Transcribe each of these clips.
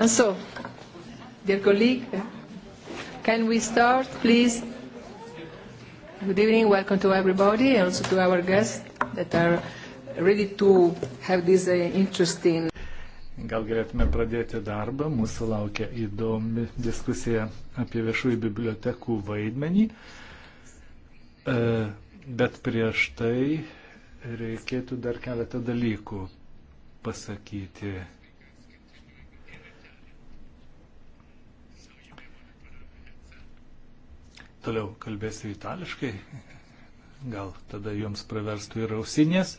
And so, dear colleague, can we start, please? Good evening, welcome to everybody, and also to our guests that are ready to have this uh, interesting. Gal galėtume pradėti darbą, mūsų laukia įdomi diskusija apie viešųjų bibliotekų vaidmenį, e, bet prieš tai reikėtų dar keletą dalykų pasakyti. Toliau kalbėsiu itališkai, gal tada jums praverstų ir ausinės.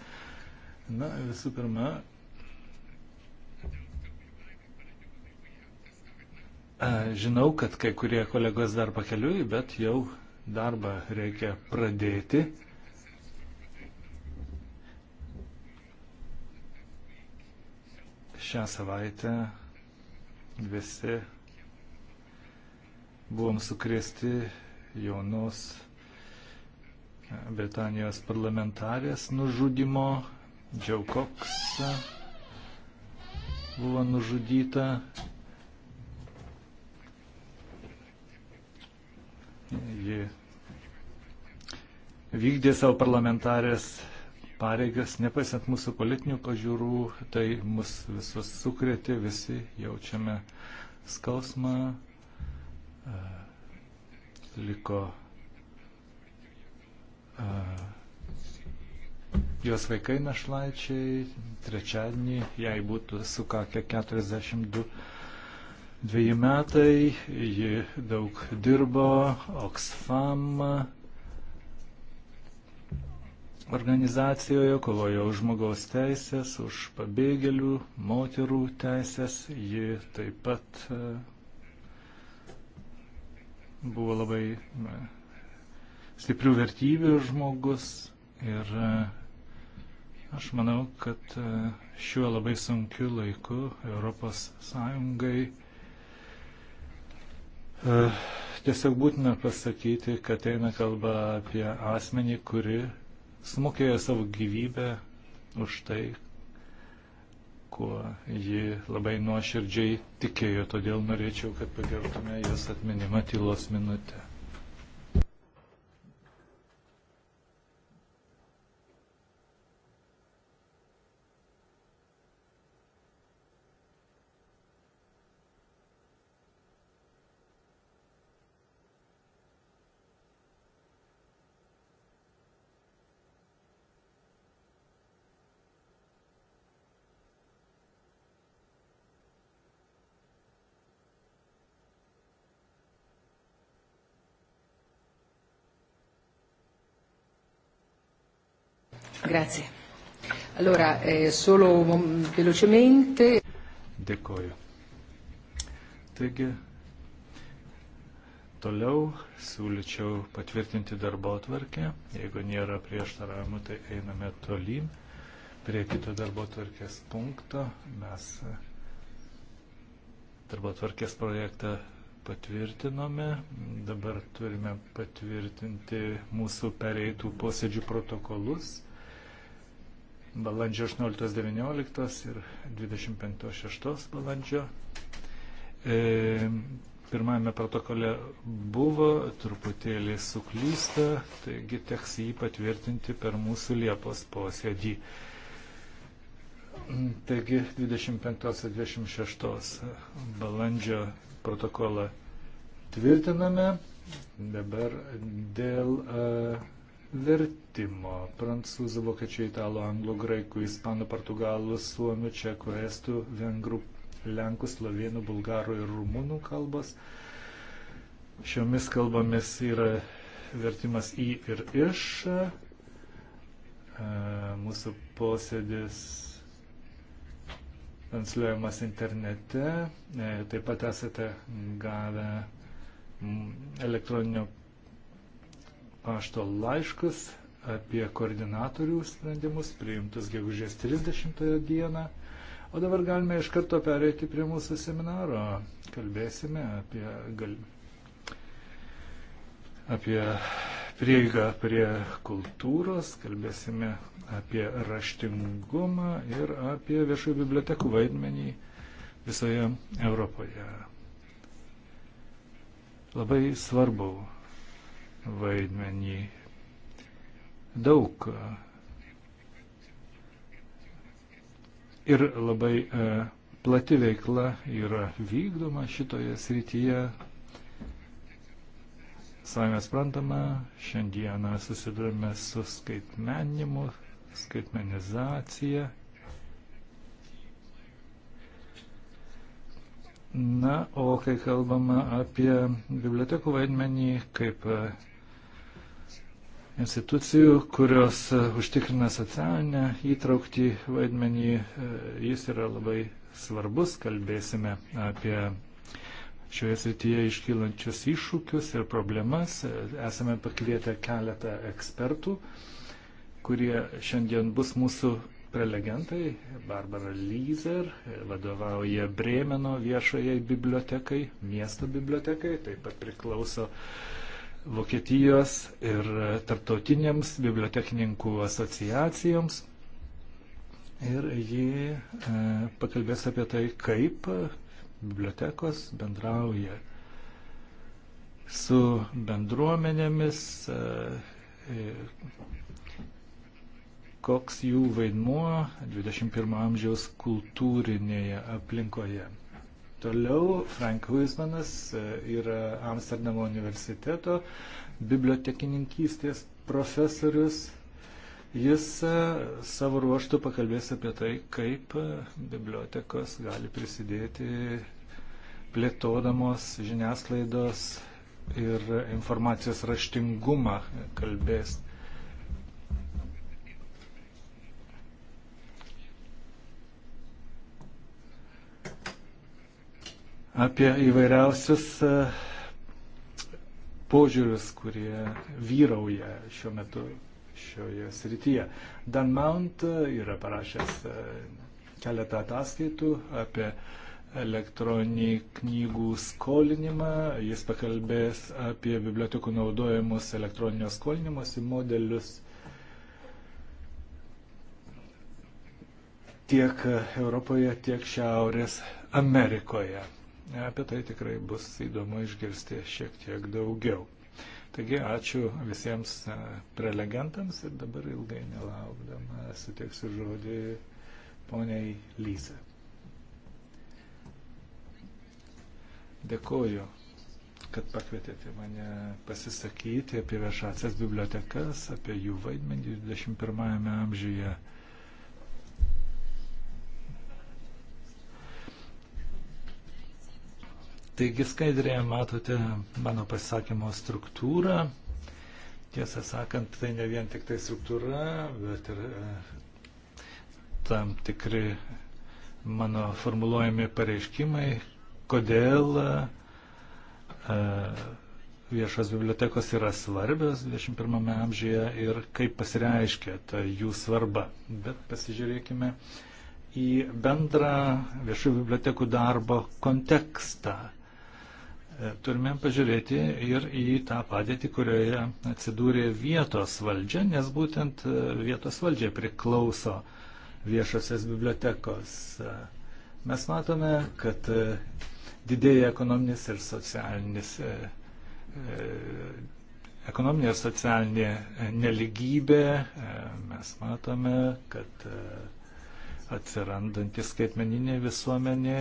Na, visų pirma, žinau, kad kai kurie kolegos dar pakeliui, bet jau darbą reikia pradėti. šią savaitę visi buvom sukrėsti jaunos Britanijos parlamentarės nužudimo. Džiau Koks buvo nužudyta. Ji vykdė savo parlamentarės pareigas, nepaisant mūsų politinių pažiūrų, tai mus visus sukrėtė, visi jaučiame skausmą, e, liko e, jos vaikai našlaičiai, trečiadienį jai būtų sukakę 42 dviejų metai, ji daug dirbo, Oxfam organizacijoje, kovoja už žmogaus teisės, už pabėgėlių, moterų teisės. Ji taip pat e, buvo labai e, stiprių vertybių žmogus ir e, aš manau, kad šiuo labai sunkiu laiku Europos Sąjungai Tiesiog būtina pasakyti, kad eina kalba apie asmenį, kuri sumokėjo savo gyvybę už tai, kuo ji labai nuoširdžiai tikėjo, todėl norėčiau, kad pagertume jos atminimą tylos minutę. Grazie. Allora, eh, solo velocemente. Dėkoju. Taigi, toliau siūlyčiau patvirtinti darbo atvarkę. Jeigu nėra prieštaravimų, tai einame tolyn prie kito darbo atvarkės punkto. Mes e, darbo atvarkės projektą patvirtinome. Dabar turime patvirtinti mūsų pereitų posėdžių protokolus balandžio 18-19 ir 25-6 balandžio. E, pirmame protokole buvo truputėlį suklysta, taigi teks jį patvirtinti per mūsų Liepos posėdį. Taigi 25-26 balandžio protokolą tvirtiname. Dabar dėl uh, vertimo. Prancūzų, vokiečių, italų, anglų, graikų, ispanų, portugalų, suomių, čekų, estų, vengrų, lenkų, slovėnų, bulgarų ir rumunų kalbos. Šiomis kalbomis yra vertimas į ir iš. E, mūsų posėdis transliuojamas internete. E, taip pat esate gavę elektroninio pašto laiškus apie koordinatorių sprendimus priimtus gegužės 30 dieną. O dabar galime iš karto pereiti prie mūsų seminaro. Kalbėsime apie, gal... apie prieigą prie kultūros, kalbėsime apie raštingumą ir apie viešųjų bibliotekų vaidmenį visoje Europoje. Labai svarbu vaidmenį. Daug ir labai e, plati veikla yra vykdoma šitoje srityje. Savime sprantama, šiandieną susidurime su skaitmenimu, skaitmenizacija. Na, o kai kalbama apie bibliotekų vaidmenį kaip e, institucijų, kurios e, užtikrina socialinę įtraukti vaidmenį. E, jis yra labai svarbus, kalbėsime apie šioje srityje iškylančius iššūkius ir problemas. E, esame pakvietę keletą ekspertų, kurie šiandien bus mūsų prelegentai. Barbara Lyzer vadovauja Brėmeno viešojai bibliotekai, miesto bibliotekai, taip pat priklauso uh, Vokietijos ir tarptautinėms bibliotekininkų asociacijoms. Ir ji e, pakalbės apie tai, kaip bibliotekos bendrauja su bendruomenėmis, e, e, koks jų vaidmuo 21 amžiaus kultūrinėje aplinkoje. Toliau Frank Huismanas e, yra Amsterdamo universiteto bibliotekininkystės profesorius. Jis e, savo ruoštų pakalbės apie tai, kaip e, bibliotekos gali prisidėti plėtodamos žiniasklaidos ir informacijos raštingumą kalbės apie įvairiausius e, požiūrius, kurie vyrauja šiuo metu šioje srityje. Dan Mount e, yra parašęs e, keletą ataskaitų apie elektroninį knygų skolinimą. Jis pakalbės apie bibliotekų naudojimus elektroninio skolinimosi modelius tiek Europoje, tiek Šiaurės Amerikoje. Apie tai tikrai bus įdomu išgirsti šiek tiek daugiau. Taigi ačiū visiems e, prelegentams ir dabar ilgai nelaukdama suteiksiu žodį poniai Lyse. Dėkoju, kad pakvietėte mane pasisakyti apie viešasias bibliotekas, apie jų vaidmenį 21-ame amžiuje. Taigi skaidrėje matote mano pasisakymo struktūrą. Tiesą sakant, tai ne vien tik tai struktūra, bet ir e, tam tikri mano formuluojami pareiškimai, kodėl e, viešos bibliotekos yra svarbios 21 amžiuje ir kaip pasireiškia ta jų svarba. Bet pasižiūrėkime į bendrą viešų bibliotekų darbo kontekstą. E, turime pažiūrėti ir į tą padėtį, kurioje atsidūrė vietos valdžia, nes būtent e, vietos valdžia priklauso viešosios bibliotekos. E, mes matome, kad didėja ekonominis ir socialinis ekonominė ir socialinė neligybė, mes matome, kad atsirandanti skaitmeninė visuomenė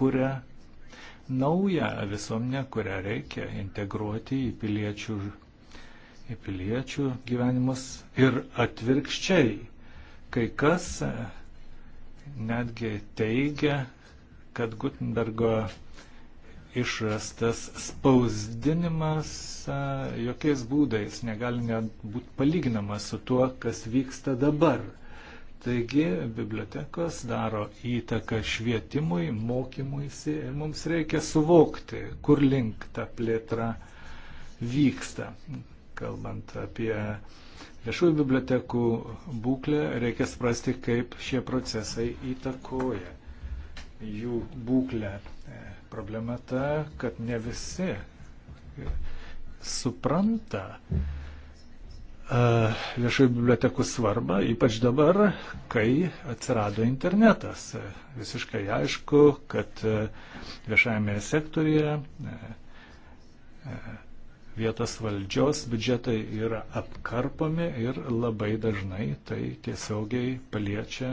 kuria naują visuomenę, kurią reikia integruoti į piliečių, į piliečių gyvenimus ir atvirkščiai. Kai kas e, netgi teigia, kad Gutenbergo išrastas spausdinimas e, jokiais būdais negali net būti palyginamas su tuo, kas vyksta dabar – Taigi bibliotekos daro įtaką švietimui, mokymuisi ir mums reikia suvokti, kur link ta plėtra vyksta. Kalbant apie viešųjų bibliotekų būklę, reikia suprasti, kaip šie procesai įtakoja jų būklę. E, problema ta, kad ne visi supranta, mm E, viešųjų bibliotekų svarbą, ypač dabar, kai atsirado internetas. Visiškai aišku, kad e, viešajame sektorija e, vietos valdžios biudžetai yra apkarpomi ir labai dažnai tai tiesiogiai paliečia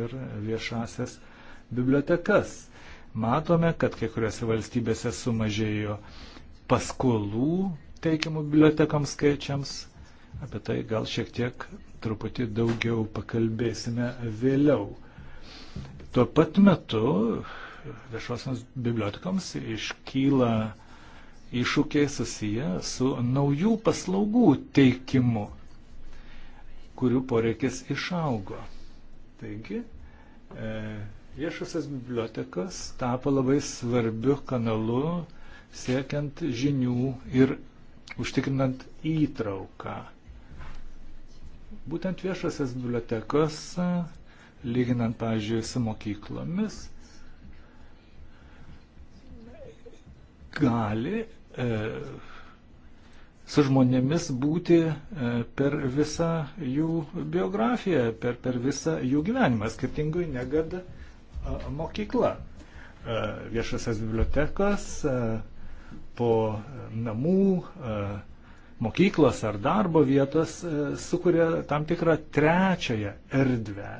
ir viešasias bibliotekas. Matome, kad kai kuriuose valstybėse sumažėjo paskolų teikiamų bibliotekams skaičiams Apie tai gal šiek tiek truputį daugiau pakalbėsime vėliau. Tuo pat metu viešosiams bibliotekoms iškyla iššūkiai susiję su naujų paslaugų teikimu, kurių poreikis išaugo. Taigi, e, viešosios bibliotekos tapo labai svarbiu kanalu siekiant žinių ir užtikrinant įtrauką. Būtent viešasias bibliotekos, lyginant, pavyzdžiui, su mokyklomis, gali e, su žmonėmis būti e, per visą jų biografiją, per, per visą jų gyvenimą, skirtingai negada mokykla. E, viešasias bibliotekas e, po namų mokyklos ar darbo vietos e, sukuria tam tikrą trečiąją erdvę.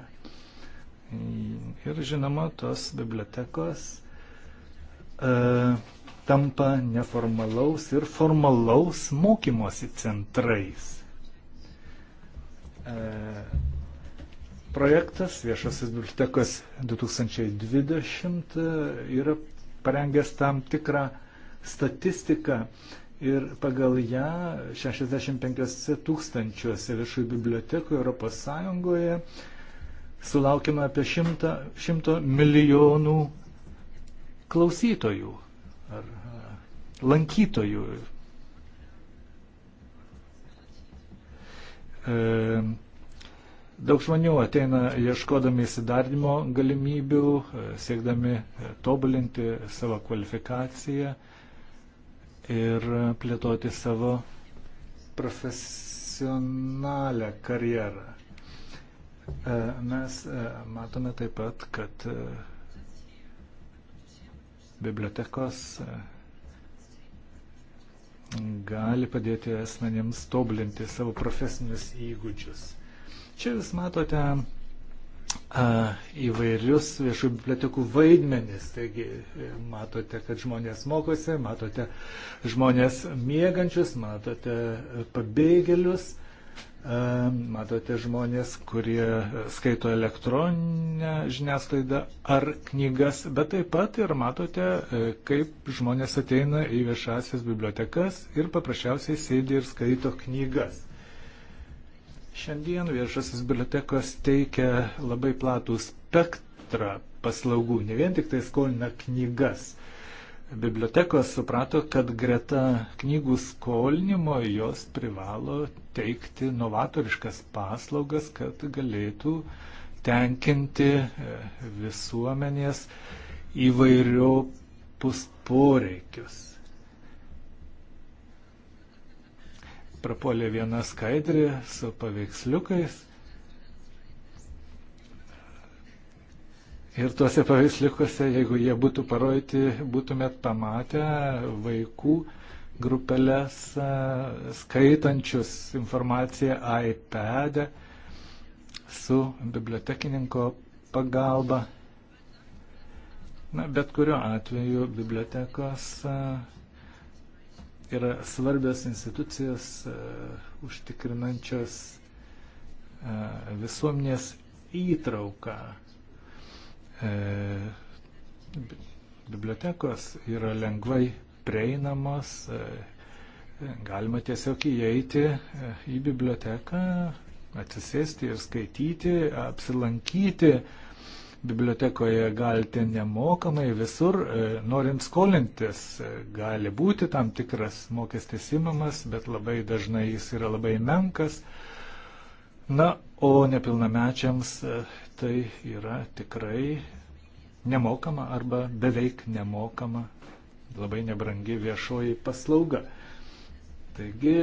Ir žinoma, tos bibliotekos e, tampa neformalaus ir formalaus mokymosi centrais. E, projektas Viešasis bibliotekos 2020 e, yra parengęs tam tikrą statistiką, ir pagal ją 65 tūkstančiuose viešųjų bibliotekų ES sulaukime apie 100, 100 milijonų klausytojų ar lankytojų. E, daug žmonių ateina ieškodami įsidarbinimo galimybių, e, siekdami tobulinti savo kvalifikaciją ir plėtoti savo profesionalią karjerą. E, mes e, matome taip pat, kad e, bibliotekos gali padėti asmenėms tobulinti savo profesinius įgūdžius. Čia jūs matote įvairius viešų bibliotekų vaidmenis. Taigi e, matote, kad žmonės mokosi, matote žmonės mėgančius, matote pabėgėlius, matote žmonės, kurie skaito elektroninę žiniasklaidą ar knygas, bet taip pat ir matote, e, kaip žmonės ateina į viešasias bibliotekas ir paprasčiausiai sėdi ir skaito knygas. Šiandien viešasis bibliotekos teikia labai platų spektrą paslaugų, ne vien tik tai skolina knygas. Bibliotekos suprato, kad greta knygų skolinimo jos privalo teikti novatoriškas paslaugas, kad galėtų tenkinti e, visuomenės įvairiopus poreikius. prapuolė viena skaidrė su paveiksliukais. Ir tuose paveiksliukuose, jeigu jie būtų parodyti, būtumėt pamatę vaikų grupelės skaitančius informaciją iPad e su bibliotekininko pagalba. Na, bet kuriuo atveju bibliotekos yra svarbios institucijos e, užtikrinančios e, visuomenės įtrauką. E, bibliotekos yra lengvai prieinamos, galima tiesiog įeiti į biblioteką, atsisėsti ir skaityti, apsilankyti bibliotekoje galite nemokamai, visur, e, norint skolintis, e, gali būti tam tikras mokestis įmamas, bet labai dažnai jis yra labai menkas. Na, o nepilnamečiams e, tai yra tikrai nemokama arba beveik nemokama, labai nebrangi viešoji paslauga. Taigi,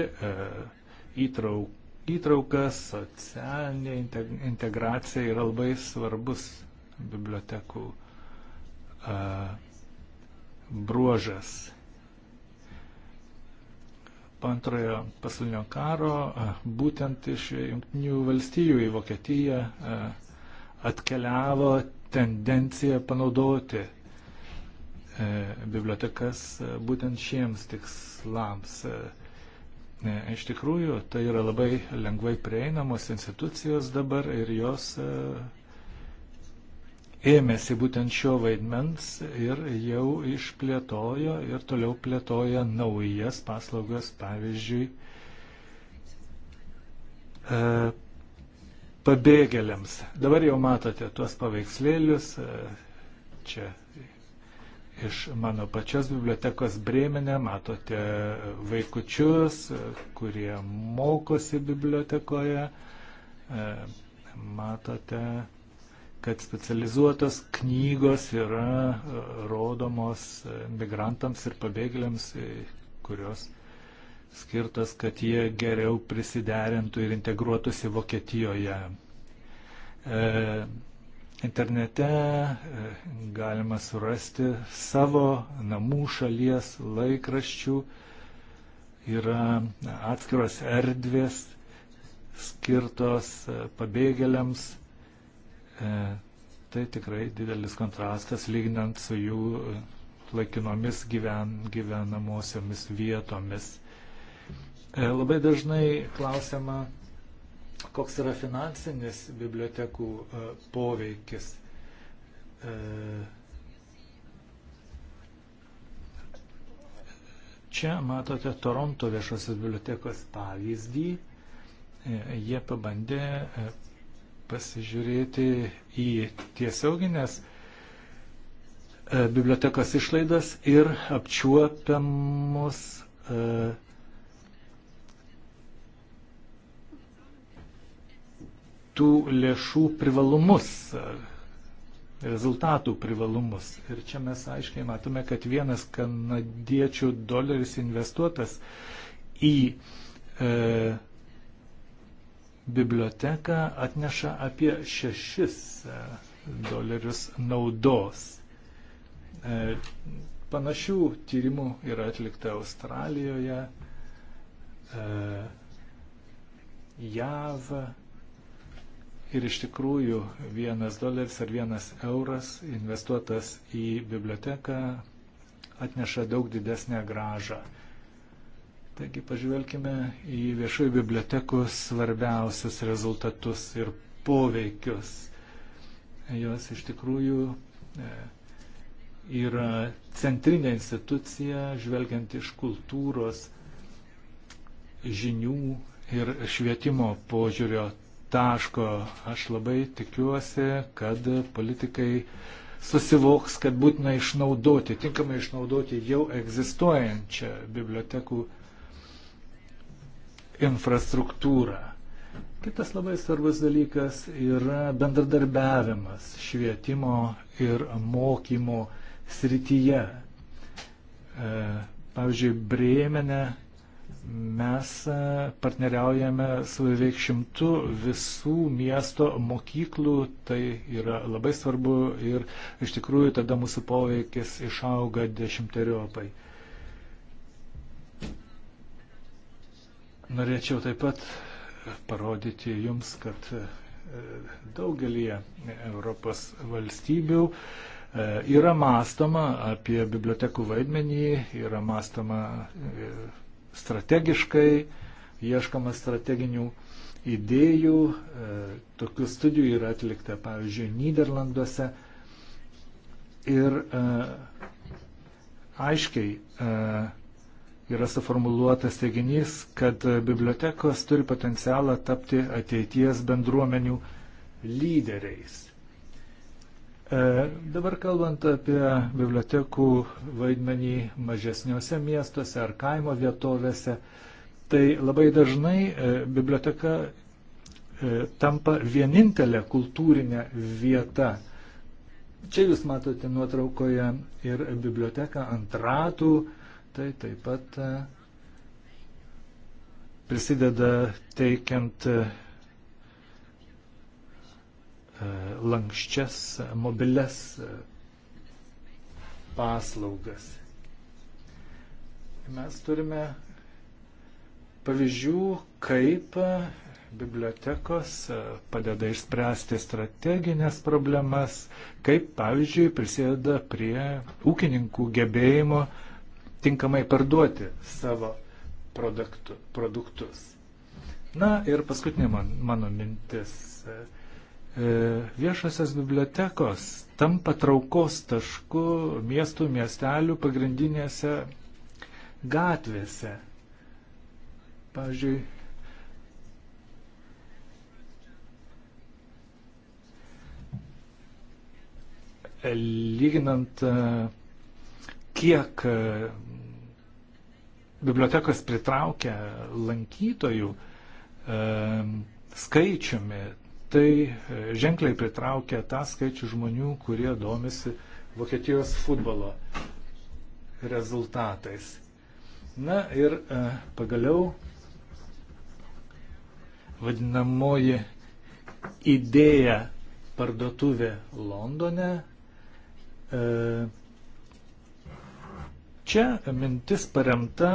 įtrauk įtrauka, socialinė integracija yra labai svarbus bibliotekų a, e, bruožas. Po antrojo pasaulinio karo a, e, būtent iš Junktinių valstijų į Vokietiją a, e, atkeliavo tendencija panaudoti e, bibliotekas būtent šiems tikslams. E, iš tikrųjų, tai yra labai lengvai prieinamos institucijos dabar ir jos e, ėmėsi būtent šio vaidmens ir jau išplėtojo ir toliau plėtoja naujas paslaugas, pavyzdžiui, e, pabėgėliams. Dabar jau matote tuos paveikslėlius, e, čia iš mano pačios bibliotekos Brėmenė, matote vaikučius, e, kurie mokosi bibliotekoje, matote kad specializuotos knygos yra e, rodomos e, migrantams ir pabėgėliams, e, kurios skirtos, kad jie geriau prisiderintų ir integruotųsi Vokietijoje. Internete galima surasti savo namų šalies laikraščių, yra atskiros erdvės skirtos pabėgėliams E, tai tikrai didelis kontrastas lyginant su jų e, laikinomis gyven, gyvenamosiomis vietomis. E, labai dažnai klausima, koks yra finansinis bibliotekų poveikis. Čia matote Toronto viešosios bibliotekos pavyzdį. Jie pabandė pasižiūrėti į tiesioginės e, bibliotekos išlaidas ir apčiuopiamus e, tų lėšų privalumus, e, rezultatų privalumus. Ir čia mes aiškiai matome, kad vienas kanadiečių doleris investuotas į e, biblioteka atneša apie 6 e, dolerius naudos. E, panašių tyrimų yra atlikta Australijoje, e, JAV ir iš tikrųjų vienas doleris ar vienas euras investuotas į biblioteką atneša daug didesnę gražą. Taigi pažvelkime į viešųjų bibliotekų svarbiausius rezultatus ir poveikius. Jos iš tikrųjų e, yra centrinė institucija, žvelgiant iš kultūros, žinių ir švietimo požiūrio taško. Aš labai tikiuosi, kad politikai susivoks, kad būtina išnaudoti, tinkamai išnaudoti jau egzistuojančią bibliotekų infrastruktūrą. Kitas labai svarbus dalykas yra bendradarbiavimas švietimo ir mokymo srityje. E, pavyzdžiui, Brėmene mes e, partneriaujame su beveik šimtu visų miesto mokyklų, tai yra labai svarbu ir iš tikrųjų tada mūsų poveikis išauga dešimteriopai. Norėčiau taip pat parodyti Jums, kad e, daugelį Europos valstybių e, yra mąstoma apie bibliotekų vaidmenį, yra mąstoma e, strategiškai, ieškoma strateginių idėjų. Tokių studijų yra atlikta, pavyzdžiui, Niderlanduose. Ir aiškiai yra suformuluotas teiginys, kad bibliotekos turi potencialą tapti ateities bendruomenių lyderiais. E, dabar kalbant apie bibliotekų vaidmenį mažesniuose miestuose ar kaimo vietovėse, tai labai dažnai e, biblioteka e, tampa vienintelė kultūrinė vieta. Čia jūs matote nuotraukoje ir biblioteką ant ratų, e, Tai taip pat e, prisideda teikiant e, e, lankščias mobiles paslaugas. Mes turime pavyzdžių, kaip bibliotekos padeda išspręsti strateginės problemas, kaip pavyzdžiui prisideda prie ūkininkų gebėjimo uh, tinkamai parduoti savo produktu, produktus. Na ir paskutinė man, mano mintis. E, e, viešosios bibliotekos tampa traukos tašku miestų, miestelių pagrindinėse gatvėse. Pavyzdžiui, lyginant e, kiek bibliotekos pritraukia lankytojų e, skaičiumi, tai e, ženkliai pritraukia tą skaičių žmonių, kurie domisi Vokietijos futbolo rezultatais. Na ir e, pagaliau vadinamoji idėja parduotuvė Londone Čia mintis paremta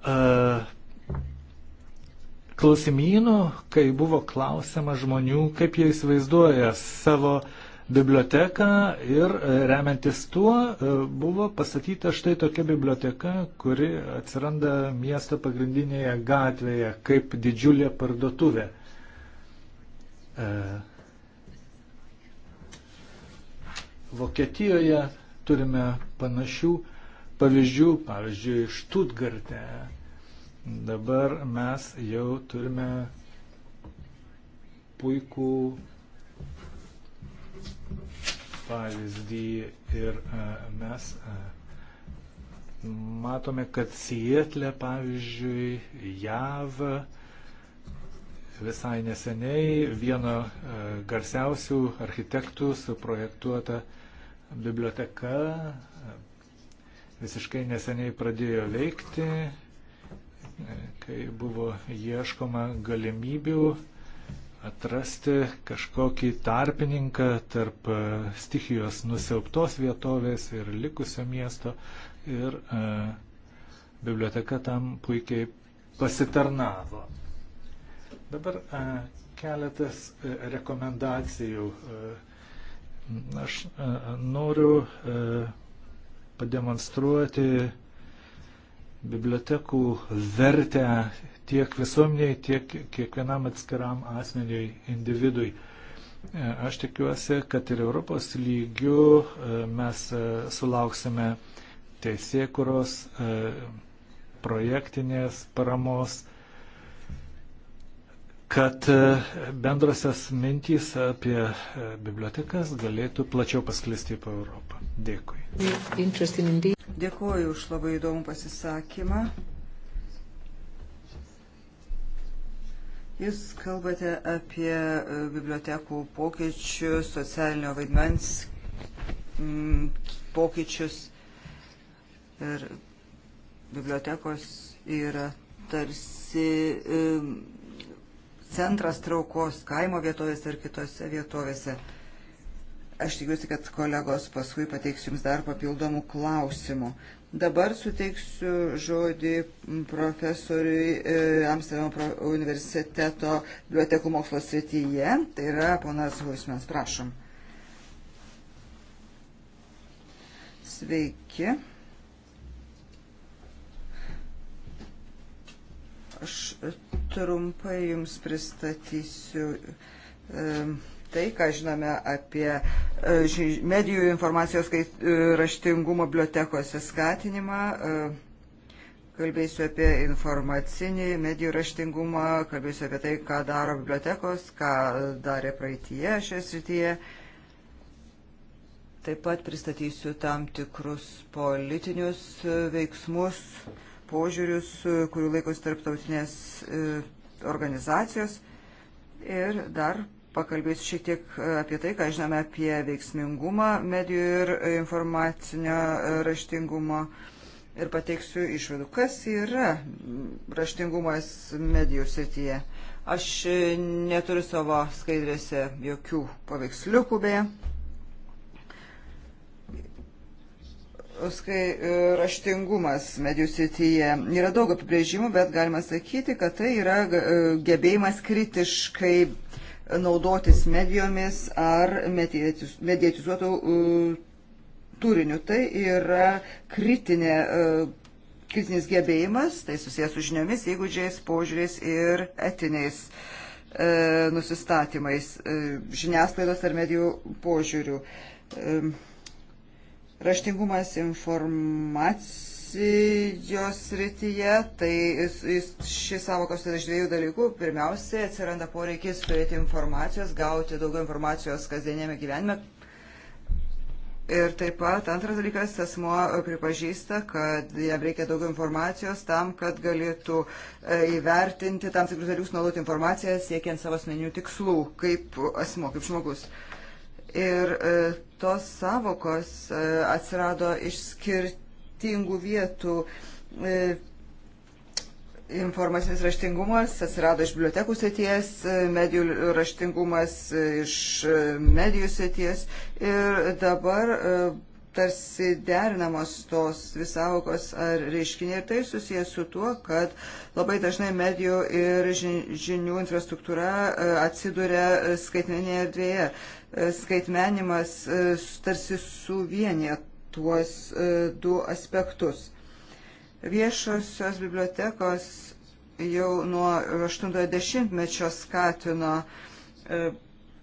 uh, klausimynų, kai buvo klausima žmonių, kaip jie įsivaizduoja savo biblioteką ir e, remiantis tuo e, buvo pastatyta štai tokia biblioteka, kuri atsiranda miesto pagrindinėje gatvėje kaip didžiulė parduotuvė. Uh, Vokietijoje turime panašių pavyzdžių, pavyzdžiui, Štutgarte. Dabar mes jau turime puikų pavyzdį ir e, mes e, matome, kad Sietle, pavyzdžiui, JAV visai neseniai vieno e, garsiausių architektų suprojektuota biblioteka visiškai neseniai pradėjo veikti, kai buvo ieškoma galimybių atrasti kažkokį tarpininką tarp stichijos nusiauptos vietovės ir likusio miesto. Ir e, biblioteka tam puikiai pasitarnavo. Dabar e, keletas e, rekomendacijų. E, Aš e, noriu e, pademonstruoti bibliotekų vertę tiek visuomeniai, tiek kiekvienam atskiram asmeniui, individui. E, aš tikiuosi, kad ir Europos lygių mes sulauksime teisėkuros projektinės paramos kad e, bendrosios mintys apie e, bibliotekas galėtų plačiau pasklisti po Europą. Dėkui. Dėkuoju už labai įdomų pasisakymą. Jūs kalbate apie e, bibliotekų pokyčius, socialinio vaidmens pokyčius ir bibliotekos yra tarsi centras traukos kaimo vietovėse ir kitose vietovėse. Aš tikiuosi, kad kolegos paskui pateiks jums dar papildomų klausimų. Dabar suteiksiu žodį profesoriui e, Amsterdamo universiteto bibliotekų mokslo srityje. Tai yra ponas Huismans, prašom. Sveiki. Aš trumpai Jums pristatysiu tai, ką žinome apie e, medijų informacijos e, raštingumo bibliotekose skatinimą. E, kalbėsiu apie informacinį medijų raštingumą, kalbėsiu apie tai, ką daro bibliotekos, ką darė praeitie šioje srityje. Taip pat pristatysiu tam tikrus politinius veiksmus, požiūrius, e, kurių laikosi tarptautinės e, organizacijos. Ir dar pakalbėsiu šiek tiek e, apie tai, ką žinome apie veiksmingumą medijų ir informacinio raštingumo. Ir pateiksiu išvadų, kas yra raštingumas medijų srityje. Aš neturiu savo skaidrėse jokių paveiksliukų beje. skai, e, raštingumas medijų srityje. Yra daug apibrėžimų, bet galima sakyti, kad tai yra e, gebėjimas kritiškai naudotis medijomis ar medietizuotų e, turiniu. Tai yra kritinė, kritinis gebėjimas, tai susijęs su žiniomis, įgūdžiais, požiūriais ir etiniais nusistatymais žiniasklaidos ar medijų požiūrių Raštingumas informacijos srityje, tai šis savokas yra iš dviejų dalykų. Pirmiausia, atsiranda poreikis turėti informacijos, gauti daugiau informacijos kasdienėme gyvenime. Ir taip pat antras dalykas, asmo pripažįsta, kad jam reikia daugiau informacijos tam, kad galėtų e, įvertinti tam tikrus dalykus, naudoti informaciją, siekiant savo asmeninių tikslų, kaip asmo, kaip žmogus. Ir e, tos savokos e, atsirado iš skirtingų vietų. E, informacinis raštingumas atsirado iš bibliotekų sėties, e, medijų raštingumas iš medijų sėties ir dabar tarsi derinamos tos visaukos ar reiškiniai. Ir tai susijęs su tuo, kad labai dažnai medijų ir žinių infrastruktūra atsiduria skaitmenėje erdvėje skaitmenimas e, tarsi suvienė tuos e, du aspektus. Viešosios bibliotekos jau nuo 80-mečio skatino e,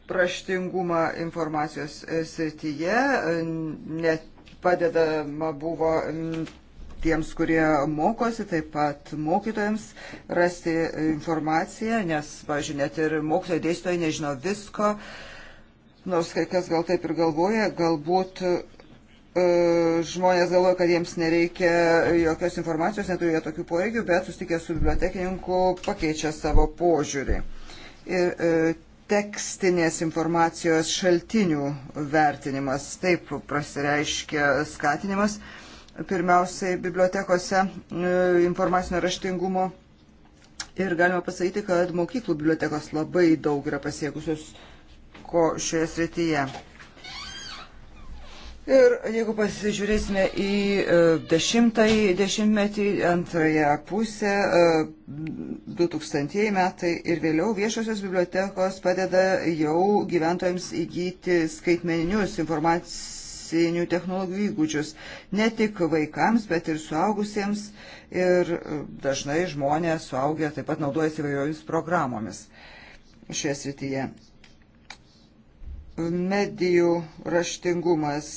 praštingumą informacijos srityje, net padedama buvo tiems, kurie mokosi, taip pat mokytojams rasti informaciją, nes, pažiūrėjau, net ir mokytojai dėstytojai nežino visko, uh, Nors kai kas gal taip ir galvoja, galbūt e, žmonės galvoja, kad jiems nereikia jokios informacijos, neturi jie tokių poreikių, bet susitikę su bibliotekininku pakeičia savo požiūrį. Ir e, tekstinės informacijos šaltinių vertinimas, taip prasireiškia skatinimas, pirmiausiai bibliotekose e, informacinio raštingumo. Ir galima pasakyti, kad mokyklų bibliotekos labai daug yra pasiekusios ko šioje srityje. Ir jeigu pasižiūrėsime į e, dešimtąjį dešimtmetį, antrąją pusę, 2000 e, metai ir vėliau viešosios bibliotekos padeda jau gyventojams įgyti skaitmeninius informacinių technologijų įgūdžius. Ne tik vaikams, bet ir suaugusiems. Ir e, dažnai žmonės suaugę taip pat naudojasi įvairiomis programomis šioje srityje medijų raštingumas.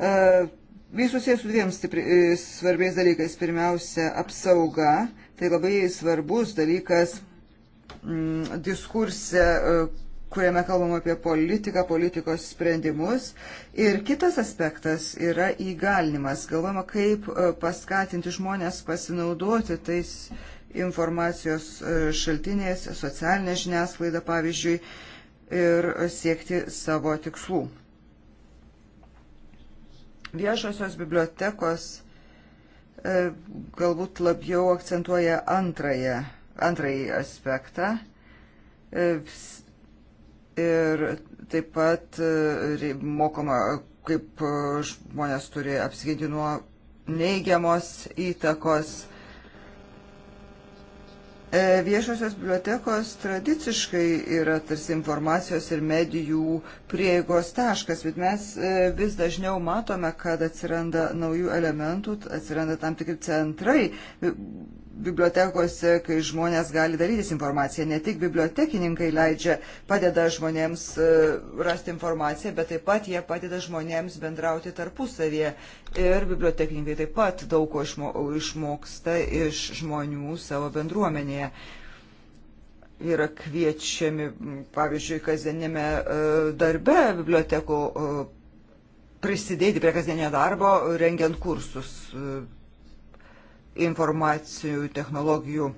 E, jis susijęs su dviem stipri, e, svarbiais dalykais. Pirmiausia, apsauga. Tai labai svarbus dalykas m, mm, diskurse, e, kuriame kalbam apie politiką, politikos sprendimus. Ir kitas aspektas yra įgalinimas. Galvojama, kaip paskatinti žmonės pasinaudoti tais informacijos šaltiniais, socialinė žiniasklaida, pavyzdžiui, ir siekti savo tikslų. Viešosios bibliotekos e, galbūt labiau akcentuoja antrąją, antrąjį aspektą e, ir taip pat e, mokoma, kaip žmonės turi apsiginti nuo neigiamos įtakos E, viešosios bibliotekos tradiciškai yra tarsi informacijos ir medijų prieigos taškas, bet mes e, vis dažniau matome, kad atsiranda naujų elementų, atsiranda tam tikri centrai bibliotekose, kai žmonės gali dalytis informaciją. Ne tik bibliotekininkai leidžia, padeda žmonėms e, rasti informaciją, bet taip pat jie padeda žmonėms bendrauti tarpusavėje. Ir bibliotekininkai taip pat daug ko išmoksta iš žmonių savo bendruomenėje. Yra kviečiami, pavyzdžiui, kasdienėme e, darbe bibliotekų e, prisidėti prie kasdienio darbo, rengiant kursus informacijų technologijų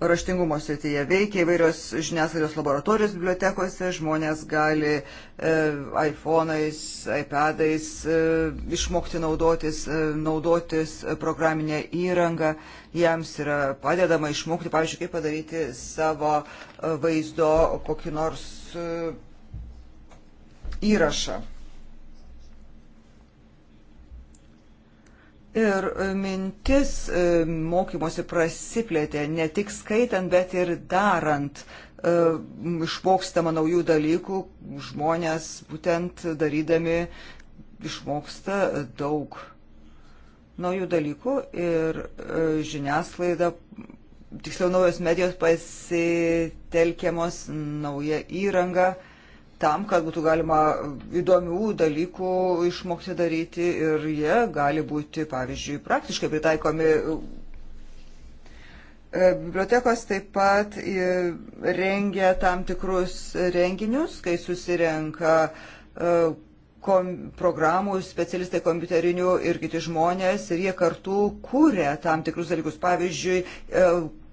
raštingumo srityje veikia įvairios žiniasklaidos laboratorijos bibliotekose, žmonės gali e, iPhone'ais, iPad'ais e, išmokti naudotis, e, naudotis programinę įrangą, jiems yra padedama išmokti, pavyzdžiui, kaip padaryti savo e, vaizdo kokį nors e, įrašą. Ir e, mintis e, mokymosi prasiplėtė ne tik skaitant, bet ir darant. E, išmokstama naujų dalykų, žmonės būtent darydami išmoksta daug naujų dalykų ir žiniasklaida, tiksliau naujos medijos pasitelkiamos nauja įranga tam, kad būtų galima įdomių dalykų išmokti daryti ir jie gali būti, pavyzdžiui, praktiškai pritaikomi. E, bibliotekos taip pat rengia tam tikrus renginius, kai susirenka e, kom, programų specialistai kompiuterinių ir kiti žmonės ir jie kartu kūrė tam tikrus dalykus, pavyzdžiui, e,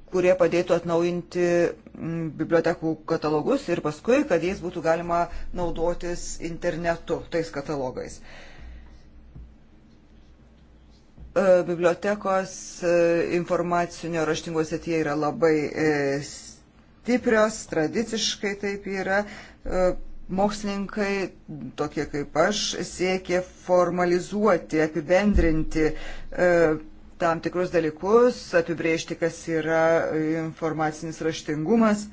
kurie padėtų atnaujinti bibliotekų katalogus ir paskui, kad jais būtų galima naudotis internetu, tais katalogais. E, bibliotekos e, informacinio raštingo setyje yra labai e, stiprios, tradiciškai taip yra. Mokslininkai, tokie kaip aš, siekia formalizuoti, apibendrinti tam tikrus dalykus, apibrėžti, kas yra informacinis raštingumas.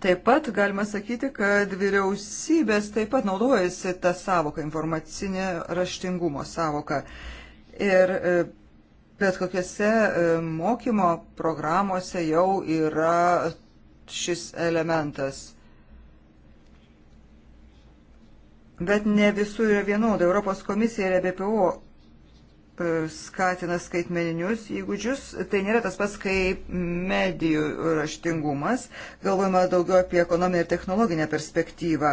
Taip pat galima sakyti, kad vyriausybės taip pat naudojasi tą savoką, informacinė raštingumo savoką. Ir e, bet kokiuose e, mokymo programuose jau yra šis elementas. Bet ne visų yra vienodai. Europos komisija ir e BPO skatina skaitmeninius įgūdžius. Tai nėra tas pats kaip medijų raštingumas. Galvojama daugiau apie ekonominę ir technologinę perspektyvą.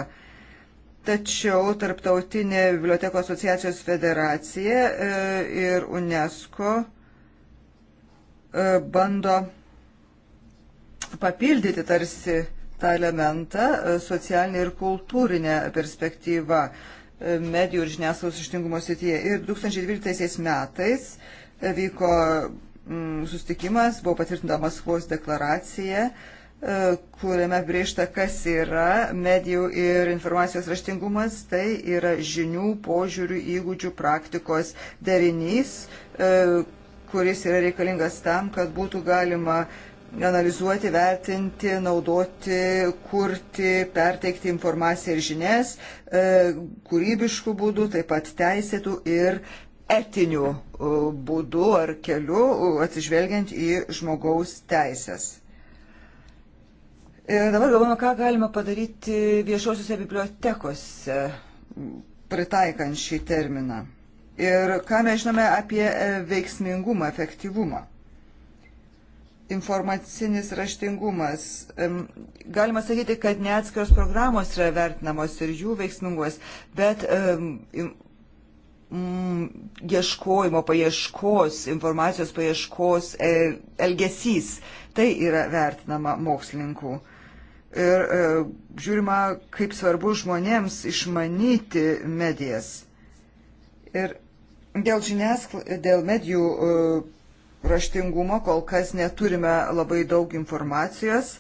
Tačiau Tarptautinė biblioteko asociacijos federacija e, ir UNESCO e, bando papildyti tarsi tą elementą e, socialinę ir kultūrinę perspektyvą medijų ir žiniasklaidos ištingumo srityje. Ir 2012 metais vyko mm, sustikimas, buvo patvirtinta Maskvos deklaracija, e, kuriame brėžta, kas yra medijų ir informacijos raštingumas. Tai yra žinių, požiūrių, įgūdžių, praktikos derinys, e, kuris yra reikalingas tam, kad būtų galima uh, analizuoti, vertinti, naudoti, kurti, perteikti informaciją ir žinias e, kūrybiškų būdų, taip pat teisėtų ir etinių e, būdų ar kelių, e, atsižvelgiant į žmogaus teisės. Ir dabar galvojame, ką galima padaryti viešosiuose bibliotekose, pritaikant šį terminą. Ir ką mes žinome apie veiksmingumą, efektyvumą informacinis raštingumas. Galima sakyti, kad ne atskiros programos yra vertinamos ir jų veiksmingumas, bet um, ieškojimo, paieškos, informacijos paieškos e, elgesys, tai yra vertinama mokslininkų. Ir um, žiūrima, kaip svarbu žmonėms išmanyti medijas. Ir dėl žiniasklaidos, dėl medijų uh, raštingumo, kol kas neturime labai daug informacijos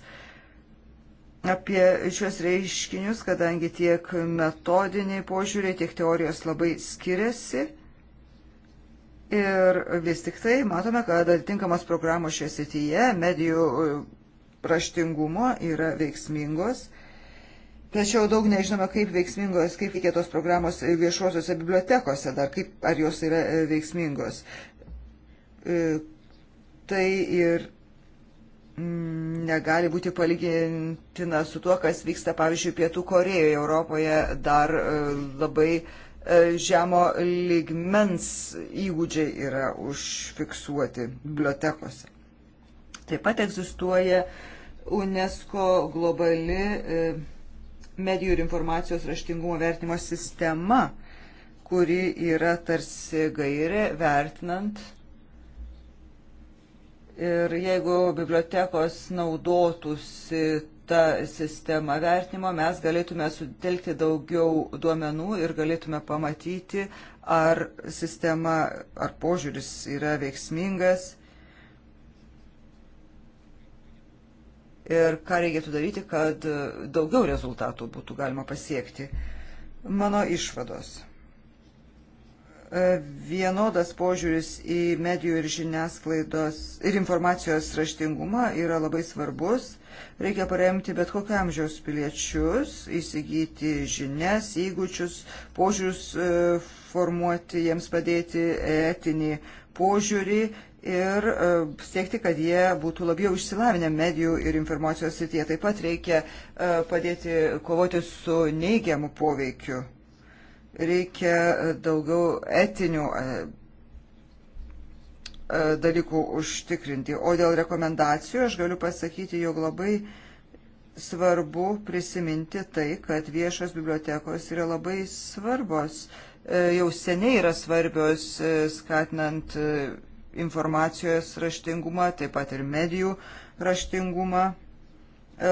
apie šios reiškinius, kadangi tiek metodiniai požiūriai, tiek teorijos labai skiriasi. Ir vis tik tai matome, kad atitinkamas programos šioje srityje medijų e, raštingumo yra veiksmingos. Tačiau daug nežinome, kaip veiksmingos, kaip veikia tos programos viešuosiuose bibliotekose, dar kaip, ar jos yra e, veiksmingos. E, tai ir mm, negali būti palygintina su tuo, kas vyksta, pavyzdžiui, Pietų Korejoje, Europoje dar e, labai e, žemo lygmens įgūdžiai yra užfiksuoti bibliotekose. Taip pat egzistuoja UNESCO globali medijų ir informacijos raštingumo vertinimo sistema, kuri yra tarsi gairė vertinant Ir jeigu bibliotekos naudotųsi tą sistemą vertinimo, mes galėtume sutelkti daugiau duomenų ir galėtume pamatyti, ar sistema, ar požiūris yra veiksmingas ir ką reikėtų daryti, kad daugiau rezultatų būtų galima pasiekti. Mano išvados. E, vienodas požiūris į medijų ir žiniasklaidos ir informacijos raštingumą yra labai svarbus. Reikia paremti bet kokio amžiaus piliečius, įsigyti žinias, įgūdžius, požiūrius e, formuoti, jiems padėti etinį požiūrį ir e, siekti, kad jie būtų labiau išsilavinę medijų ir informacijos srityje. Taip pat reikia padėti kovoti su neigiamu poveikiu Reikia e, daugiau etinių e, e, dalykų užtikrinti. O dėl rekomendacijų aš galiu pasakyti, jog labai svarbu prisiminti tai, kad viešos bibliotekos yra labai svarbos, jau seniai yra svarbios skatinant informacijos raštingumą, taip pat ir medijų raštingumą. E,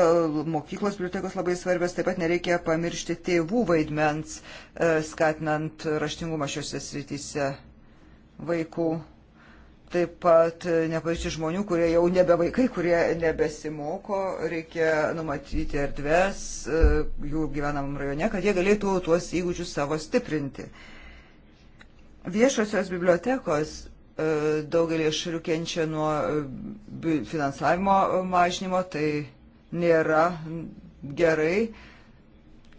mokyklos bibliotekos labai svarbios, taip pat nereikia pamiršti tėvų vaidmens, e, skatinant raštingumą šiuose srityse vaikų. Taip pat e, nepažįsti žmonių, kurie jau nebe vaikai, kurie nebesimoko, reikia numatyti erdves jų gyvenamam rajone, kad jie galėtų tuos įgūdžius savo stiprinti. Viešosios bibliotekos daugelį šalių kenčia nuo finansavimo mažnymo, tai nėra gerai.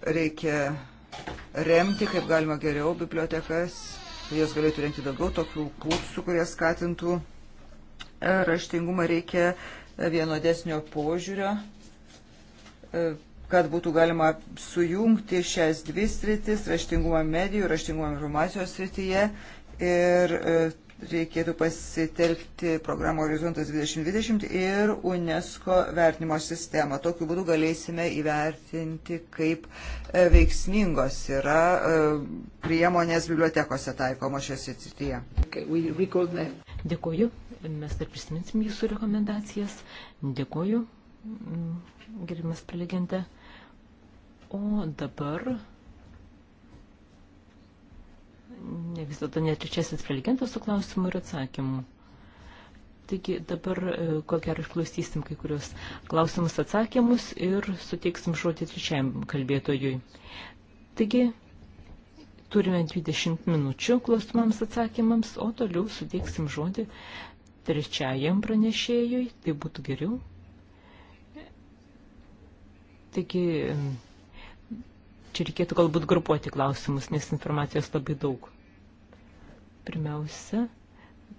Reikia remti, kaip galima geriau, bibliotekas. Jos galėtų rengti daugiau tokių kursų, kurie skatintų e, raštingumą. Reikia e, vienodesnio požiūrio, e, kad būtų galima sujungti šias dvi sritis - raštingumą medijų, raštingumą informacijos srityje ir reikėtų pasitelkti programą Horizontas 2020 ir UNESCO vertinimo sistemą. Tokiu būdu galėsime įvertinti, kaip e, veiksmingos yra e, priemonės bibliotekose taikomos šiose srityje. Dėkuoju. Mes dar prisiminsim jūsų rekomendacijas. Dėkuoju, mm, gerimas prelegente. O dabar vis dėlto netrečiasis prelegentas su klausimu ir atsakymu. Taigi dabar, e, ko gero, išklausysim kai kurios klausimus atsakymus ir suteiksim žodį trečiajam kalbėtojui. Taigi, turime 20 minučių klausimams atsakymams, o toliau suteiksim žodį trečiajam pranešėjui, tai būtų geriau. Taigi, e, čia reikėtų galbūt grupuoti klausimus, nes informacijos labai daug. Pirmiausia,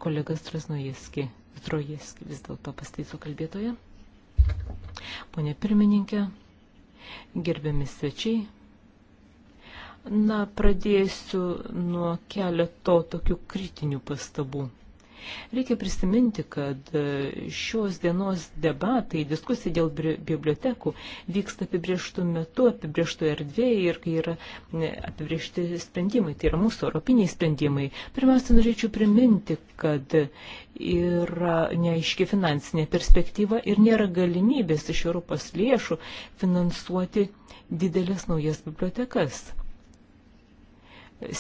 kolegas Trasnojeski, Trojeski vis dėlto pastaiso kalbėtoje. Pone pirmininkė, gerbiami svečiai, na, pradėsiu nuo keleto tokių kritinių pastabų. Reikia prisiminti, kad e, šios dienos debatai, diskusija dėl bibliotekų vyksta apibrieštų metu, apibrieštų erdvėje ir kai yra apibriešti sprendimai, tai yra mūsų europiniai sprendimai. Pirmiausia, norėčiau priminti, kad yra neaiški finansinė perspektyva ir nėra galimybės iš Europos lėšų finansuoti didelės naujas bibliotekas.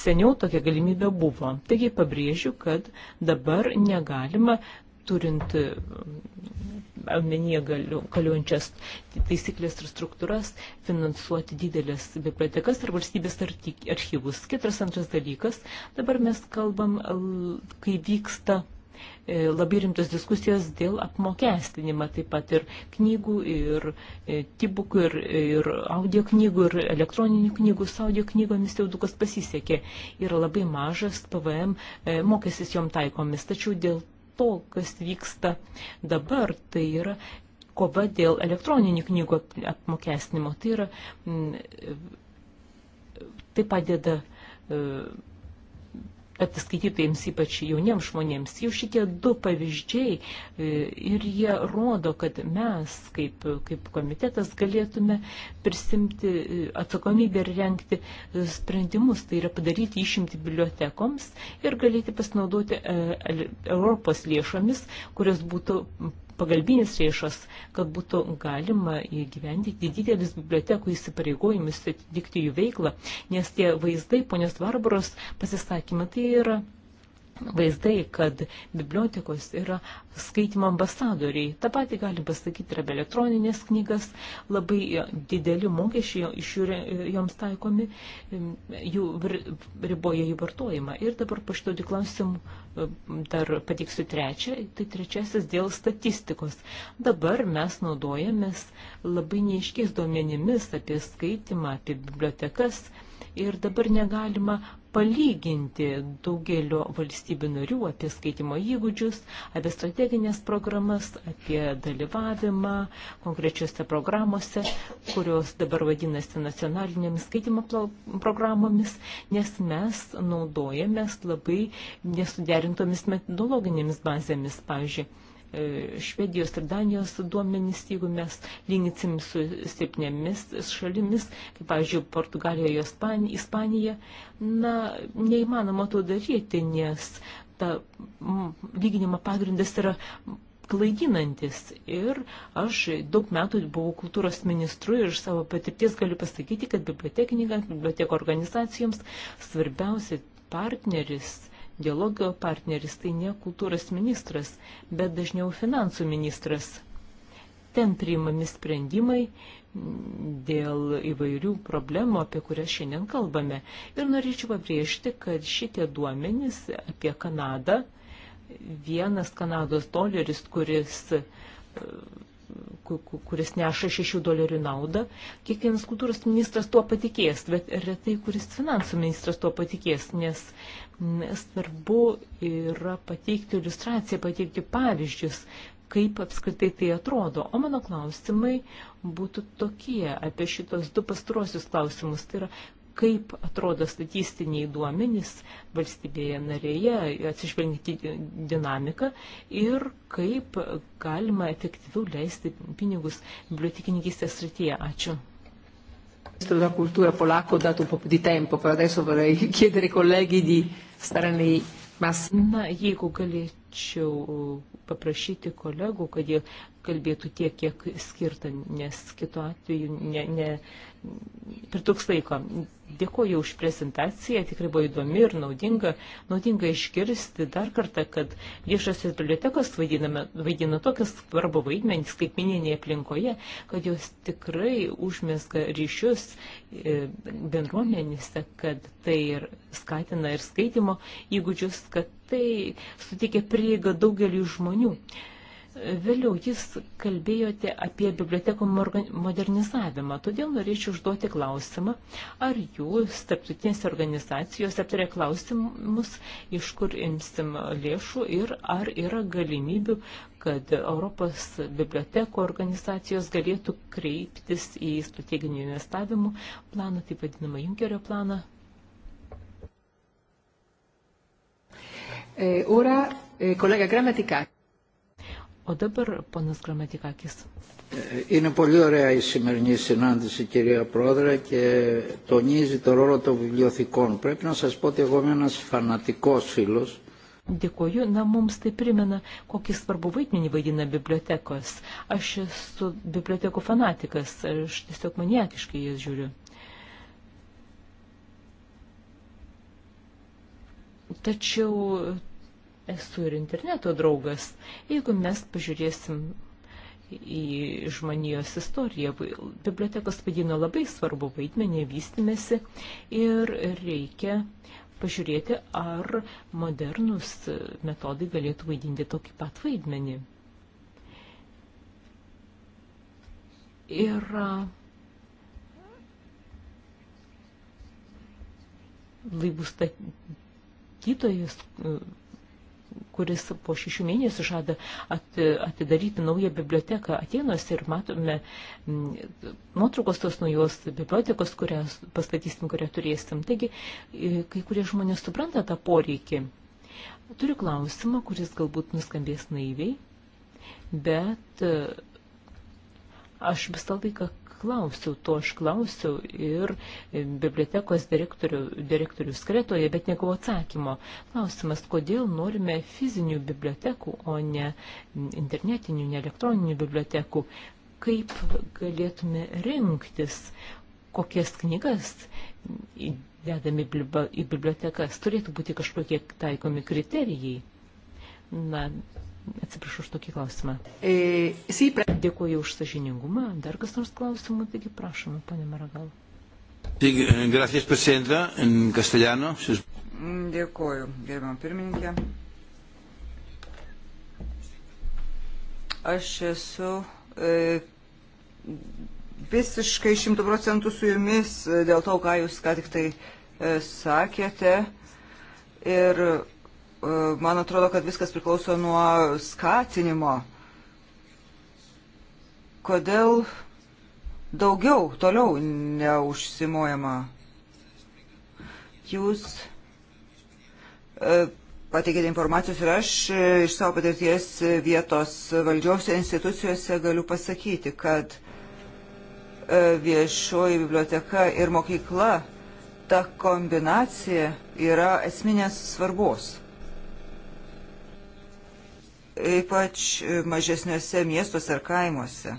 Seniau tokia galimybė buvo. Taigi pabrėžiu, kad dabar negalima, turint mm, omenyje galiojančias taisyklės ir struktūras, finansuoti didelės bibliotekas ar valstybės archyvus. Kitas antras dalykas, dabar mes kalbam, kai vyksta E, labai rimtas diskusijas dėl apmokestinimą, taip pat ir knygų, ir e, tibukų, ir, ir audio knygų, ir elektroninių knygų. Su audio knygomis jau dukas pasisekė. Yra labai mažas PVM e, mokestis jom taikomis. Tačiau dėl to, kas vyksta dabar, tai yra kova dėl elektroninių knygų apmokestinimo. Tai yra, tai padeda atsiskaitytojams, ypač jauniems žmonėms. Jau šitie du pavyzdžiai e, ir jie rodo, kad mes kaip, kaip komitetas galėtume prisimti e, atsakomybę ir renkti e, sprendimus, tai yra padaryti išimti bibliotekoms ir galėti pasinaudoti Europos lėšomis, kurios būtų pagalbinės lėšos, kad būtų galima įgyvendyti didelis bibliotekų įsipareigojimus, atitikti jų veiklą, nes tie vaizdai, ponios Barbaros pasisakymai, tai yra vaizdai, kad bibliotekos yra skaitimo ambasadoriai. Ta pati galim pasakyti ir apie elektroninės knygas, labai dideli mokesčiai iš jų joms taikomi, jų riboja jų vartojimą. Ir dabar po šito klausimų dar patiksiu trečią, tai trečiasis dėl statistikos. Dabar mes naudojamės labai neiškiais duomenimis apie skaitimą, apie bibliotekas ir dabar negalima palyginti daugelio valstybių narių apie skaitimo įgūdžius, apie strateginės programas, apie dalyvavimą konkrečiose programuose, kurios dabar vadinasi nacionalinėmis skaitimo programomis, nes mes naudojamės labai nesuderintomis metodologinėmis bazėmis, pavyzdžiui E, Švedijos ir Danijos duomenys, jeigu mes lyginsim su septynėmis šalimis, kaip, pavyzdžiui, Portugalijoje, Ispanija, na, neįmanoma to daryti, nes ta lyginimo pagrindas yra klaidinantis. Ir aš daug metų buvau kultūros ministru ir iš savo patirties galiu pasakyti, kad bibliotekininkams, biblioteko organizacijoms svarbiausia partneris – dialogo partneris tai ne kultūros ministras, bet dažniau finansų ministras. Ten priimami sprendimai dėl įvairių problemų, apie kurias šiandien kalbame. Ir norėčiau pabrėžti, kad šitie duomenys apie Kanadą, vienas Kanados doleris, kuris kuris neša 6 dolerių naudą, kiekvienas kultūros ministras tuo patikės, bet retai kuris finansų ministras tuo patikės, nes svarbu yra pateikti iliustraciją, pateikti pavyzdžius, kaip apskritai tai atrodo. O mano klausimai būtų tokie apie šitos du pastruosius klausimus. Tai yra, kaip atrodo statistiniai duomenys valstybėje narėje, atsižvelgiant į dinamiką ir kaip galima efektyviau leisti pinigus bibliotekininkystės srityje. Ačiū. Della cultura polacco ho dato un po' di tempo, per adesso vorrei chiedere ai colleghi di suddenly must... Na, jeigu galėčiau paprašyti kolegų, kad jie kalbėtų tiek, kiek skirta, nes kitu atveju ne, ne pritruks laiko. Dėkuoju už prezentaciją, tikrai buvo įdomi ir naudinga, naudinga išgirsti dar kartą, kad viešasis bibliotekas vaidina tokią svarbą vaidmenį skaitmininėje aplinkoje, kad jos tikrai užmėsga ryšius e, bendruomenėse, kad tai ir skatina ir skaitimo įgūdžius, kad tai suteikia prieigą daugeliu žmonių. Vėliau jūs kalbėjote apie bibliotekų modernizavimą, todėl norėčiau užduoti klausimą, ar jūs tarptautinės organizacijos aptarė klausimus, iš kur imsim lėšų ir ar yra galimybių, kad Europos bibliotekų organizacijos galėtų kreiptis į strateginių investavimų planą, taip vadinamą Junkerio planą. E, ora, kolega e, Gramatika. O dabar ponas Gramatikakis. Είναι πολύ ωραία η σημερινή συνάντηση κυρία Πρόεδρε και τονίζει το ρόλο των βιβλιοθηκών. Πρέπει να σας πω ότι εγώ είμαι ένας φανατικός φίλος. Dėkuoju, na mums tai primena, kokį svarbų vaidmenį vaidina bibliotekos. Aš esu bibliotekų fanatikas, aš tiesiog maniakiškai jas žiūriu. Tačiau esu ir interneto draugas. Jeigu mes pažiūrėsim į žmonijos istoriją, bibliotekos vadino labai svarbu vaidmenį vystimėsi ir reikia pažiūrėti, ar modernus metodai galėtų vaidinti tokį pat vaidmenį. Yra laivų statytojas, kuris po šešių mėnesių žada atidaryti naują biblioteką Atenuose ir matome nuotraukos tos naujos bibliotekos, kurią pastatysim, kurią turėsim. Taigi, kai kurie žmonės supranta tą poreikį. Turiu klausimą, kuris galbūt nuskambės naiviai, bet e, aš visą laiką klausiau, to aš klausiau ir bibliotekos direktorių, direktorių skretoje, bet negavau atsakymo. Klausimas, kodėl norime fizinių bibliotekų, o ne internetinių, ne elektroninių bibliotekų, kaip galėtume rinktis, kokias knygas dedami į bibliotekas, turėtų būti kažkokie taikomi kriterijai. Na, Atsiprašau už tokį klausimą. E, Dėkuoju už sažiningumą. Dar kas nors klausimų, taigi prašom, ponė Maragal. Gracias, presidenta, en castellano. Dėkuoju, gerbiam pirmininkė. Aš esu e, visiškai šimtų procentų su jumis e, dėl to, ką jūs ką tik tai e, sakėte. Ir E, man atrodo, kad viskas priklauso nuo skatinimo. Kodėl daugiau, toliau neužsimojama? Jūs e, pateikėte informacijos ir aš e, iš savo patirties vietos valdžios institucijose galiu pasakyti, kad viešoji biblioteka ir mokykla, ta kombinacija yra esminės svarbos ypač mažesniuose miestuose ar kaimuose.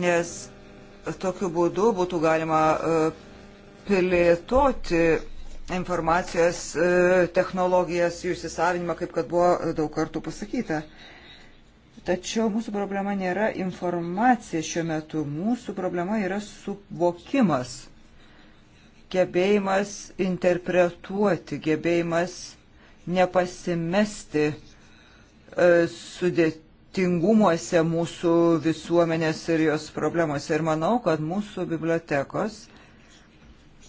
Nes tokiu būdu būtų galima e, plėtoti informacijos e, technologijas, jų įsisavinimą, kaip kad buvo daug kartų pasakyta. Tačiau mūsų problema nėra informacija šiuo metu, mūsų problema yra suvokimas, gebėjimas interpretuoti, gebėjimas nepasimesti e, sudėtingumuose mūsų visuomenės ir jos problemuose. Ir manau, kad mūsų bibliotekos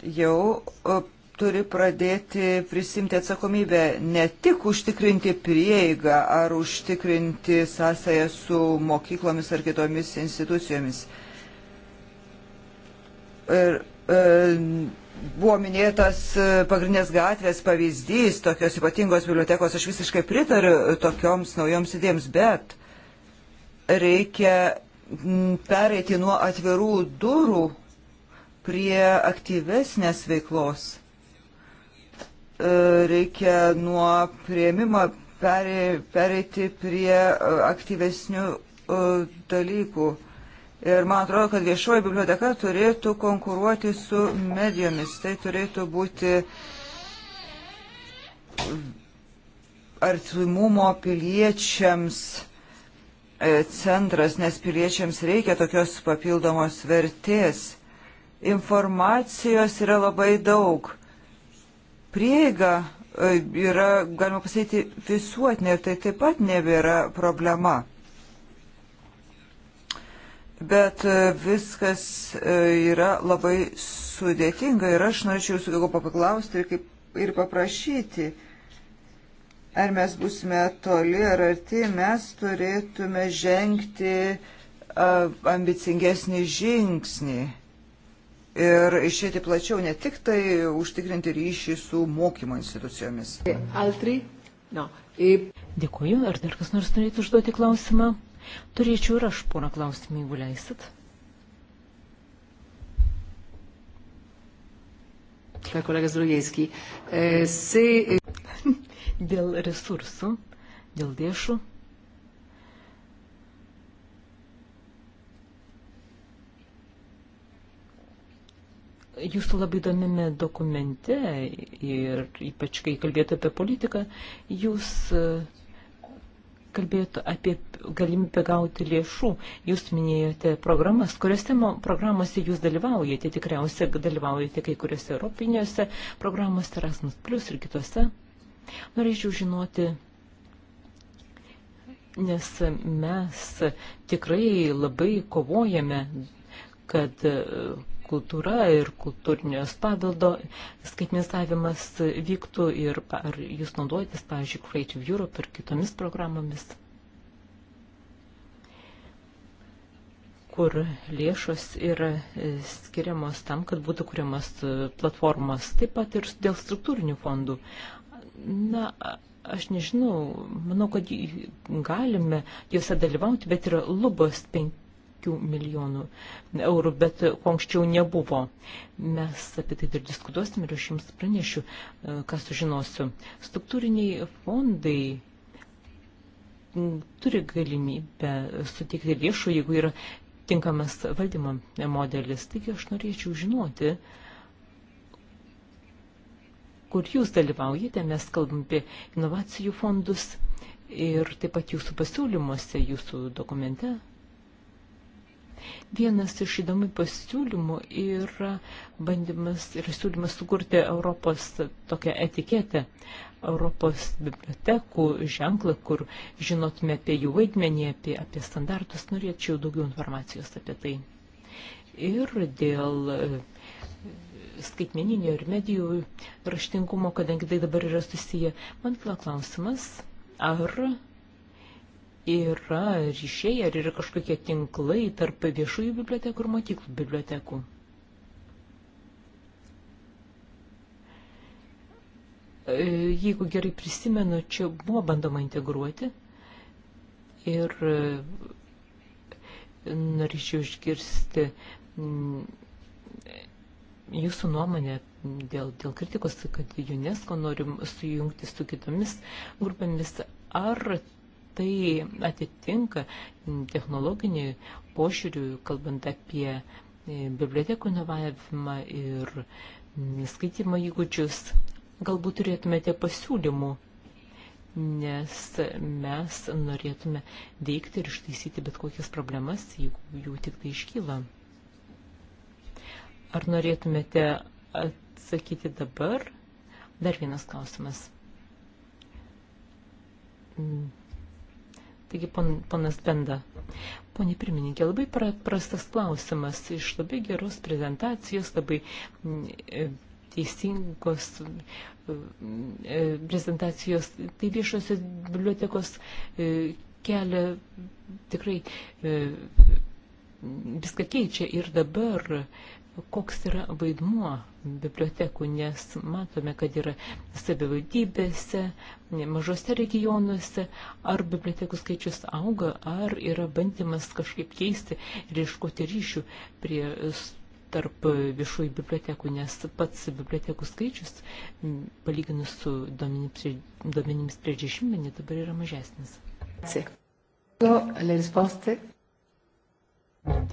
jau e, turi pradėti prisimti atsakomybę ne tik užtikrinti prieigą ar užtikrinti sąsąją su mokyklomis ar kitomis institucijomis. Ir e, Buvo minėtas e, pagrindinės gatvės pavyzdys, tokios ypatingos bibliotekos, aš visiškai pritariu e, tokioms naujoms idėjams, bet reikia pereiti nuo atvirų durų prie aktyvesnės veiklos. E, reikia nuo prieimimo pereiti prie aktyvesnių dalykų. Ir man atrodo, kad viešoji biblioteka turėtų konkuruoti su medijomis. Tai turėtų būti artimumo piliečiams e, centras, nes piliečiams reikia tokios papildomos vertės. Informacijos yra labai daug. Prieiga e, yra, galima pasakyti, visuotinė ir tai taip pat nebėra problema bet e, viskas e, yra labai sudėtinga ir aš norėčiau jūsų daugiau paklausti ir, kaip, ir paprašyti, ar mes būsime toli ar arti, mes turėtume žengti e, ambicingesnį žingsnį ir išėti plačiau, ne tik tai užtikrinti ryšį su mokymo institucijomis. Altri? No. Dėkuoju, ar dar kas nors norėtų užduoti klausimą? Turėčiau ir aš porą klausimų, jeigu leisit. Kolegas Drugėskį. E, si... E, dėl resursų, dėl lėšų. Jūsų labai įdomiame dokumente ir ypač kai kalbėjote apie politiką, jūs e, kalbėjote apie galimybę gauti lėšų. Jūs minėjote programas, kuriuose programuose jūs dalyvaujate, tikriausiai dalyvaujate kai kuriuose europinėse programuose, Erasmus Plus ir kitose. Norėčiau žinoti, nes mes tikrai labai kovojame, kad e, kultūra ir kultūrinės paveldo skaitmenizavimas vyktų ir ar jūs naudojatės, pavyzdžiui, Creative Europe ir kitomis programomis. kur lėšos yra e, skiriamos tam, kad būtų kuriamas e, platformos, taip pat ir dėl struktūrinių fondų. Na, aš nežinau, manau, kad galime juose dalyvauti, bet yra lubos 5 milijonų eurų, bet ko anksčiau nebuvo. Mes apie tai dar diskutuosim ir aš jums pranešiu, e, ką sužinosiu. Struktūriniai fondai turi galimybę suteikti lėšų, jeigu yra tinkamas valdymo modelis. Taigi aš norėčiau žinoti, kur jūs dalyvaujate, mes kalbam apie inovacijų fondus ir taip pat jūsų pasiūlymuose, jūsų dokumente. Vienas iš įdomių pasiūlymų yra bandymas ir siūlymas sukurti Europos tokią etiketę. Europos bibliotekų ženklą, kur žinotume apie jų vaidmenį, apie, apie standartus, norėčiau daugiau informacijos apie tai. Ir dėl e, skaitmeninio ir medijų raštingumo, kadangi tai dabar yra susiję, man kila klausimas, ar yra ryšiai, ar yra kažkokie tinklai tarp viešųjų bibliotekų ir mokyklų bibliotekų. E, jeigu gerai prisimenu, čia buvo bandoma integruoti ir e, norėčiau išgirsti mm, jūsų nuomonę dėl, dėl kritikos, kad UNESCO norim sujungti su kitomis grupėmis. Ar tai atitinka technologinį pošiūrių, kalbant apie e, bibliotekų inovavimą ir mm, skaitimo įgūdžius, galbūt turėtumėte pasiūlymų, nes mes norėtume veikti ir ištaisyti bet kokias problemas, jeigu jų tik tai iškyla. Ar norėtumėte atsakyti dabar? Dar vienas klausimas. Mm. Taigi, pon, ponas Benda, ponė pirmininkė, labai prastas klausimas iš labai geros prezentacijos, labai mm, teisingos e, prezentacijos. Tai viešosios bibliotekos e, kelia tikrai e, viską keičia ir dabar koks yra vaidmuo bibliotekų, nes matome, kad yra savivaldybėse, mažose regionuose, ar bibliotekų skaičius auga, ar yra bandymas kažkaip keisti ir iškoti ryšių prie tarp viešųjų bibliotekų, nes pats bibliotekų skaičius, palyginus su duomenimis prieš dešimtmenį, dabar yra mažesnis.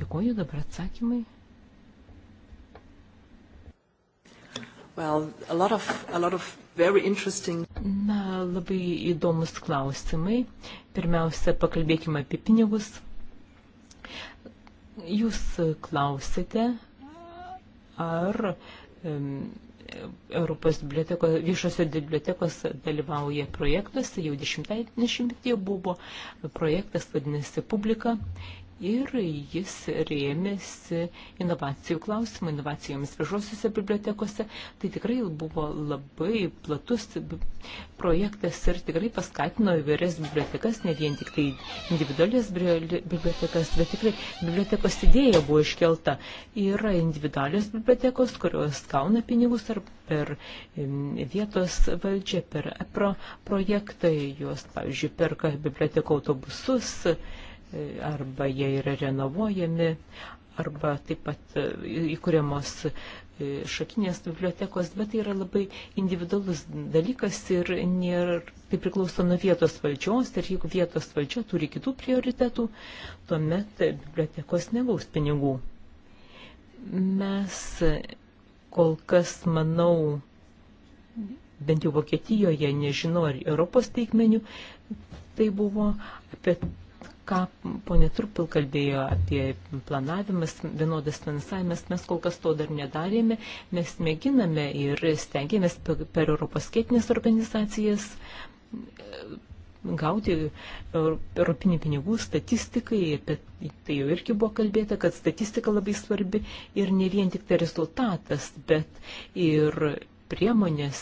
Dėkuoju dabar atsakymai. Well, a lot of, a lot of very interesting. Na, labai įdomus klausimai. Pirmiausia, pakalbėkime apie pinigus. Jūs klausėte ar Europos biblioteko, viešose bibliotekos dalyvauja projektas, jau dešimtmetyje buvo projektas, vadinasi, publika ir jis rėmėsi inovacijų klausimų, inovacijomis viešuosiuose bibliotekose. Tai tikrai buvo labai platus projektas ir tikrai paskatino įvairias bibliotekas, ne vien tik tai individualias bibliotekas, bet tikrai bibliotekos idėja buvo iškelta. Yra individualios bibliotekos, kurios gauna pinigus ar per vietos valdžią, per EPRO projektą, jos, pavyzdžiui, perka bibliotekų autobusus arba jie yra renovuojami, arba taip pat e, įkūriamos e, šakinės bibliotekos, bet tai yra labai individualus dalykas ir nėra, tai priklauso nuo vietos valdžios ir jeigu vietos valdžia turi kitų prioritetų, tuomet bibliotekos negaus pinigų. Mes kol kas, manau, bent jau Vokietijoje, nežinau, ar Europos teikmenių, tai buvo apie ką ponė Trupil kalbėjo apie planavimas, vienodas finansavimas, mes kol kas to dar nedarėme, mes mėginame ir stengiamės per Europos skėtinės organizacijas e, gauti europinių pinigų statistikai, apie tai jau irgi buvo kalbėta, kad statistika labai svarbi ir ne vien tik tai rezultatas, bet ir priemonės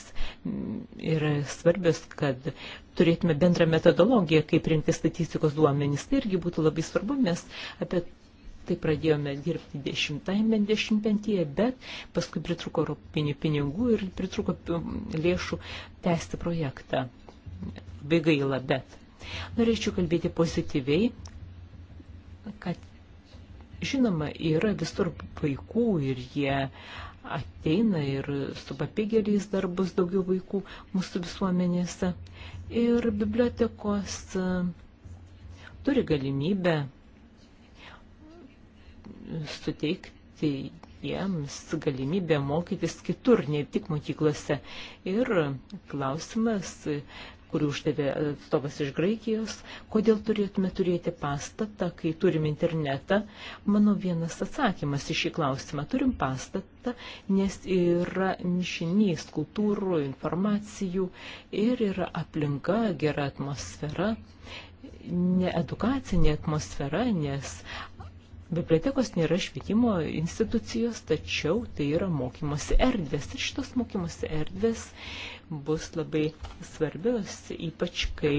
yra svarbios, kad turėtume bendrą metodologiją, kaip rinkti statistikos duomenys. Tai irgi būtų labai svarbu, mes apie tai pradėjome dirbti 10-15, bet paskui pritruko europinių pinigų ir pritruko um, lėšų tęsti projektą. Labai gaila, bet norėčiau kalbėti pozityviai, kad žinoma, yra visur vaikų ir jie ateina ir su papigeliais dar bus daugiau vaikų mūsų visuomenėse ir bibliotekos e, turi galimybę suteikti jiems galimybę mokytis kitur, ne tik mokyklose. Ir klausimas, kurį uždavė atstovas iš Graikijos, kodėl turėtume turėti pastatą, kai turim internetą. Mano vienas atsakymas į šį klausimą - turim pastatą, nes yra mišinys kultūrų, informacijų ir yra aplinka, gera atmosfera ne edukacinė atmosfera, nes Bibliotekos nėra švietimo institucijos, tačiau tai yra mokymosi erdvės. Ir šitos mokymosi erdvės bus labai svarbios, ypač kai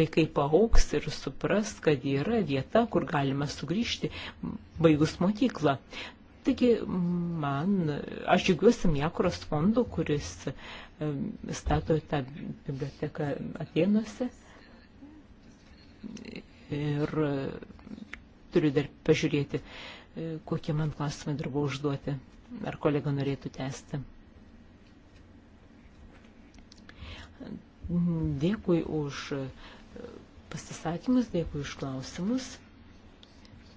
vaikai paauks ir supras, kad yra vieta, kur galima sugrįžti baigus mokyklą. Taigi, man, aš džiugiuosi Mėkuros fondu, kuris stato tą biblioteką Atenuose. Ir turiu dar pažiūrėti, e, kokie man klausimai dar buvo užduoti, ar kolega norėtų tęsti. Dėkui už e, pasisakymus, dėkui už klausimus.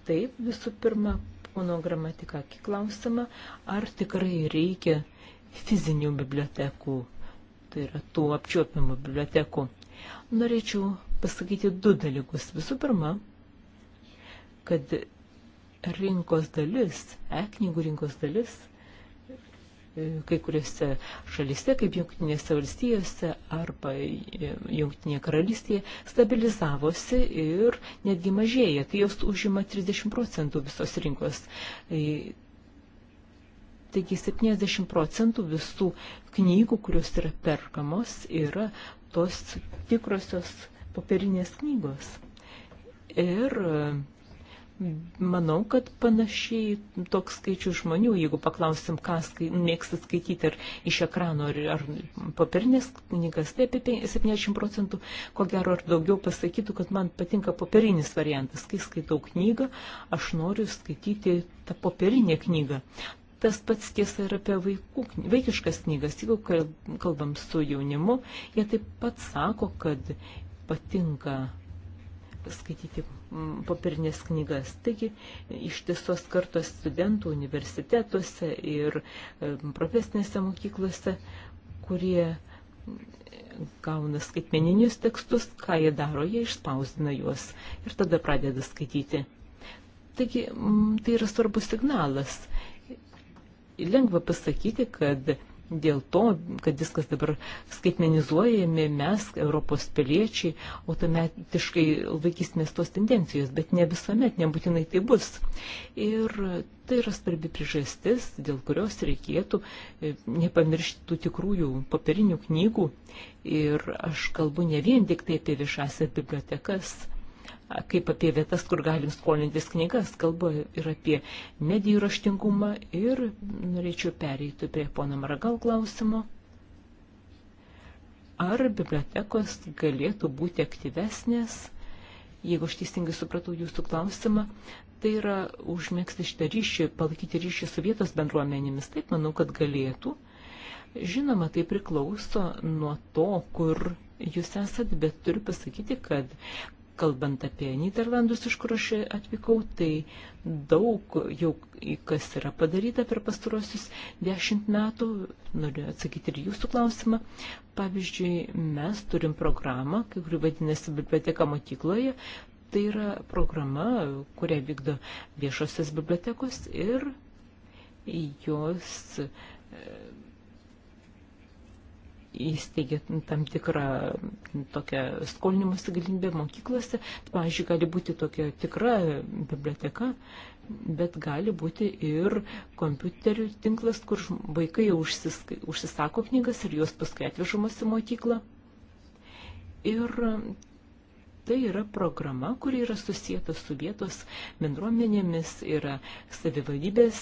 Taip, visų pirma, pono gramatika klausimą, ar tikrai reikia fizinių bibliotekų, tai yra tų apčiuopimų bibliotekų. Norėčiau pasakyti du dalykus. Visų pirma, kad rinkos dalis, e-knygų rinkos dalis, e, kai kuriuose šalyse, kaip Junktinėse valstijose arba e, Junktinėje karalystėje, stabilizavosi ir netgi mažėja, tai jos užima 30 procentų visos rinkos. E, taigi 70 procentų visų knygų, kurios yra perkamos, yra tos tikrosios popierinės knygos. Ir Manau, kad panašiai toks skaičių žmonių, jeigu paklausim, ką skai, mėgsta skaityti ar iš ekrano, ar, ar popierinės knygas, tai apie 70 procentų, ko gero, ar daugiau pasakytų, kad man patinka popierinis variantas. Kai skaitau knygą, aš noriu skaityti tą popierinę knygą. Tas pats tiesa ir apie vaikų, vaikiškas knygas. Jeigu kalbam su jaunimu, jie taip pat sako, kad patinka skaityti popirinės knygas. Taigi iš tiesos kartos studentų universitetuose ir e, profesinėse mokyklose, kurie gauna skaitmeninius tekstus, ką jie daro, jie išspausdina juos ir tada pradeda skaityti. Taigi tai yra svarbus signalas. Lengva pasakyti, kad dėl to, kad viskas dabar skaitmenizuojami, mes, Europos piliečiai, automatiškai laikysimės tos tendencijos, bet ne visuomet, nebūtinai tai bus. Ir tai yra svarbi priežastis, dėl kurios reikėtų e, nepamiršti tų tikrųjų papirinių knygų. Ir aš kalbu ne vien tik tai apie viešasias bibliotekas kaip apie vietas, kur galim skolintis knygas, kalbu ir apie medijų raštingumą ir norėčiau pereiti prie pono Maragal klausimo. Ar bibliotekos galėtų būti aktyvesnės, jeigu aš teisingai supratau jūsų klausimą, tai yra užmėgsti šitą ryšį, palaikyti ryšį su vietos bendruomenėmis, taip manau, kad galėtų. Žinoma, tai priklauso nuo to, kur jūs esat, bet turiu pasakyti, kad kalbant apie Niderlandus, iš kur aš atvykau, tai daug jau kas yra padaryta per pastarosius dešimt metų. Noriu atsakyti ir jūsų klausimą. Pavyzdžiui, mes turim programą, kuri vadinasi biblioteka mokykloje. Tai yra programa, kurią vykdo viešosios bibliotekos ir jos įsteigė tam tikrą tokią skolinimuose galimybę mokyklose. Pavyzdžiui, gali būti tokia tikra biblioteka, bet gali būti ir kompiuterių tinklas, kur vaikai užsisako knygas ir jos paskui atvežamas į mokyklą. Ir Tai yra programa, kuri yra susijęta su vietos bendruomenėmis, yra savivaldybės,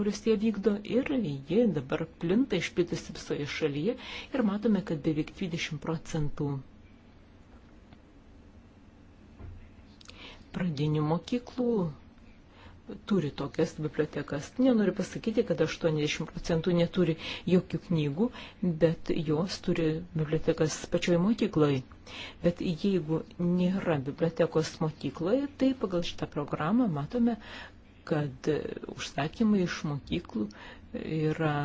kuriuos jie vykdo ir ji dabar plinta išplitusi visoje šalyje ir matome, kad beveik 20 procentų pradinių mokyklų turi tokias bibliotekas. Nenoriu pasakyti, kad 80 procentų neturi jokių knygų, bet jos turi bibliotekas pačioj mokyklai. Bet jeigu nėra bibliotekos mokykloje, tai pagal šitą programą matome, kad užsakymai iš mokyklų yra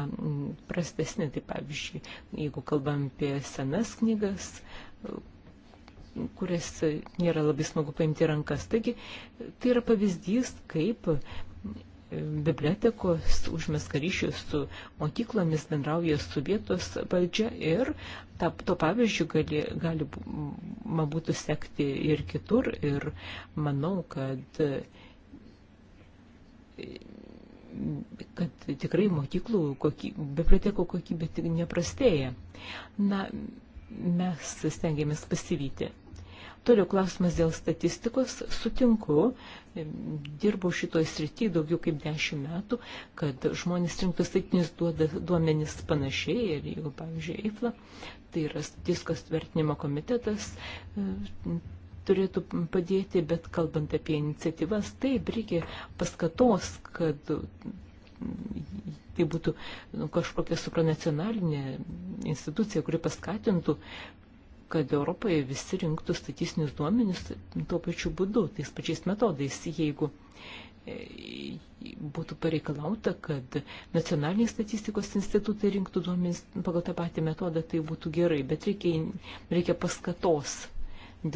prastesni. Tai pavyzdžiui, jeigu kalbam apie senas knygas, kurias nėra labai smagu paimti rankas. Taigi tai yra pavyzdys, kaip e, bibliotekos užmeska ryšius su mokyklomis, bendrauja su vietos valdžia ir ta, to pavyzdžių gali, gali man būtų sekti ir kitur ir manau, kad kad tikrai mokyklų koky, bibliotekų kokybė tik neprastėja. Na, mes stengiamės pasivyti. Toliau klausimas dėl statistikos. Sutinku, dirbau šitoje srityje daugiau kaip dešimt metų, kad žmonės rinktų statinius duomenys panašiai ir jeigu, pavyzdžiui, EIFLA, tai yra statistikos vertinimo komitetas e, turėtų padėti, bet kalbant apie iniciatyvas, taip reikia paskatos, kad tai būtų nu, kažkokia supranacionalinė institucija, kuri paskatintų kad Europoje visi rinktų statistinius duomenis tuo pačiu būdu, tais pačiais metodais, jeigu e, būtų pareikalauta, kad nacionaliniai statistikos institutai rinktų duomenis pagal tą patį metodą, tai būtų gerai, bet reikia, reikia paskatos.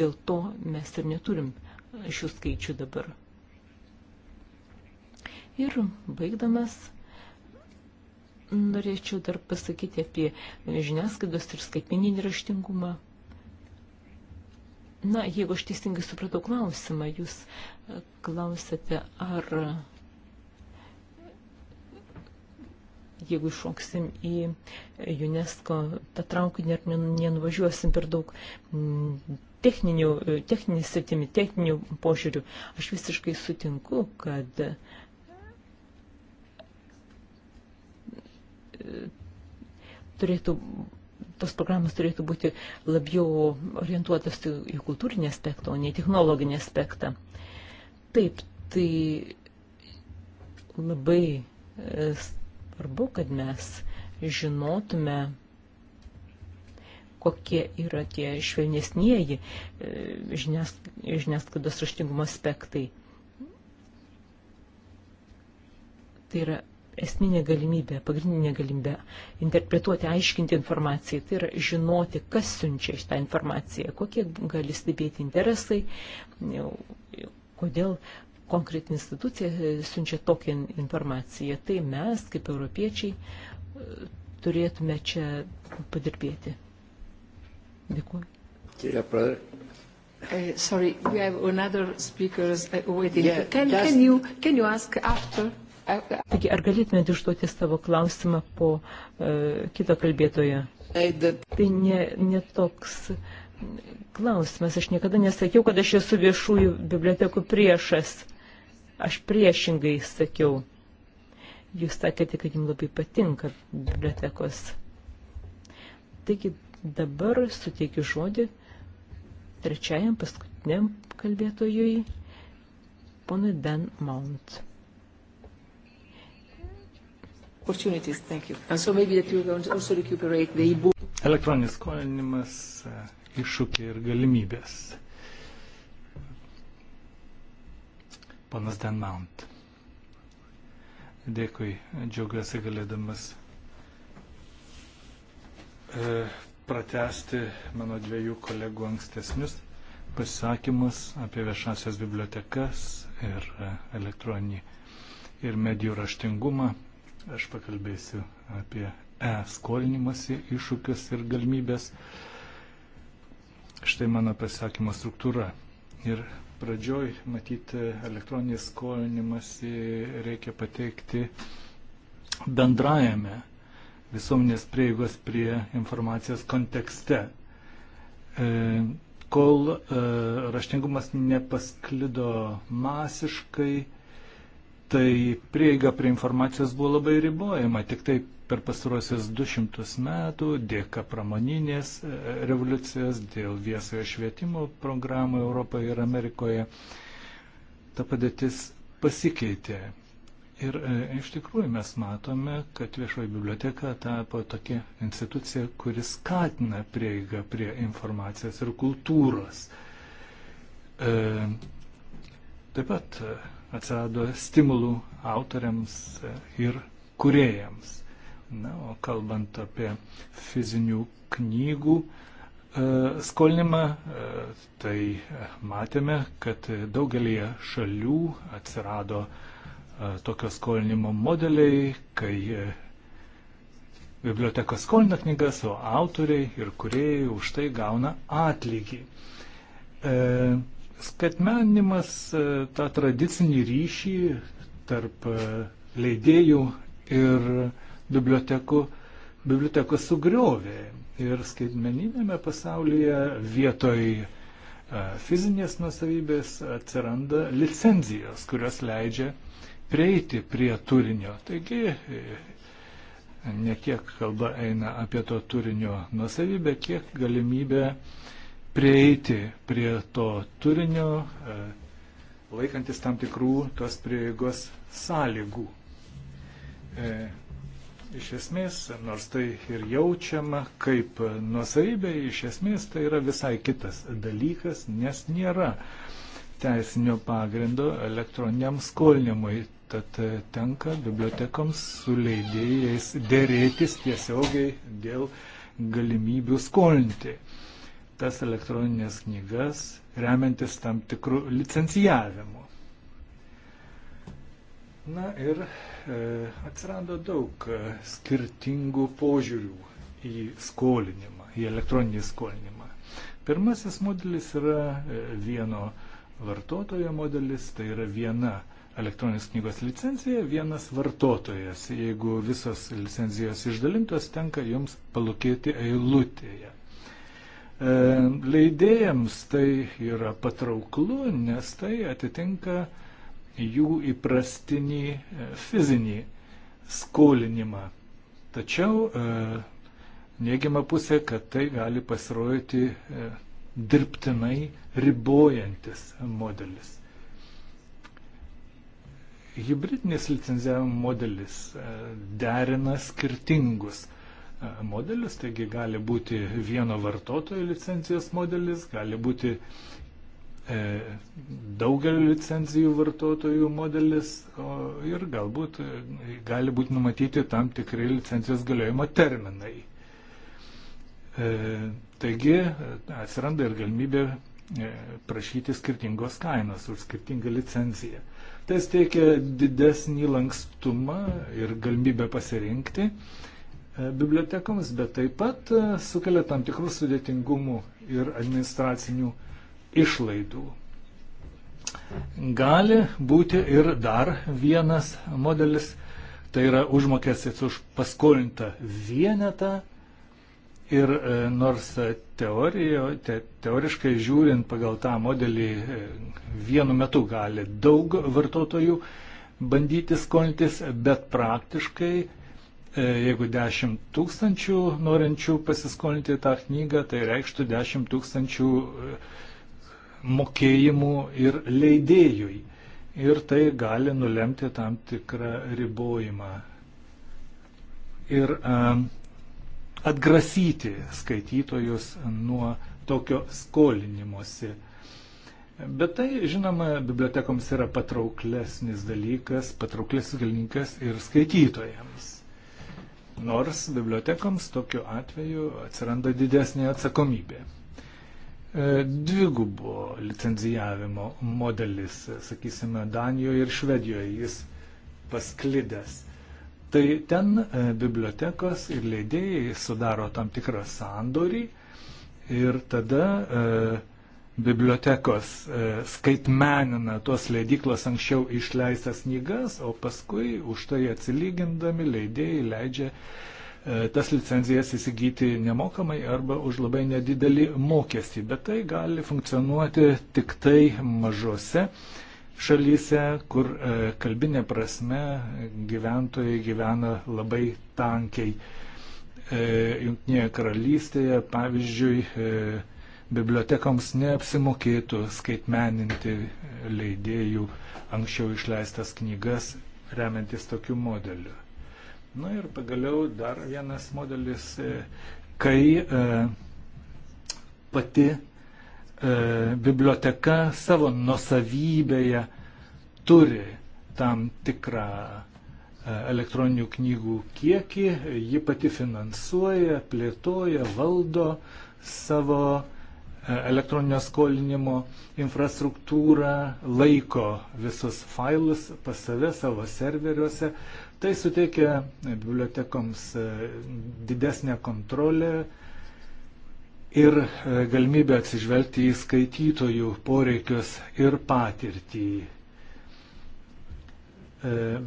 Dėl to mes ir neturim šių skaičių dabar. Ir baigdamas, norėčiau dar pasakyti apie žiniasklaidos ir skaitmeninį raštingumą. Na, jeigu aš teisingai supratau klausimą, jūs e, klausėte, ar jeigu iššoksim į UNESCO tą traukinį ir nenuvažiuosim per daug techninių, e, techninį sritimi, techninių požiūrių, aš visiškai sutinku, kad e, turėtų tos programos turėtų būti labiau orientuotas į kultūrinį aspektą, o ne technologinį aspektą. Taip, tai labai e, svarbu, kad mes žinotume, kokie yra tie švelnesnieji e, žiniasklaidos raštingumo aspektai. Tai yra esminė galimybė, pagrindinė galimybė interpretuoti, aiškinti informaciją, tai yra žinoti, kas siunčia šitą informaciją, kokie gali stebėti interesai, kodėl konkreti institucija siunčia tokią informaciją. Tai mes, kaip europiečiai, turėtume čia padirbėti. Dėkuoju. Uh, sorry, we have another speakers uh, waiting. Yeah, can, just, can, you, can you ask after? Taigi, ar galėtumėte užduoti savo klausimą po uh, kito kalbėtojo? Tai netoks ne, ne klausimas. Aš niekada nesakiau, kad aš esu viešųjų bibliotekų priešas. Aš priešingai sakiau. Jūs sakėte, kad jums labai patinka bibliotekos. Taigi dabar suteikiu žodį trečiajam paskutiniam kalbėtojui, ponui Ben Mount opportunities. Thank you. And so maybe that you can also recuperate the e-book. Elektroninis skolinimas, e, iššūkiai ir galimybės. Ponas Dan Mount. Dėkui, džiaugiuosi galėdamas e, pratesti mano dviejų kolegų ankstesnius pasisakymus apie viešasias bibliotekas ir e, elektroninį ir medijų raštingumą. Aš pakalbėsiu apie e-skolinimasi iššūkius ir galimybės. Štai mano pasakymo struktūra. Ir pradžioj, matyti, elektroninį skolinimąsi reikia pateikti bendrajame visuomenės prieigos prie informacijos kontekste. E, kol e, raštingumas nepasklido masiškai, tai prieiga prie informacijos buvo labai ribojama. Tik tai per pastarosius 200 metų, dėka pramoninės e, revoliucijos, dėl viesojo švietimo programų Europoje ir Amerikoje, ta padėtis pasikeitė. Ir e, iš tikrųjų mes matome, kad viešoji biblioteka tapo tokia institucija, kuris skatina prieigą prie informacijos ir kultūros. E, taip pat e, atsirado stimulų autoriams e, ir kuriejams. Na, o kalbant apie fizinių knygų e, skolinimą, e, tai matėme, kad daugelie šalių atsirado tokio skolinimo modeliai, kai bibliotekos skolina knygas, o autoriai ir kuriejai už tai gauna atlygį. E, Skatmenimas e, tą tradicinį ryšį tarp e, leidėjų ir bibliotekų, bibliotekų sugriovė. Ir skaitmeninėme pasaulyje vietoj e, fizinės nusavybės atsiranda licenzijos, kurios leidžia prieiti prie turinio. Taigi, ne kiek kalba eina apie to turinio nusavybę, kiek galimybę uh, prieiti prie to turinio, e, laikantis tam tikrų tos prieigos sąlygų. E, iš esmės, nors tai ir jaučiama kaip nusaibė, iš esmės tai yra visai kitas dalykas, nes nėra teisinio pagrindo elektroniniam skolinimui. Tad e, tenka bibliotekoms su leidėjais dėrėtis tiesiogiai dėl galimybių skolinti tas elektroninės knygas remiantis tam tikrų licencijavimų. Na ir e, atsirado daug e, skirtingų požiūrių į skolinimą, į elektroninį skolinimą. Pirmasis modelis yra e, vieno vartotojo modelis, tai yra viena elektroninės knygos licencija, vienas vartotojas. Jeigu visos licencijos išdalintos, tenka jums palūkėti eilutėje. E, leidėjams tai yra patrauklu, nes tai atitinka jų įprastinį e, fizinį skolinimą. Tačiau e, neigiama pusė, kad tai gali pasirodyti dirbtinai ribojantis modelis. Hybridinis licenzijavimo modelis derina skirtingus modelis, taigi gali būti vieno vartotojo licencijos modelis, gali būti e, daugelio licencijų vartotojų modelis o, ir galbūt e, gali būti numatyti tam tikri licencijos galiojimo terminai. E, taigi e, atsiranda ir galimybė e, prašyti skirtingos kainos už skirtingą licenciją. Tas teikia didesnį lankstumą ir galimybę pasirinkti. E, E, bibliotekoms, bet taip pat e, sukelia tam tikrų sudėtingumų ir administracinių išlaidų. Gali būti ir dar vienas modelis, tai yra užmokestis už paskolintą vienetą. Ir e, nors teorijo, te, teoriškai žiūrint pagal tą modelį vienu metu gali daug vartotojų bandyti skolintis, bet praktiškai E, jeigu 10 tūkstančių norinčių pasiskolinti tą knygą, tai reikštų 10 tūkstančių e, mokėjimų ir leidėjui. Ir tai gali nulemti tam tikrą ribojimą. Ir e, atgrasyti skaitytojus nuo tokio skolinimuose. Bet tai, žinoma, bibliotekoms yra patrauklesnis dalykas, patrauklesnis dalykas ir skaitytojams. Nors bibliotekoms tokiu atveju atsiranda didesnė atsakomybė. E, dvigubo licenzijavimo modelis, sakysime, Danijoje ir Švedijoje jis pasklidęs. Tai ten e, bibliotekos ir leidėjai sudaro tam tikrą sandorį ir tada e, bibliotekos e, skaitmenina tuos leidyklos anksčiau išleistas knygas, o paskui už tai atsilygindami leidėjai leidžia e, tas licenzijas įsigyti nemokamai arba už labai nedidelį mokestį, bet tai gali funkcionuoti tik tai mažose šalyse, kur e, kalbinė prasme gyventojai gyvena labai tankiai. Junktinėje karalystėje, pavyzdžiui, bibliotekoms neapsimokėtų skaitmeninti leidėjų anksčiau išleistas knygas remiantis tokiu modeliu. Na ir pagaliau dar vienas modelis, e, kai e, pati e, biblioteka savo nusavybėje turi tam tikrą elektroninių knygų kiekį, ji pati finansuoja, plėtoja, valdo savo elektroninio skolinimo infrastruktūrą, laiko visus failus pas save savo serveriuose. Tai suteikia bibliotekoms e, didesnę kontrolę ir e, galimybę atsižvelgti į skaitytojų poreikius ir patirtį. E,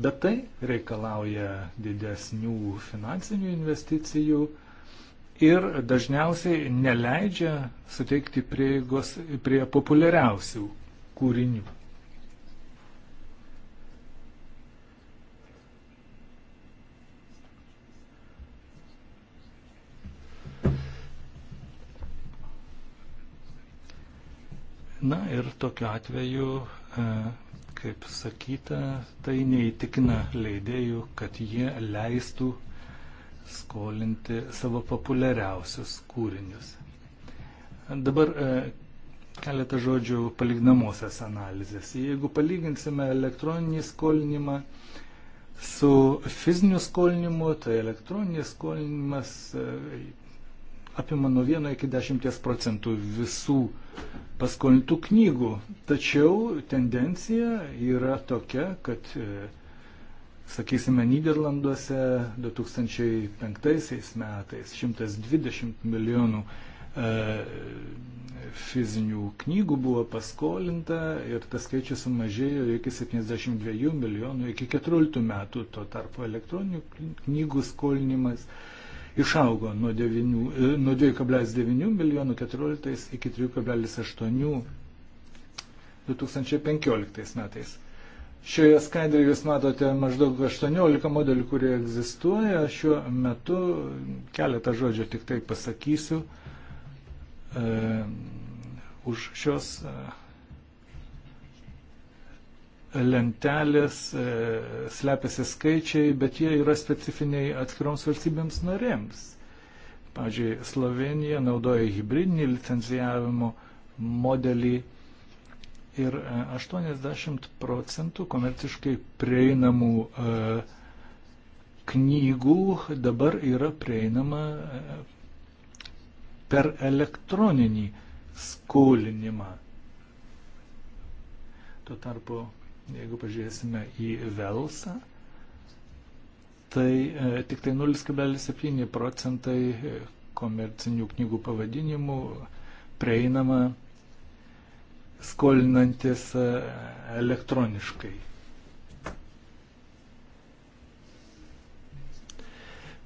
bet tai reikalauja didesnių finansinių investicijų ir dažniausiai neleidžia suteikti prieigos prie populiariausių kūrinių. Na ir tokiu atveju, e, kaip sakyta, tai neįtikina leidėjų, kad jie leistų skolinti savo populiariausius kūrinius. Dabar e, keletą žodžių palygnamosios analizės. Jeigu palyginsime elektroninį skolinimą su fiziniu skolinimu, tai elektroninis skolinimas e, apima nuo 1 iki 10 procentų visų paskolintų knygų. Tačiau tendencija yra tokia, kad e, Sakysime, Niderlanduose 2005 metais 120 milijonų e, fizinių knygų buvo paskolinta ir tas skaičius sumažėjo iki 72 milijonų iki 14 metų. Tuo tarpu elektroninių knygų skolinimas išaugo nuo 2,9 e, milijonų 14 iki 3,8 2015 metais. Šioje skaidrėje jūs matote maždaug 18 modelių, kurie egzistuoja. Šiuo metu keletą žodžių tik tai pasakysiu. E, už šios e, lentelės e, slepiasi skaičiai, bet jie yra specifiniai atskiroms valstybėms narėms. Pavyzdžiui, Slovenija naudoja hybridinį licencijavimo modelį ir 80 e, procentų komerciškai prieinamų e, knygų dabar yra prieinama e, per elektroninį skolinimą. Tuo tarpu, jeigu pažiūrėsime į Velsą, tai e, tik tai 0,7 procentai komercinių knygų pavadinimų prieinama skolinantis e, elektroniškai.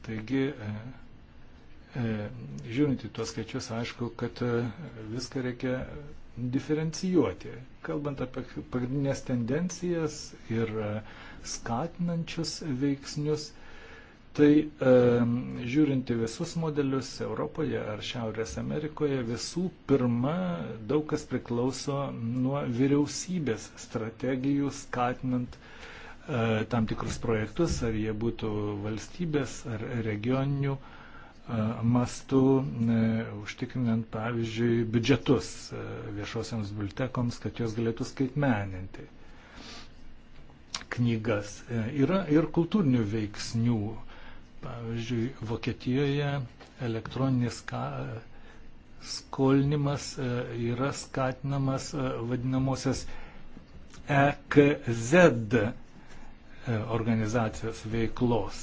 Taigi, e, e, žiūrint į tuos skaičius, aišku, kad viską reikia diferencijuoti. Kalbant apie pagrindinės tendencijas ir skatinančius veiksnius, Tai e, žiūrinti visus modelius Europoje ar Šiaurės Amerikoje, visų pirma, daug kas priklauso nuo vyriausybės strategijų skatinant e, tam tikrus projektus, ar jie būtų valstybės ar regioninių e, mastų, e, užtikrinant, pavyzdžiui, biudžetus e, viešosiams bibliotekoms, kad jos galėtų skaitmeninti knygas. E, yra ir kultūrinių veiksnių. E, Pavyzdžiui, Vokietijoje elektroninis ka, skolinimas e, yra skatinamas e, vadinamosios EKZ e, organizacijos veiklos.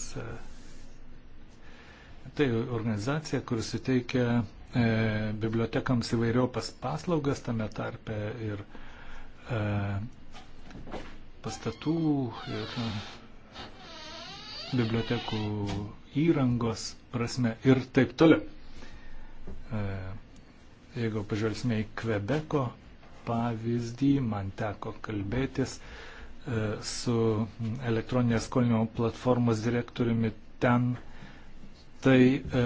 Tai organizacija, kuris suteikia bibliotekams įvairiopas paslaugas, tame tarpe ir pastatų ir bibliotekų įrangos prasme ir taip toliau. E, jeigu pažvelgsime į Kvebeko pavyzdį, man teko kalbėtis e, su elektroninės skolinimo platformos direktoriumi ten, tai e,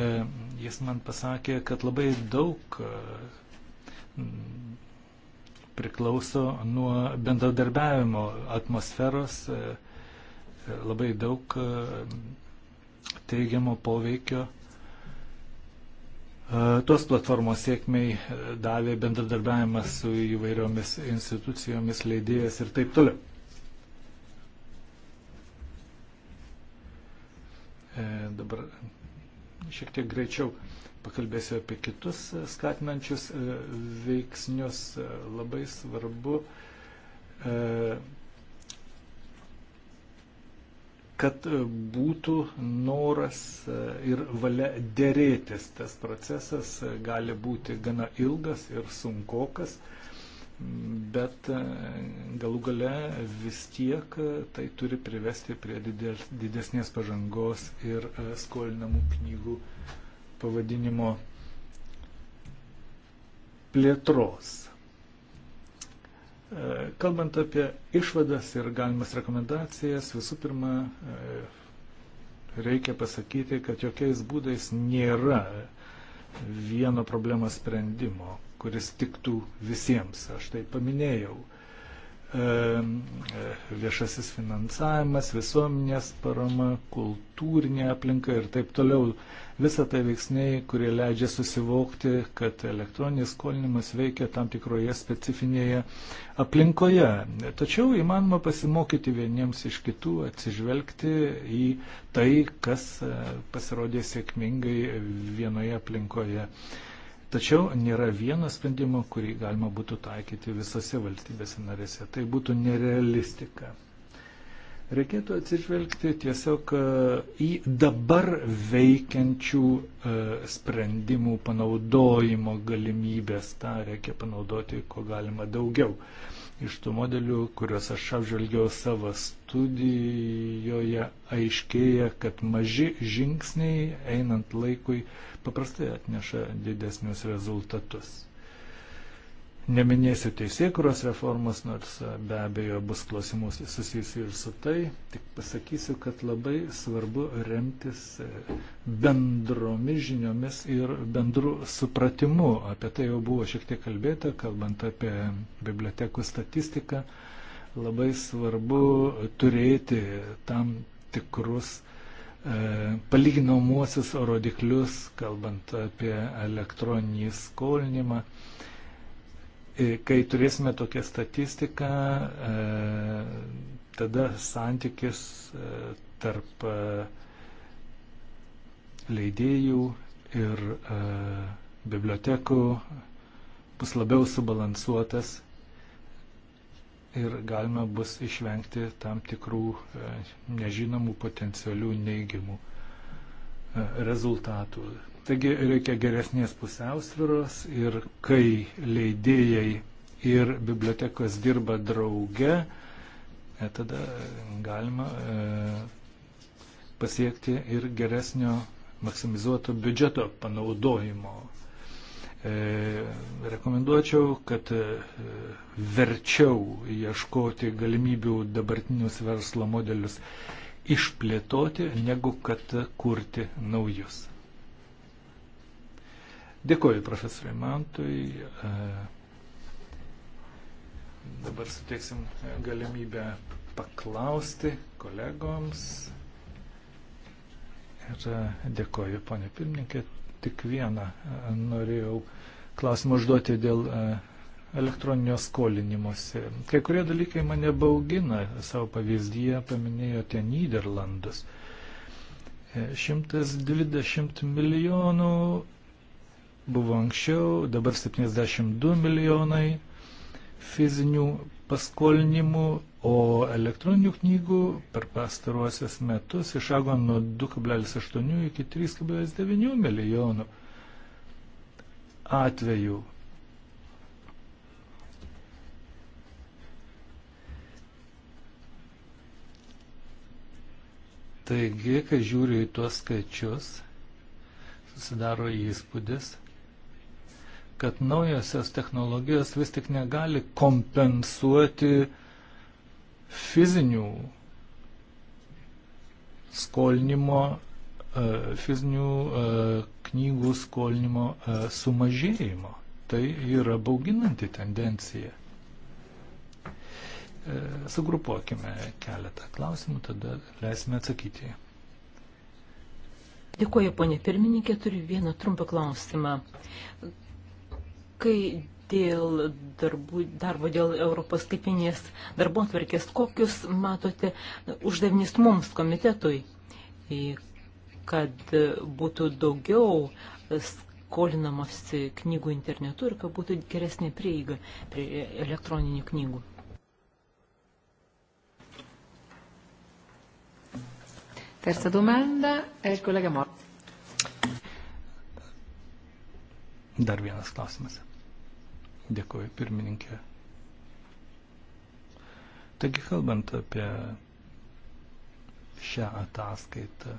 jis man pasakė, kad labai daug priklauso nuo bendradarbiavimo atmosferos, e, labai daug e, teigiamo poveikio e, Tos platformos sėkmiai e, davė bendradarbiavimas su įvairiomis institucijomis, leidėjas ir taip toliau. E, dabar šiek tiek greičiau pakalbėsiu apie kitus skatinančius veiksnius. Labai svarbu e, kad e, būtų noras e, ir valia dėrėtis. Tas procesas e, gali būti gana ilgas ir sunkokas, bet galų gale vis tiek tai turi privesti prie didesnės pažangos ir skolinamų knygų pavadinimo plėtros. E, kalbant apie išvadas ir galimas rekomendacijas, visų pirma, e, reikia pasakyti, kad jokiais būdais nėra vieno problemos sprendimo, kuris tiktų visiems. Aš tai paminėjau. E, viešasis finansavimas, visuomenės parama, kultūrinė aplinka ir taip toliau. Visą tai veiksniai, kurie leidžia susivokti, kad elektroninis skolinimas veikia tam tikroje specifinėje aplinkoje. Tačiau įmanoma pasimokyti vieniems iš kitų, atsižvelgti į tai, kas e, pasirodė sėkmingai vienoje aplinkoje Tačiau nėra vieno sprendimo, kurį galima būtų taikyti visose valstybėse narėse. Tai būtų nerealistika. Reikėtų atsižvelgti tiesiog e, į dabar veikiančių e, sprendimų panaudojimo galimybės. Ta reikia panaudoti, ko galima daugiau iš tų modelių, kuriuos aš apžvelgiau savo studijoje, aiškėja, kad maži žingsniai einant laikui paprastai atneša didesnius rezultatus. Neminėsiu teisėkuros reformos, nors e, be abejo bus klausimų susijusių ir su tai. Tik pasakysiu, kad labai svarbu remtis e, bendromis žiniomis ir bendru supratimu. Apie tai jau buvo šiek tiek kalbėta, kalbant apie bibliotekų statistiką. Labai svarbu turėti tam tikrus e, palyginamuosius rodiklius, kalbant apie elektroninį skolinimą E, kai turėsime tokią statistiką, e, tada santykis e, tarp leidėjų ir bibliotekų bus labiau subalansuotas ir galima bus išvengti tam tikrų nežinomų potencialių neigiamų rezultatų. Taigi reikia geresnės pusiausviros ir kai leidėjai ir bibliotekos dirba drauge, e, tada galima e, pasiekti ir geresnio maksimizuoto biudžeto panaudojimo. E, rekomenduočiau, kad verčiau ieškoti galimybių dabartinius verslo modelius išplėtoti, negu kad kurti naujus. Dėkuoju profesoriui Mantui. E, dabar suteiksim e, galimybę paklausti kolegoms. Ir e, dėkoju, ponė pirmininkė. Tik vieną norėjau klausimą užduoti dėl elektroninio skolinimuose. Kai kurie dalykai mane baugina. Savo pavyzdyje paminėjote Niderlandus. 120 milijonų buvo anksčiau, dabar 72 milijonai fizinių paskolinimų, o elektroninių knygų per pastaruosius metus išaugo nuo 2,8 iki 3,9 milijonų atvejų. Taigi, kai žiūriu į tuos skaičius, susidaro įspūdis, kad naujosios technologijos vis tik negali kompensuoti fizinių skolinimo, e, fizinių e, knygų skolinimo e, sumažėjimo. Tai yra bauginanti tendencija. Sugrupuokime keletą klausimų, tada leisime atsakyti. Dėkuoju, ponė pirmininkė, turiu vieną trumpą klausimą. Kai dėl darbų, darbo dėl Europos skaipinės darbo atvarkės, kokius matote uždavinys mums komitetui, kad būtų daugiau skolinamosi knygų internetu ir kad būtų geresnė prieiga prie elektroninių knygų. Terza domanda è eh, il collega Morti. Dar vienas klausimas. Dėkuoju, pirmininkė. Taigi, kalbant apie šią ataskaitą,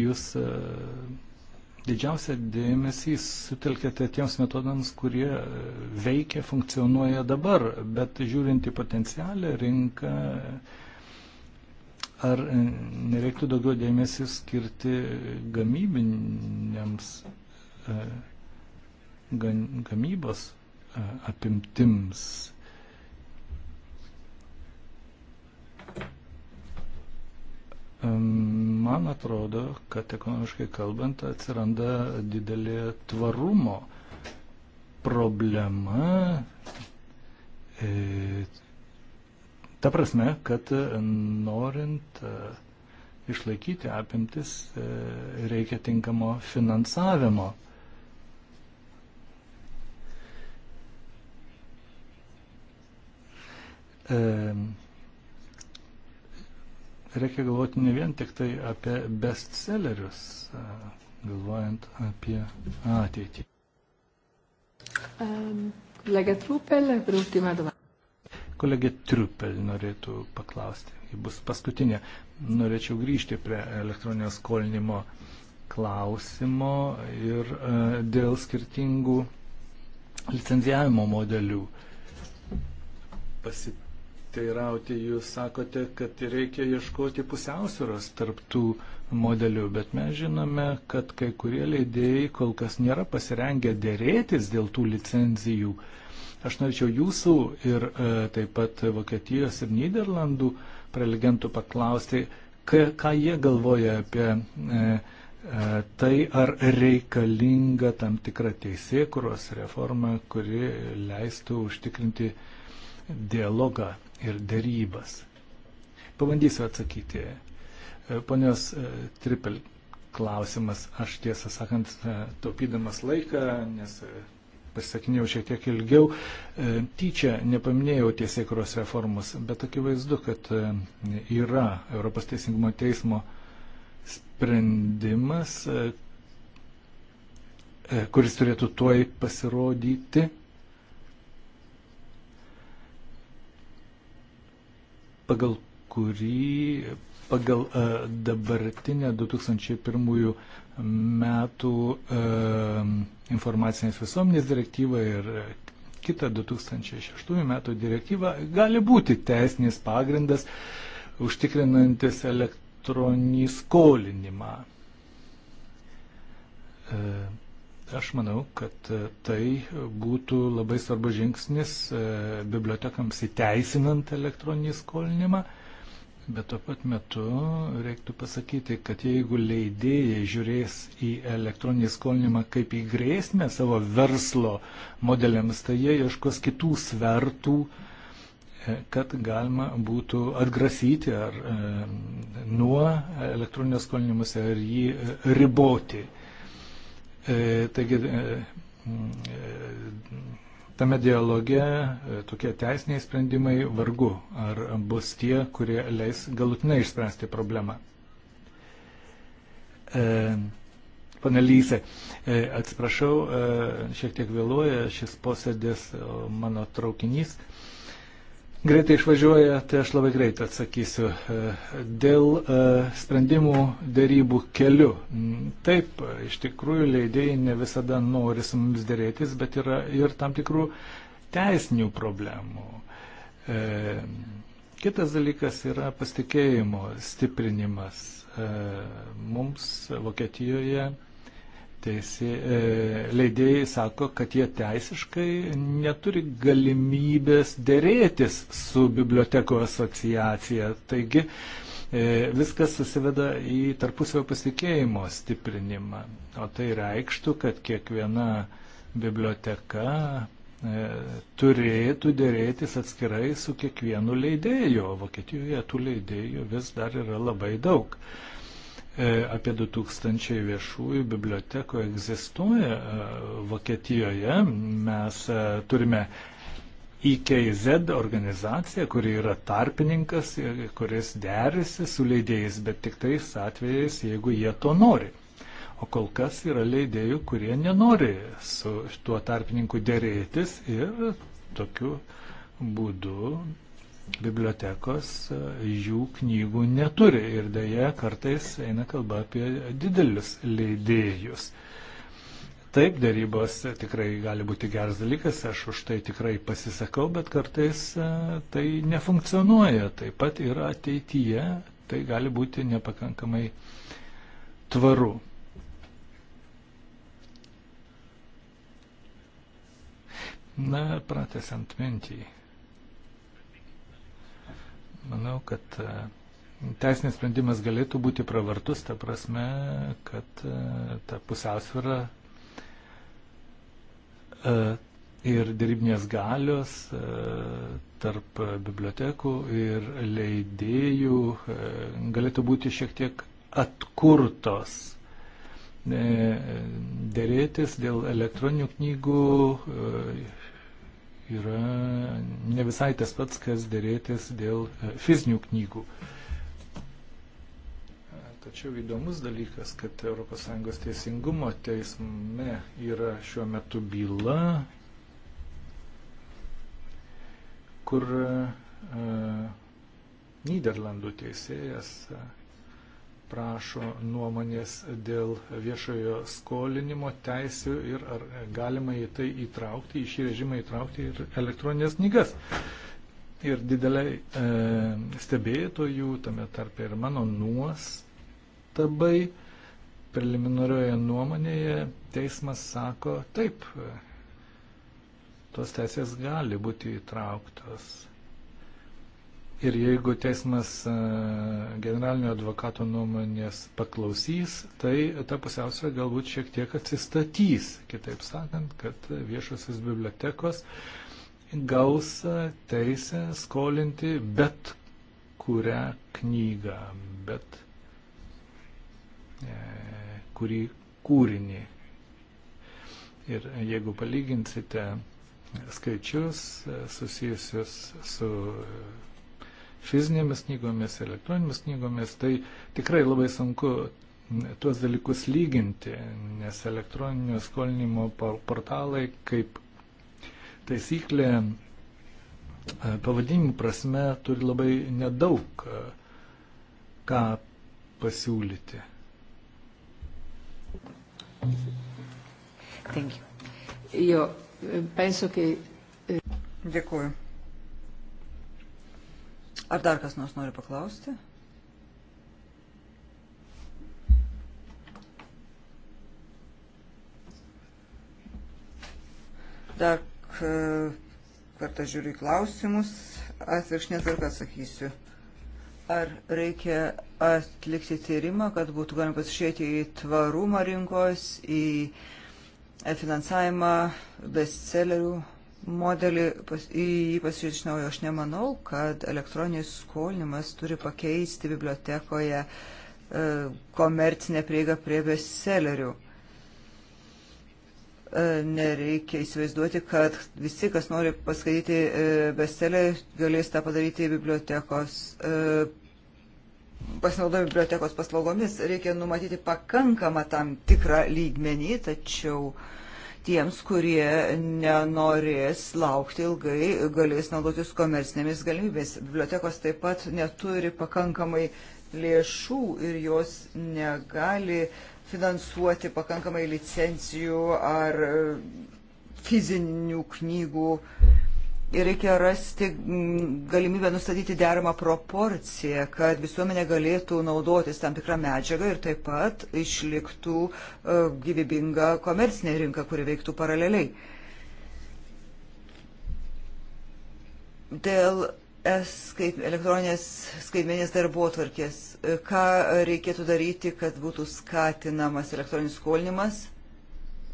jūs e, didžiausią dėmesį sutelkėte tiems metodams, kurie e, veikia, funkcionuoja dabar, bet žiūrint į potencialę rinką, ar e, nereiktų daugiau dėmesį skirti gamybiniams gamybos apimtims. Man atrodo, kad ekonomiškai kalbant atsiranda didelė tvarumo problema. E, ta prasme, kad norint išlaikyti apimtis e, reikia tinkamo finansavimo. E, reikia galvoti ne vien tik tai apie bestsellerius, e, galvojant apie ateitį. Um, kolegė Trupel, rūtima dova. Kolegė Trupel norėtų paklausti, ji bus paskutinė. Norėčiau grįžti prie elektroninio skolinimo klausimo ir uh, dėl skirtingų licenzijavimo modelių pasitikėjimų pasiteirauti. Jūs sakote, kad reikia ieškoti pusiausvėros tarptų modelių, bet mes žinome, kad kai kurie leidėjai kol kas nėra pasirengę dėrėtis dėl tų licenzijų. Aš norėčiau jūsų ir e, taip pat Vokietijos ir Niderlandų prelegentų paklausti, ka, ką jie galvoja apie e, e tai ar reikalinga tam tikra teisėkuros reforma, kuri leistų užtikrinti dialogą ir dėrybas. Pabandysiu atsakyti. E, ponios e, Tripel klausimas, aš tiesą sakant, e, taupydamas laiką, nes pasisakinėjau šiek tiek ilgiau, tyčia nepaminėjau tiesiekros reformos, bet akivaizdu, kad yra Europos teisingumo teismo sprendimas, kuris turėtų tuoj pasirodyti pagal kurį pagal e, dabartinę 2001 metų e, informacinės visuomenės direktyvą ir kitą 2006 metų direktyvą gali būti teisinis pagrindas užtikrinantis elektroninį skolinimą. E, Aš manau, kad e, tai būtų labai svarbus žingsnis e, bibliotekams įteisinant elektroninį skolinimą, bet tuo pat metu reiktų pasakyti, kad jeigu leidėjai žiūrės į elektroninį skolinimą kaip į grėsmę savo verslo modeliams, tai jie ieškos kitų svertų, e, kad galima būtų atgrasyti ar, nuo elektroninio skolinimo ar jį riboti. E, taigi, e, e, tame dialoge tokie teisiniai sprendimai vargu ar bus tie, kurie leis galutinai išspręsti problemą. Panelysė, atsiprašau, šiek tiek vėluoja šis posėdis mano traukinys greitai išvažiuoja, tai aš labai greitai atsakysiu. E, dėl e, sprendimų dėrybų keliu. Mm, taip, iš tikrųjų leidėjai ne visada nori su mums dėrėtis, bet yra ir tam tikrų teisinių problemų. E, kitas dalykas yra pasitikėjimo stiprinimas. Mums Vokietijoje Teisė, e, leidėjai sako, kad jie teisiškai neturi galimybės dėrėtis su bibliotekų asociacija. Taigi e, viskas susiveda į tarpusavio pasitikėjimo stiprinimą. O tai reikštų, kad kiekviena biblioteka e, turėtų dėrėtis atskirai su kiekvienu leidėju. Vokietijoje tų leidėjų vis dar yra labai daug. E, apie 2000 viešųjų bibliotekų egzistuoja e, Vokietijoje. Mes e, turime IKZ organizaciją, kuri yra tarpininkas, kuris derisi su leidėjais, bet tik tais atvejais, jeigu jie to nori. O kol kas yra leidėjų, kurie nenori su tuo tarpininku dėrėtis ir tokiu būdu bibliotekos jų knygų neturi ir dėja kartais eina kalba apie didelius leidėjus. Taip, darybos tikrai gali būti geras dalykas, aš už tai tikrai pasisakau, bet kartais e, tai nefunkcionuoja. Taip pat ir ateityje tai gali būti nepakankamai tvaru. Na, pratesant mintį. Manau, kad e, teisinės sprendimas galėtų būti pravartus, ta prasme, kad e, ta pusiausvėra e, ir dirbinės galios tarp bibliotekų ir leidėjų galėtų būti šiek tiek atkurtos. Dėrėtis dėl elektroninių knygų yra ne visai tas pats, kas dėrėtis dėl e, fizinių knygų. Tačiau įdomus dalykas, kad ES teisingumo teisme yra šiuo metu byla, kur a, e, Nyderlandų teisėjas a, prašo nuomonės dėl viešojo skolinimo teisių ir ar galima į tai įtraukti, į šį režimą įtraukti ir elektroninės knygas. Ir dideliai e, stebėtojų, tame tarp ir mano nuostabai, preliminarioje nuomonėje teismas sako, taip, e, tos teisės gali būti įtrauktos Ir jeigu teismas e, generalinio advokato nuomonės paklausys, tai ta pusiausvė galbūt šiek tiek atsistatys. Kitaip sakant, kad viešosios bibliotekos gaus e, teisę skolinti bet kurią knygą, bet e, kurį kūrinį. Ir jeigu palyginsite skaičius e, susijusius su fizinėmis knygomis, elektroninėmis knygomis, tai tikrai labai sunku tuos dalykus lyginti, nes elektroninio skolinimo portalai kaip taisyklė e, pavadinimų prasme turi labai nedaug e, ką pasiūlyti. Thank you. Io e, penso che... Dėkuoju. Ar dar kas nors nori paklausti? Dar e, kartą žiūriu į klausimus, atvirkšnės ir atsakysiu. Ar reikia atlikti tyrimą, kad būtų galima pasižiūrėti į tvarumą rinkos, į finansavimą bestsellerių modelį pas, į jį pasižiūrėti iš naujo. Aš nemanau, kad elektroninis skolinimas turi pakeisti bibliotekoje e, komercinę prieigą prie bestsellerių. E, nereikia įsivaizduoti, kad visi, kas nori paskaityti e, bestsellerį, galės tą padaryti bibliotekos, e, pasinaudojant bibliotekos paslaugomis. Reikia numatyti pakankamą tam tikrą lygmenį, tačiau uh, tiems, kurie nenorės laukti ilgai, galės naudotis komercinėmis galimybės. Bibliotekos taip pat neturi pakankamai lėšų ir jos negali finansuoti pakankamai licencijų ar fizinių knygų reikia rasti mm, galimybę nustatyti deramą proporciją, kad visuomenė galėtų naudotis tam tikrą medžiagą ir taip pat išliktų e, gyvybinga komercinė rinka, kuri veiktų paraleliai. Dėl skait, elektroninės skaitmenės darbo tvarkės, e, ką reikėtų daryti, kad būtų skatinamas elektroninis skolinimas –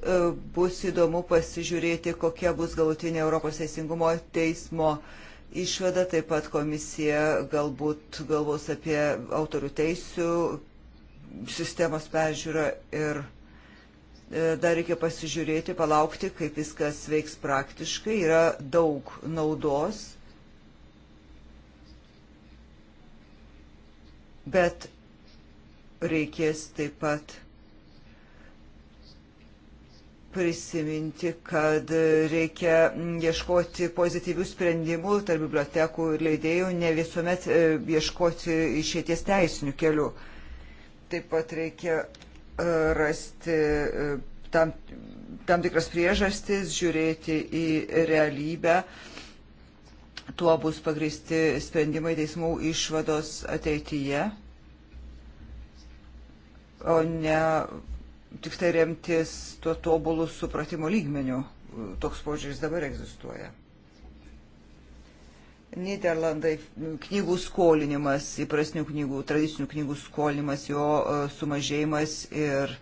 E, bus įdomu pasižiūrėti, kokia bus galutinė Europos teisingumo teismo išvada. Taip pat komisija galbūt galvos apie autorių teisių sistemos peržiūrą ir e, dar reikia pasižiūrėti, palaukti, kaip viskas veiks praktiškai. Yra daug naudos, bet reikės taip pat prisiminti, kad reikia ieškoti pozityvių sprendimų tarp bibliotekų ir leidėjų, ne visuomet e, ieškoti išėties teisinių kelių. Taip pat reikia e, rasti e, tam, tam tikras priežastis, žiūrėti į realybę. Tuo bus pagristi sprendimai teismų išvados ateityje, o ne tik tai remtis tuo tobulų supratimo lygmeniu. Toks požiūris dabar egzistuoja. Niderlandai knygų skolinimas, įprasnių knygų, tradicinių knygų skolinimas, jo e, sumažėjimas ir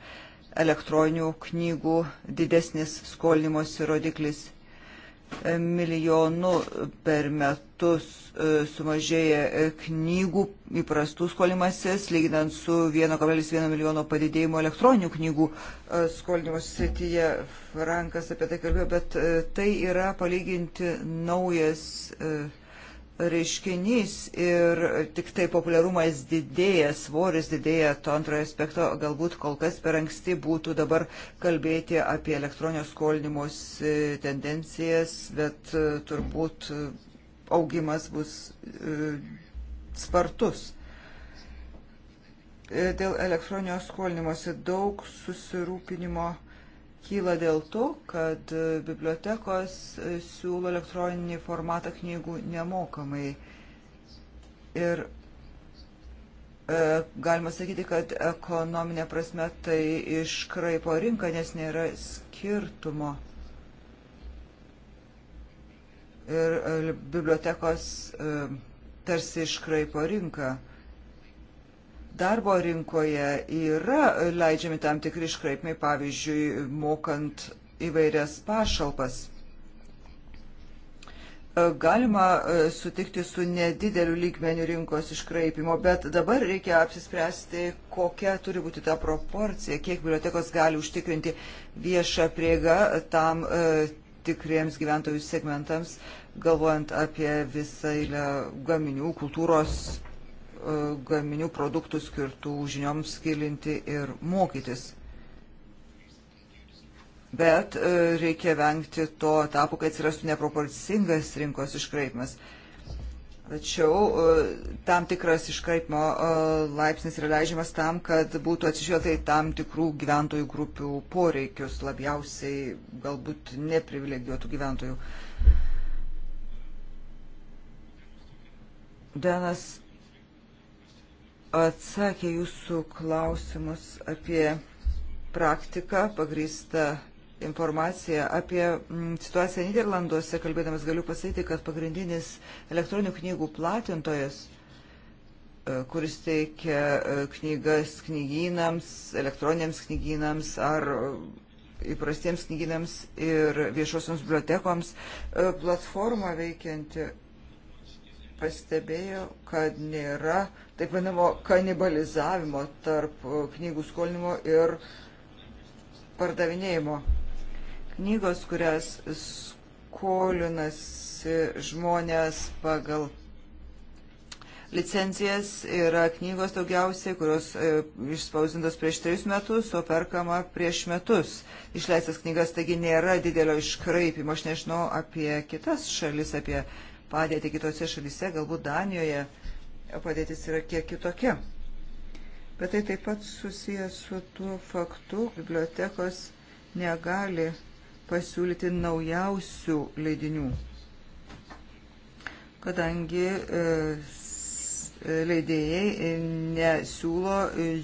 elektroninių knygų didesnis skolinimosi rodiklis milijonu per metus e, sumažėja e, knygų įprastų skolimasis, lyginant su 1,1 milijono padidėjimu elektroninių knygų e, skolinimus srityje. Frankas apie tai kalbėjo, bet tai yra palyginti naujas reiškinys ir tik tai populiarumas didėja, svoris didėja to antrojo aspekto, galbūt kol kas per anksti būtų dabar kalbėti apie elektroninio skolinimus tendencijas, bet e, turbūt e, augimas bus e, spartus. Dėl elektroninio skolinimuose daug susirūpinimo kyla dėl to, kad bibliotekos siūlo elektroninį formatą knygų nemokamai. Ir e, galima sakyti, kad ekonominė prasme tai iškraipo rinką, nes nėra skirtumo. Ir e, bibliotekos e, tarsi iškraipo rinką darbo rinkoje yra leidžiami tam tikri iškraipimai, pavyzdžiui, mokant įvairias pašalpas. E, galima e, sutikti su nedideliu lygmeniu rinkos iškraipimo, bet dabar reikia apsispręsti, kokia turi būti ta proporcija, kiek bibliotekos gali užtikrinti viešą priegą tam e, tikriems gyventojų segmentams, galvojant apie visą eilę gaminių, kultūros E, gaminių produktų skirtų žinioms gilinti ir mokytis. Bet e, reikia vengti to etapo, kai atsirastų neproporcingas rinkos iškraipimas. Tačiau e, tam tikras iškraipimo laipsnis yra leidžiamas tam, kad būtų atsižvelgta į tam tikrų gyventojų grupių poreikius, labiausiai galbūt neprivilegijuotų gyventojų. Denas atsakė jūsų klausimus apie praktiką pagrįstą informaciją apie mm, situaciją Niderlanduose, kalbėdamas galiu pasakyti, kad pagrindinis elektroninių knygų platintojas, e, kuris teikia e, knygas knygynams, elektroniniams knygynams ar e, įprastiems knygynams ir viešosioms bibliotekoms, platforma veikianti pastebėjo, kad nėra taip vadinamo kanibalizavimo tarp e, knygų skolinimo ir pardavinėjimo. Knygos, kurias skolinasi žmonės pagal licencijas, yra knygos daugiausiai, kurios e, išspausintos prieš trejus metus, o perkama prieš metus. Išleistas knygas, taigi nėra didelio iškraipimo. Aš nežinau apie kitas šalis, apie padėtį kitose šalyse, galbūt Danijoje padėtis yra kiek kitokia. Bet tai taip pat susijęs su tuo faktu, bibliotekos negali pasiūlyti naujausių leidinių, kadangi e, leidėjai e, nesiūlo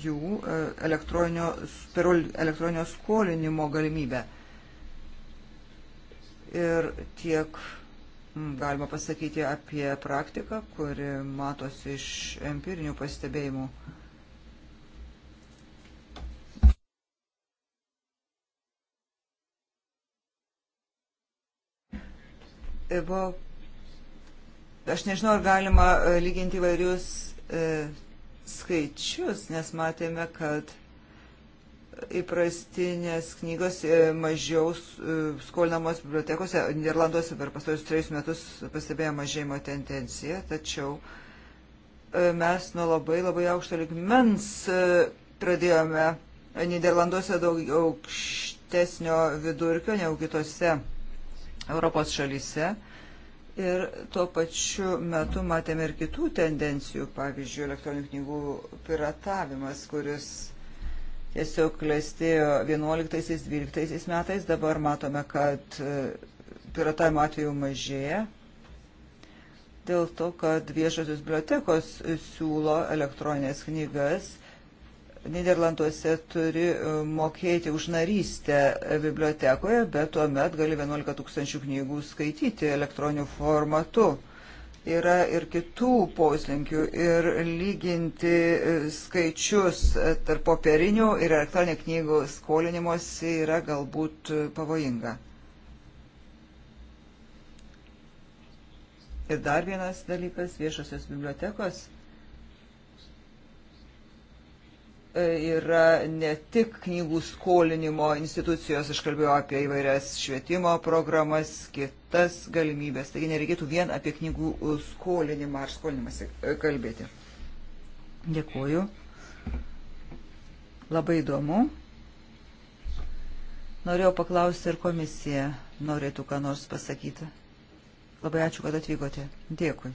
jų e, elektroninio, per elektroninio skolinimo galimybę. Ir tiek Mm, galima pasakyti apie praktiką, kuri matosi iš empirinių pastebėjimų. E, Buvo, aš nežinau, ar galima e, lyginti įvairius e, skaičius, nes matėme, kad įprastinės knygos e, mažiau e, skolinamos bibliotekose. Niderlanduose per pastarus trejus metus pastebėjo mažėjimo tendenciją, tačiau e, mes nuo labai labai aukšto ligmens pradėjome Niderlanduose daug aukštesnio vidurkio negu kitose Europos šalyse. Ir tuo pačiu metu matėme ir kitų tendencijų, pavyzdžiui, elektroninių knygų piratavimas, kuris tiesiog klestėjo 11-12 metais, dabar matome, kad e, piratavimo atveju mažėja dėl to, kad viešosios bibliotekos siūlo elektroninės knygas. Niderlanduose turi e, mokėti už narystę bibliotekoje, bet tuomet gali 11 tūkstančių knygų skaityti elektroniniu formatu yra ir kitų poslinkių ir lyginti e, skaičius e, tarp popierinių ir elektroninių knygų skolinimuose yra galbūt e, pavojinga. Ir dar vienas dalykas - viešosios bibliotekos yra ne tik knygų skolinimo institucijos, aš kalbėjau apie įvairias švietimo programas, kitas galimybės, taigi nereikėtų vien apie knygų skolinimą ar skolinimąsi e, kalbėti. Dėkuoju. Labai įdomu. Norėjau paklausti, ar komisija norėtų ką nors pasakyti. Labai ačiū, kad atvykote. Dėkui.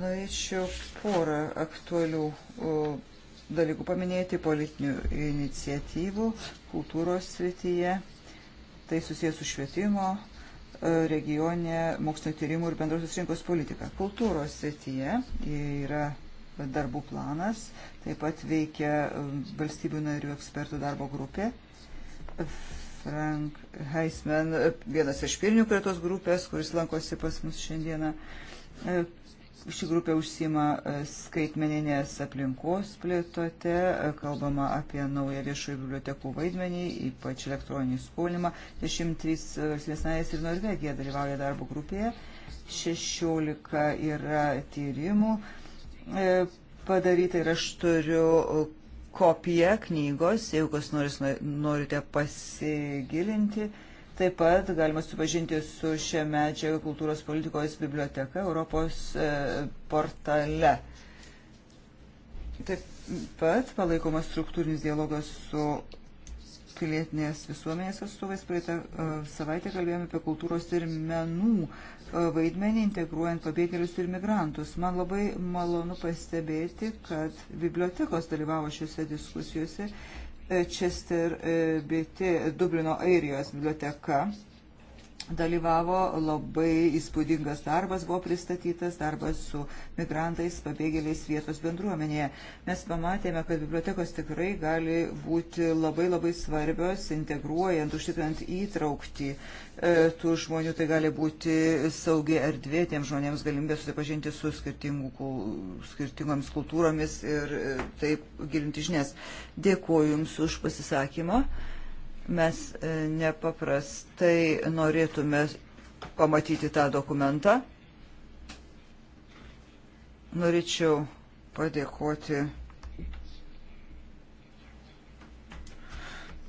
Norėčiau porą aktualių dalykų paminėti politinių iniciatyvų kultūros srityje. Tai susijęs su švietimo, e, regione, mokslinio tyrimų ir bendrosios rinkos politika. Kultūros srityje yra darbų planas, taip pat veikia e, valstybių narių ekspertų darbo grupė. Frank Heisman, vienas iš pirminių prie tos grupės, kuris lankosi pas mus šiandieną, e, Ši grupė užsima e, skaitmeninės aplinkos plėtote, e, kalbama apie naują viešųjų bibliotekų vaidmenį, ypač elektroninį skolimą. 23 e, valstybės narės ir Norvegija dalyvauja darbo grupėje, 16 yra tyrimų padaryta ir aš turiu kopiją knygos, jeigu kas noris, norite pasigilinti. Taip pat galima supažinti su šią medžiagą kultūros politikos biblioteka Europos e, portale. Taip pat palaikomas struktūrinis dialogas su pilietinės visuomenės atstovais. Praeitą e, savaitę kalbėjome apie kultūros ir menų e, vaidmenį integruojant pabėgėlius ir migrantus. Man labai malonu pastebėti, kad bibliotekos dalyvavo šiuose diskusijose Chester e, BT Dublino Airijos biblioteka dalyvavo, labai įspūdingas darbas buvo pristatytas, darbas su migrantais, pabėgėliais vietos bendruomenėje. Mes pamatėme, kad bibliotekos tikrai gali būti labai labai svarbios, integruojant, užtikrant įtraukti e, tų žmonių, tai gali būti saugi erdvė tiems žmonėms galimybė susipažinti su skirtingomis kultūromis ir e, taip gilinti žinias. Dėkuoju Jums už pasisakymą. Mes e, nepaprastai norėtume pamatyti tą dokumentą. Norėčiau padėkoti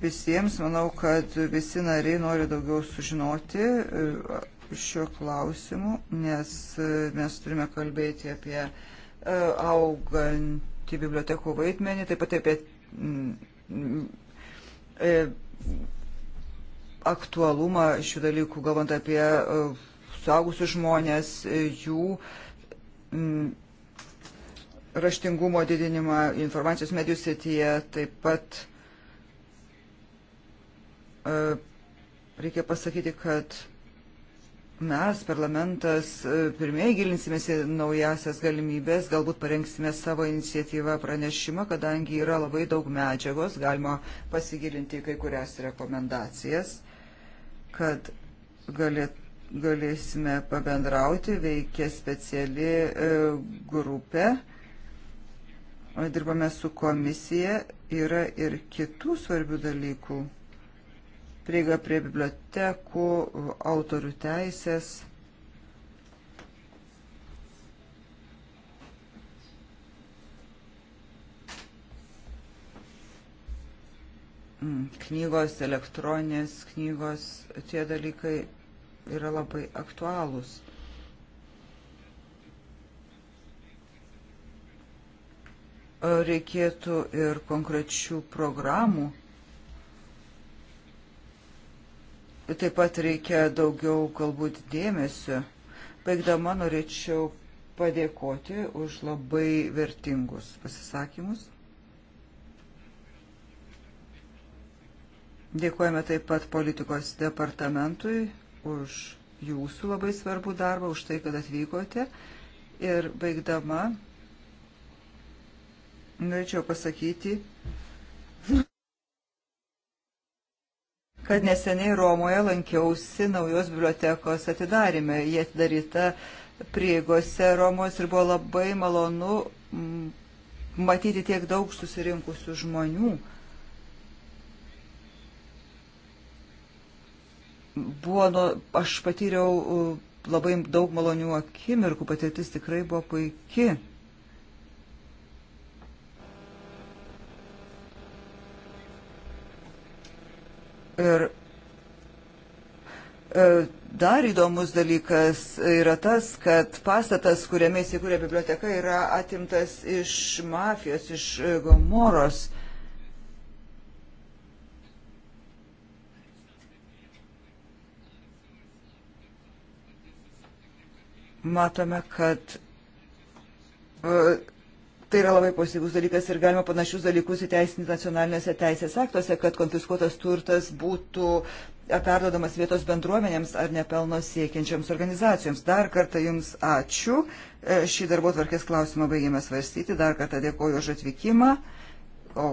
visiems. Manau, kad visi nariai nori daugiau sužinoti e, šiuo klausimu, nes e, mes turime kalbėti apie augantį bibliotekų vaidmenį, taip pat apie aktualumą šių dalykų, galvant apie e, suaugusius žmonės, e, jų mm, raštingumo didinimą informacijos medijų srityje, taip pat e, reikia pasakyti, kad mes, parlamentas, e, pirmieji gilinsimės į naujasias galimybės, galbūt parengsime savo iniciatyvą pranešimą, kadangi yra labai daug medžiagos, galima pasigilinti į kai kurias rekomendacijas, kad galėt, galėsime pabendrauti, veikia speciali e, grupė, dirbame su komisija, yra ir kitų svarbių dalykų prieiga prie bibliotekų, autorių teisės. Mm, knygos, elektroninės knygos, tie dalykai yra labai aktualūs. Reikėtų ir konkrečių programų Taip pat reikia daugiau galbūt dėmesio. Baigdama norėčiau padėkoti už labai vertingus pasisakymus. Dėkojame taip pat politikos departamentui už jūsų labai svarbų darbą, už tai, kad atvykote. Ir baigdama, norėčiau pasakyti, kad neseniai Romoje lankiausi naujos bibliotekos atidarime. Jie atidaryta prieigose Romos ir buvo labai malonu mm, matyti tiek daug susirinkusių žmonių. Buvo, nu, aš patyriau mm, labai daug malonių akimirkų, patirtis tikrai buvo puikia. Ir e, dar įdomus dalykas yra tas, kad pastatas, kuriame įsikūrė biblioteka, yra atimtas iš mafijos, iš e, Gomoros. Matome, kad e, Tai yra labai pozityvus dalykas ir galima panašius dalykus įteisinti nacionaliniuose teisės aktuose, kad konfiskuotas turtas būtų perdodamas vietos bendruomenėms ar nepelno siekiančiams organizacijoms. Dar kartą Jums ačiū. E, šį darbo tvarkės klausimą baigėme svarstyti. Dar kartą dėkoju už atvykimą. O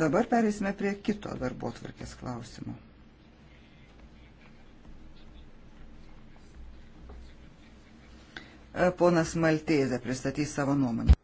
dabar perėsime prie kito darbo tvarkės klausimo. E, ponas Maltėzė pristatys savo nuomonę.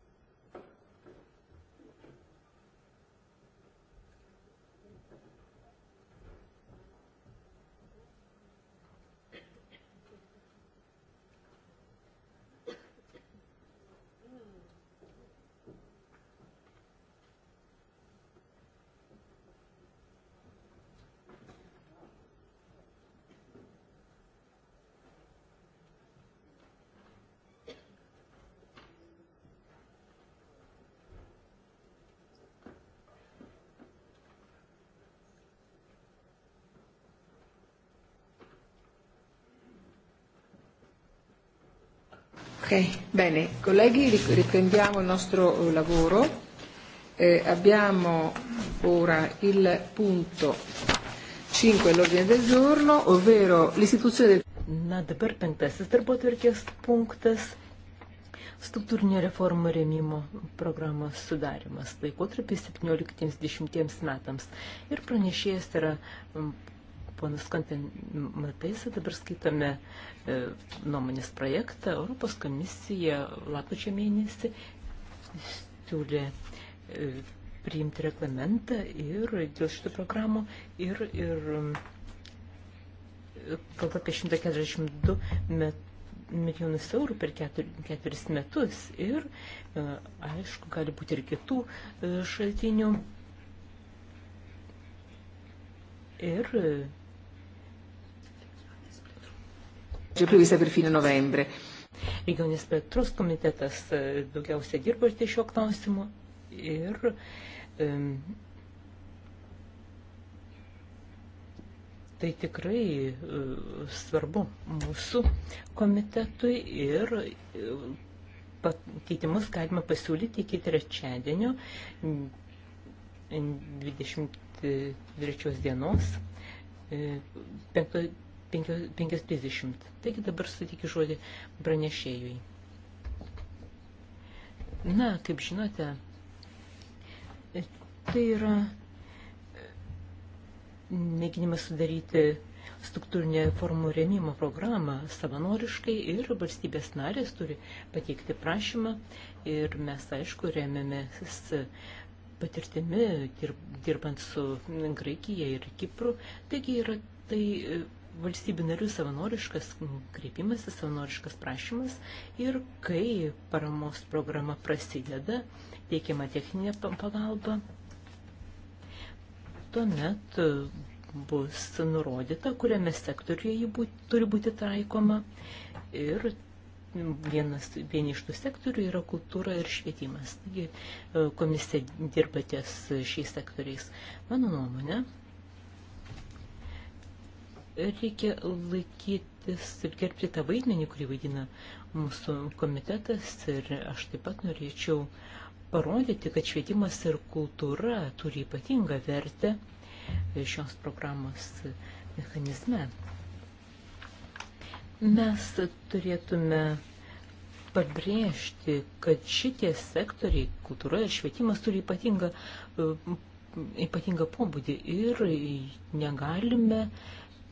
Ok, bene, colleghi, riprendiamo il nostro eh, lavoro. Eh, abbiamo ora il punto 5 all'ordine del giorno, ovvero l'istituzione del... Na, dabar penktasis darbotvarkės punktas – struktūrinio reformų rėmimo programos sudarimas laikotarpį 17-10 metams. Ir pranešėjas yra ponas Kontin Mataisa, dabar skaitome e, nuomonės projektą. Europos komisija lapkričio mėnesį siūlė e, priimti reglamentą ir dėl šitų programų ir, ir e, kalba apie 142 metų milijonus eurų per ketveris metus ir, e, aišku, gali būti ir kitų e, šaltinių. Ir prevista per fine novembre. Regionės plėtros komitetas e, daugiausia dirbo ties šiuo klausimu ir um, tai tikrai uh, svarbu mūsų komitetui ir uh, pakeitimus galima pasiūlyti iki trečiadienio 23 dienos. Uh, 5.30. Taigi dabar sutikiu žodį pranešėjui. Na, kaip žinote, tai yra mėginimas sudaryti struktūrinę formų rėmimo programą savanoriškai ir valstybės narės turi pateikti prašymą ir mes, aišku, remiamės patirtimi dirbant su Graikija ir Kipru. Taigi yra tai valstybių narių savanoriškas kreipimas, savanoriškas prašymas ir kai paramos programa prasideda, teikiama techninė pagalba, tuomet e, bus nurodyta, kuriame sektoriuje ji būt, turi būti taikoma ir vienas, vieni iš tų sektorių yra kultūra ir švietimas. Taigi e, komisija dirba ties šiais sektoriais. Mano nuomonė, reikia laikytis ir gerbti tą vaidmenį, kurį vaidina mūsų komitetas. Ir aš taip pat norėčiau parodyti, kad švietimas ir kultūra turi ypatingą vertę šios programos mechanizme. Mes turėtume pabrėžti, kad šitie sektoriai, kultūra ir švietimas turi ypatingą, ypatingą pobūdį ir negalime uh,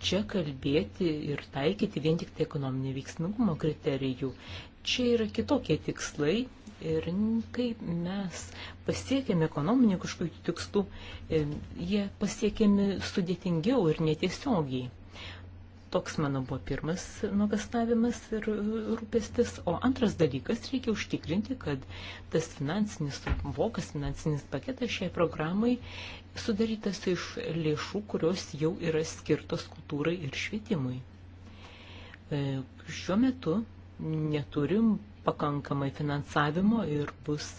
čia kalbėti ir taikyti vien tik tai ekonominio veiksmingumo kriterijų. Čia yra kitokie tikslai ir kaip mes pasiekėme ekonominių kažkokių tikslų, e, jie pasiekėme sudėtingiau ir netiesiogiai. Toks mano buvo pirmas nuogastavimas ir rūpestis. O antras dalykas, reikia užtikrinti, kad tas finansinis vokas, finansinis paketas šiai programai sudarytas iš lėšų, kurios jau yra skirtos kultūrai ir švietimui. E, šiuo metu neturim pakankamai finansavimo ir bus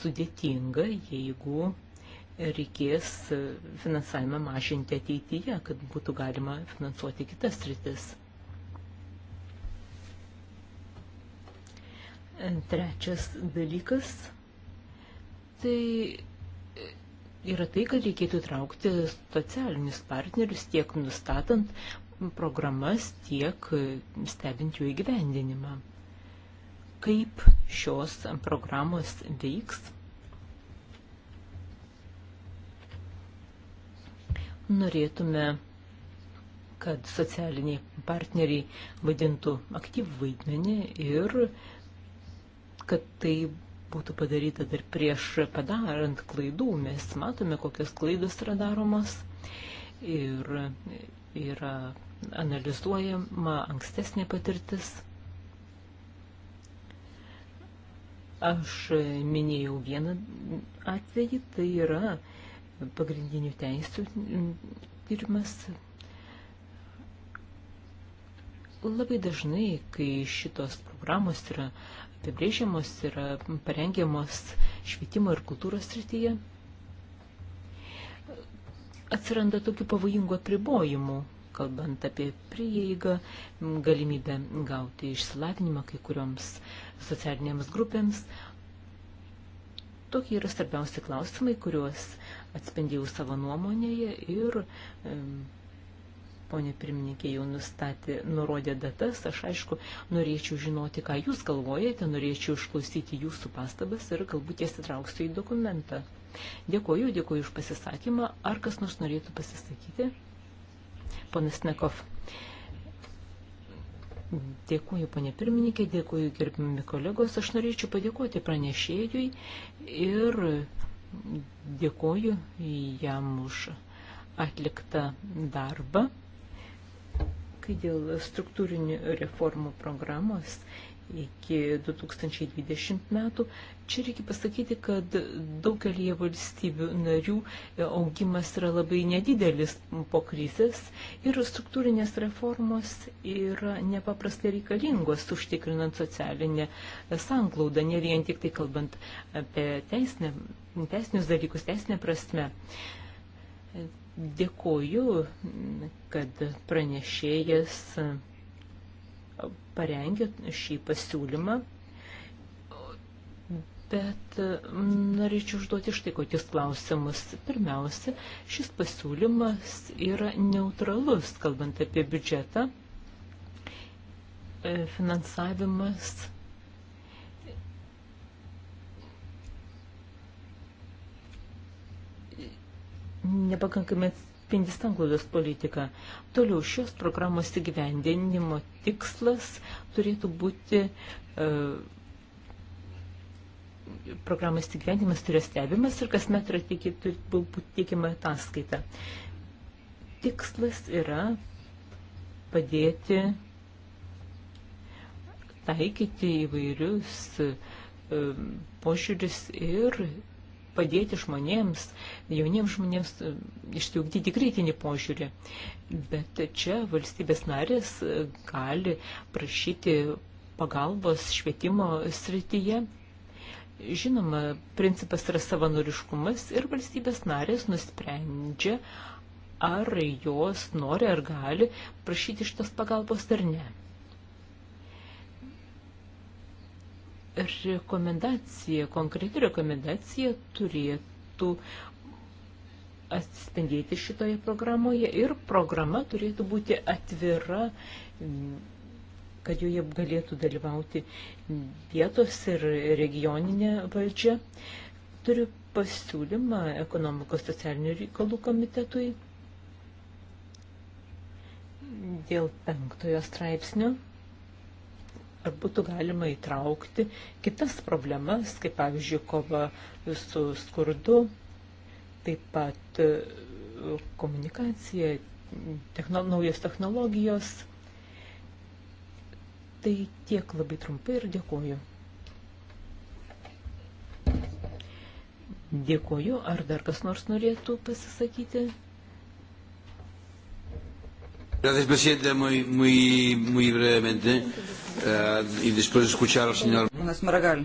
sudėtinga, jeigu reikės finansavimą mažinti ateityje, kad būtų galima finansuoti kitas rytis. Trečias dalykas tai yra tai, kad reikėtų traukti socialinius partnerius tiek nustatant programas, tiek stebint jų įgyvendinimą. Kaip šios programos veiks Norėtume, kad socialiniai partneriai vadintų aktyvų vaidmenį ir kad tai būtų padaryta dar prieš padarant klaidų. Mes matome, kokios klaidos yra daromos ir yra analizuojama ankstesnė patirtis. Aš minėjau vieną atvejį, tai yra pagrindinių teisų tyrimas. Labai dažnai, kai šitos programos yra apibrėžiamos, yra parengiamos švietimo ir kultūros srityje, atsiranda tokių pavojingų apribojimų, kalbant apie prieigą, galimybę gauti išsilavinimą kai kurioms socialinėms grupėms. Tokie yra svarbiausi klausimai, kuriuos atspindėjau savo nuomonėje ir ponė pirmininkė jau nustatė, nurodė datas, aš aišku norėčiau žinoti, ką jūs galvojate, norėčiau išklausyti jūsų pastabas ir galbūt jas įtrauksiu į dokumentą. Dėkoju, dėkoju už pasisakymą. Ar kas nors norėtų pasisakyti? Ponas Nekov. Dėkuoju, ponė pirmininkė, dėkuoju gerbimi kolegos. Aš norėčiau padėkoti pranešėjui ir dėkoju jam už atliktą darbą. Kai dėl struktūrinių reformų programos iki 2020 metų. Čia reikia pasakyti, kad daugelie valstybių narių e, augimas yra labai nedidelis po krizės ir struktūrinės reformos yra nepaprastai reikalingos užtikrinant socialinę e, sanglaudą, ne vien tik tai kalbant apie teisinę, teisinius dalykus, teisinę prasme. Dėkoju, kad pranešėjas parengė šį pasiūlymą, bet mm, norėčiau užduoti štai kokius klausimus. Pirmiausia, šis pasiūlymas yra neutralus, kalbant apie biudžetą, e, finansavimas. Nepakankamai atspindi sanglaudos politiką. Toliau šios programos įgyvendinimo tikslas turėtų būti e, programos įgyvendimas turės stebimas ir kasmet yra teikiama ataskaita. Tikslas yra padėti taikyti įvairius e, požiūris ir padėti žmonėms, jauniems žmonėms e, išsiugdyti kritinį požiūrį. Bet čia valstybės narės e, gali prašyti pagalbos švietimo srityje. Žinoma, principas yra savanoriškumas ir valstybės narės nusprendžia, ar jos nori ar gali prašyti šitos pagalbos ar ne. rekomendacija, konkreti rekomendacija turėtų atspindėti šitoje programoje ir programa turėtų būti atvira, kad joje galėtų dalyvauti vietos ir regioninė valdžia. Turiu pasiūlymą ekonomikos socialinių reikalų komitetui dėl penktojo straipsnio ar būtų galima įtraukti kitas problemas, kaip pavyzdžiui, kova su skurdu, taip pat e, komunikacija, techno, naujos technologijos. Tai tiek labai trumpai ir dėkuoju. Dėkuoju, ar dar kas nors norėtų pasisakyti? Gracias, presidente. Muy, muy, muy brevemente. Eh, y después de escuchar al señor. Maragal.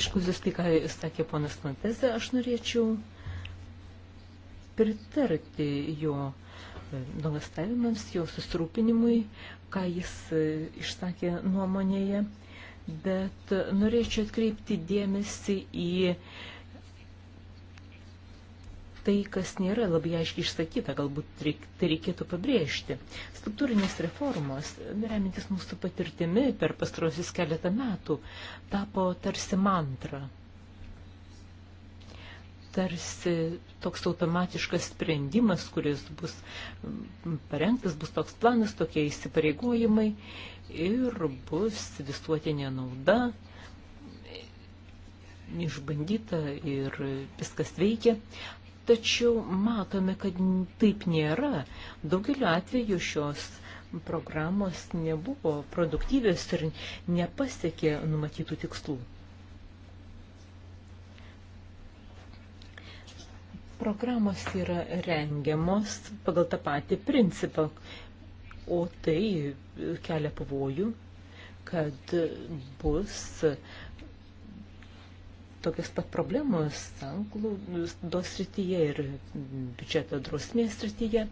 Išklausęs tai, ką sakė ponas Klantezė, aš norėčiau pritarti jo e, nuogastavimams, jo susirūpinimui, ką jis e, išsakė nuomonėje, bet norėčiau atkreipti dėmesį į e, tai, kas nėra labai aiškiai išsakyta, galbūt tai reikėtų pabrėžti. Struktūrinės reformos, remintis mūsų patirtimi per pastarosius keletą metų, tapo tarsi mantra. Tarsi toks automatiškas sprendimas, kuris bus parengtas, bus toks planas, tokie įsipareigojimai ir bus visuotinė nauda, išbandyta ir viskas veikia. Tačiau matome, kad taip nėra. Daugeliu atveju šios programos nebuvo produktyvės ir nepasiekė numatytų tikslų. Programos yra rengiamos pagal tą patį principą, o tai kelia pavojų, kad bus uh, tokios pat problemos sanklaudos srityje ir biudžeto drausmės srityje,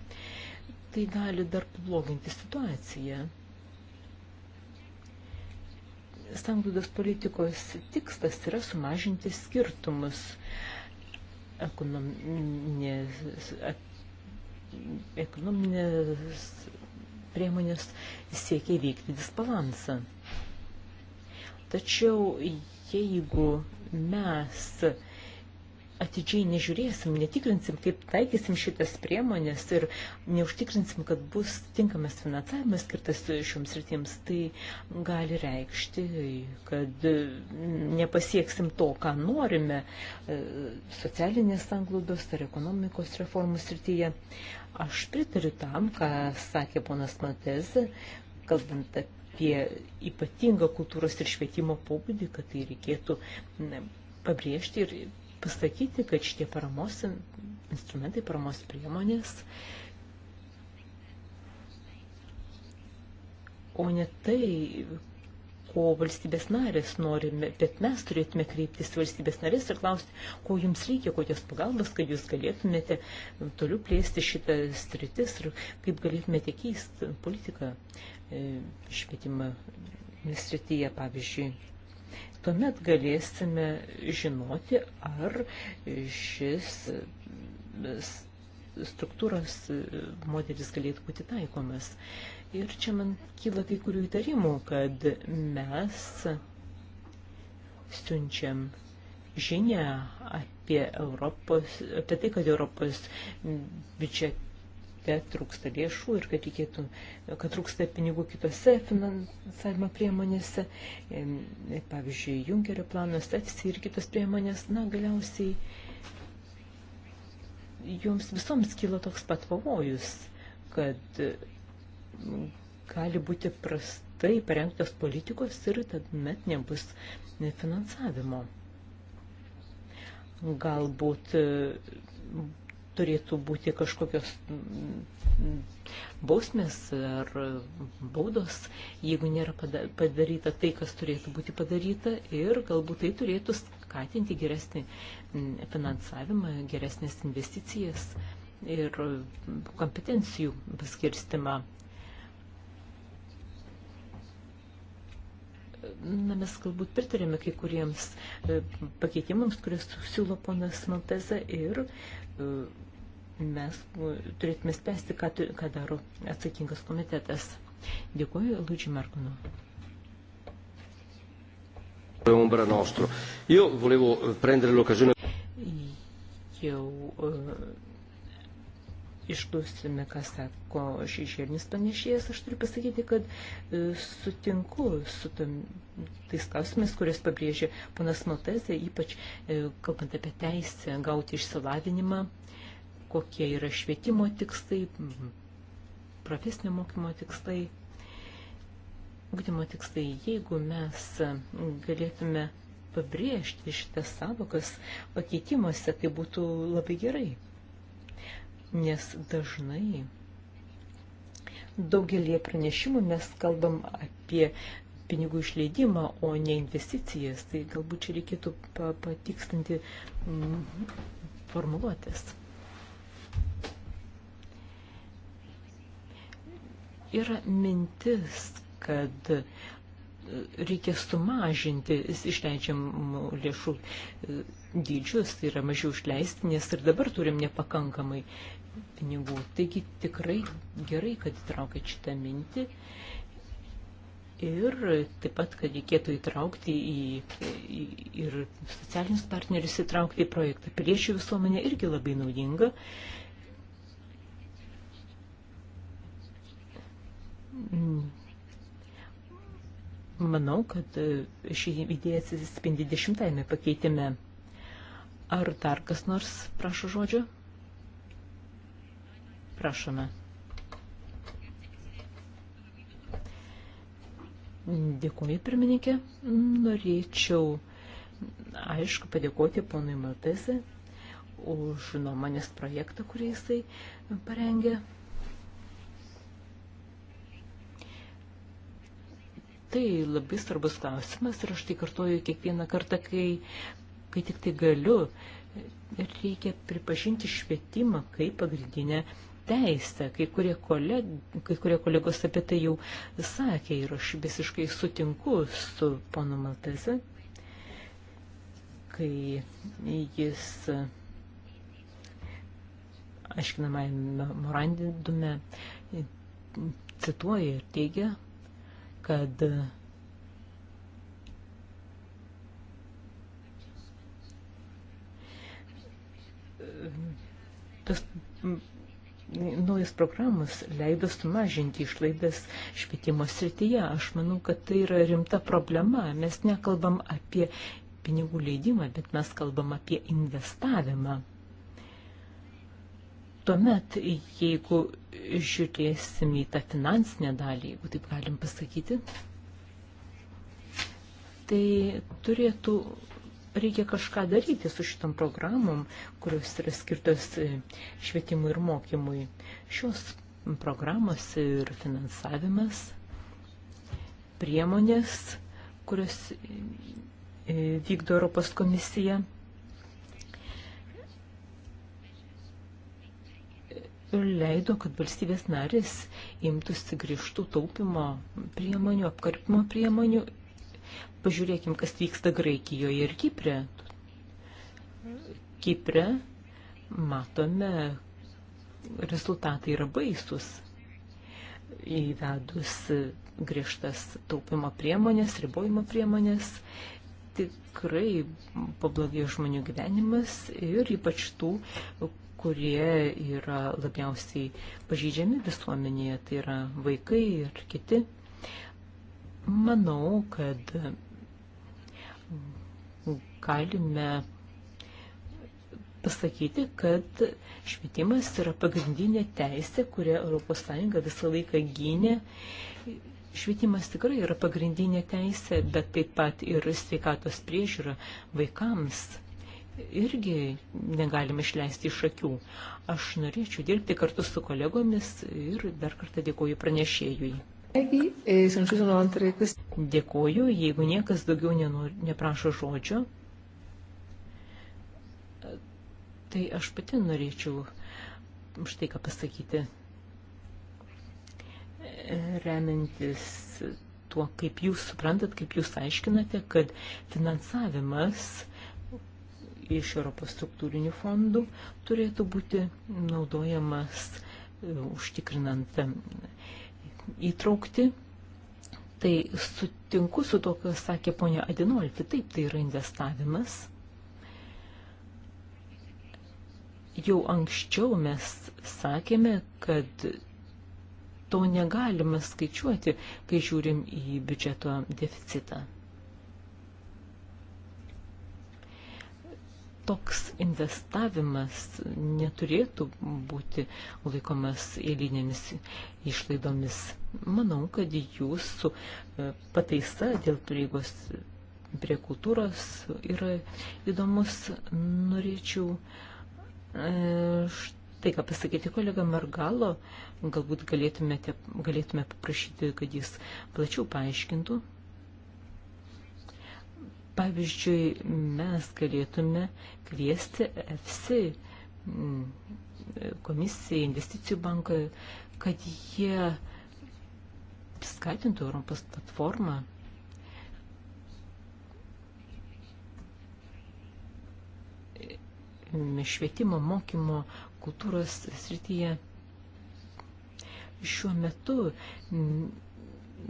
tai gali dar pabloginti situaciją. Sanklaudos politikos tikslas yra sumažinti skirtumus ekonominės, ekonominės priemonės siekia veikti disbalansą. Tačiau jeigu mes atidžiai nežiūrėsim, netikrinsim, kaip taikysim šitas priemonės ir neužtikrinsim, kad bus tinkamas finansavimas skirtas šioms rytims, tai gali reikšti, kad nepasieksim to, ką norime e, socialinės sanglaudos ar ekonomikos reformų srityje. Aš pritariu tam, ką sakė ponas Matezė, kalbant apie apie ypatingą kultūros ir švietimo pobūdį, kad tai reikėtų na, pabrėžti ir pasakyti, kad šitie paramos instrumentai, paramos priemonės, o ne tai, ko valstybės narės norime, bet mes turėtume kreiptis valstybės narės ir klausti, ko jums reikia, kokios pagalbos, kad jūs galėtumėte toliau plėsti šitą stritis ir kaip galėtumėte keisti politiką. E, švietimą srityje, pavyzdžiui. Tuomet galėsime žinoti, ar šis struktūros modelis galėtų būti taikomas. Ir čia man kyla kai kurių įtarimų, kad mes siunčiam žinę apie Europos, apie tai, kad Europos biudžet bet trūksta lėšų ir kad reikėtų, kad trūksta pinigų kitose finansavimo priemonėse, pavyzdžiui, Junkerio planas, EFSI ir kitos priemonės, na, galiausiai jums visoms kyla toks pat pavojus, kad gali būti prastai parengtos politikos ir tad net nebus finansavimo. Galbūt turėtų būti kažkokios mm, bausmės ar baudos, jeigu nėra padaryta tai, kas turėtų būti padaryta ir galbūt tai turėtų skatinti geresnį mm, finansavimą, geresnės investicijas ir kompetencijų paskirstimą. Na, mes galbūt pritarėme kai kuriems e, pakeitimams, kurias siūlo ponas Malteza ir e, mes turėtume spręsti, ką, ką daro atsakingas komitetas. Dėkuoju, Luigi Markonu. Ombra nostro. Io volevo eh, prendere l'occasione. Jau uh, išklausime, ką sako šešėlinis panešėjas, aš turiu pasakyti, kad eh, sutinku su tam, tais klausimais, kurias pabrėžė ponas Maltezė, ypač kalbant apie teisę gauti išsilavinimą kokie yra švietimo tikslai, profesinio mokymo tikslai, ugdymo tikslai. Jeigu mes galėtume pabrėžti šitas savokas pakeitimuose, tai būtų labai gerai. Nes dažnai daugelie pranešimų mes kalbam apie pinigų išleidimą, o ne investicijas. Tai galbūt čia reikėtų patikstinti formuluotės. yra mintis, kad e, reikia sumažinti išleidžiamų lėšų e, dydžius, tai yra mažiau išleisti, nes ir dabar turim nepakankamai pinigų. Taigi tikrai gerai, kad įtraukėt šitą mintį ir taip pat, kad reikėtų įtraukti į, į, ir socialinius partnerius įtraukti į projektą. Priešių visuomenė irgi labai naudinga. Uh, Manau, kad e, ši idėja atsispindi dešimtajame pakeitime. Ar dar kas nors prašo žodžio? Prašome. Dėkuoju, pirmininkė. Norėčiau, aišku, padėkoti ponui Maltese už nuomonės projektą, kurį jisai parengė. Tai labai svarbus klausimas ir aš tai kartuoju kiekvieną kartą, kai, kai tik tai galiu. Reikia pripažinti švietimą kaip pagrindinę teisę. Kai kurie, koleg, kai kurie kolegos apie tai jau sakė ir aš visiškai sutinku su ponu Maltese, kai jis aiškinamajame morandume cituoja ir teigia, kad tas naujas programas leido sumažinti išlaidas švietimo srityje. Aš manau, kad tai yra rimta problema. Mes nekalbam apie pinigų leidimą, bet mes kalbam apie investavimą. Tuomet, jeigu žiūrėsim į tą finansinę dalį, jeigu taip galim pasakyti, tai turėtų, reikia kažką daryti su šitom programom, kurios yra skirtos švietimui ir mokymui. Šios programos ir finansavimas, priemonės, kurios e, vykdo Europos komisija leido, kad valstybės narės imtųsi grįžtų taupimo priemonių, apkarpimo priemonių. Pažiūrėkim, kas vyksta Graikijoje ir Kiprė. Kiprė matome, rezultatai yra baisus. Įvedus griežtas taupimo priemonės, ribojimo priemonės, tikrai pablogėjo žmonių gyvenimas ir ypač tų, kurie yra labiausiai pažydžiami visuomenėje, tai yra vaikai ir kiti. Manau, kad galime pasakyti, kad švietimas yra pagrindinė teisė, kurią ES visą laiką gynė. Švietimas tikrai yra pagrindinė teisė, bet taip pat ir sveikatos priežiūra vaikams irgi negalime išleisti iš akių. Aš norėčiau dirbti kartu su kolegomis ir dar kartą dėkoju pranešėjui. E, dėkoju, jeigu niekas daugiau nenori, neprašo žodžio, tai aš pati norėčiau štai ką pasakyti. Remiantis tuo, kaip jūs suprantat, kaip jūs aiškinate, kad finansavimas iš Europos struktūrinių fondų turėtų būti naudojamas e, užtikrinant e, įtraukti. Tai sutinku su to, ką sakė ponia Adinolfi, taip, tai yra investavimas. Jau anksčiau mes sakėme, kad to negalima skaičiuoti, kai žiūrim į biudžeto deficitą. toks investavimas neturėtų būti laikomas eilinėmis išlaidomis. Manau, kad jūsų e, pataisa dėl prieigos prie kultūros yra įdomus. Norėčiau e, štai ką pasakyti kolega Margalo, galbūt galėtumėte, galėtume paprašyti, kad jis plačiau paaiškintų Pavyzdžiui, mes galėtume kviesti FC mm, komisiją, investicijų banką, kad jie skatintų Europos platformą švietimo, mokymo, kultūros srityje. Šiuo metu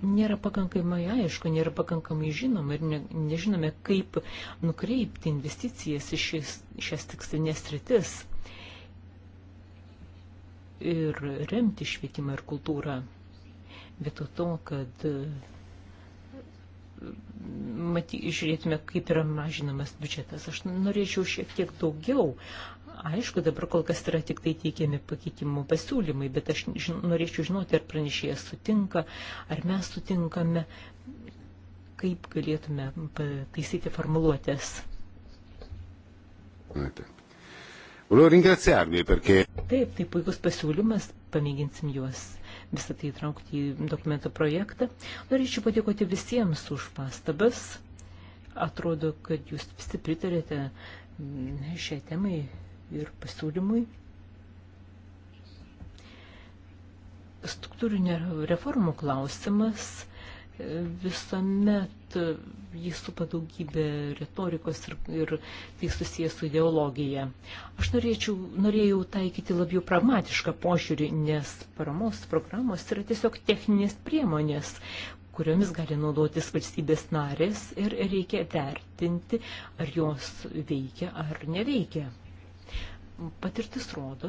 nėra pakankamai aišku, nėra pakankamai žinoma ir ne, nežinome, kaip nukreipti investicijas į šis, šias tikslinės rytis ir remti švietimą ir kultūrą. Vieto to, kad maty, žiūrėtume, kaip yra mažinamas biudžetas. Aš norėčiau šiek tiek daugiau Aišku, dabar kol kas yra tik tai teikiami pakeitimų pasiūlymai, bet aš žin, norėčiau žinoti, ar pranešėjas sutinka, ar mes sutinkame, kaip galėtume taisyti formuluotės. Taip, tai puikus pasiūlymas, pamėginsim juos visą tai įtraukti į dokumento projektą. Norėčiau padėkoti visiems už pastabas. Atrodo, kad jūs visi pritarėte šiai temai ir pasiūlymui. Struktūrinė reformų klausimas e, visuomet jis supa daugybę retorikos ir, ir tai susijęs su ideologija. Aš norėčiau, norėjau taikyti labiau pragmatišką požiūrį, nes paramos programos yra tiesiog techninės priemonės, kuriomis gali naudotis valstybės narės ir reikia vertinti, ar jos veikia ar neveikia. Patirtis rodo,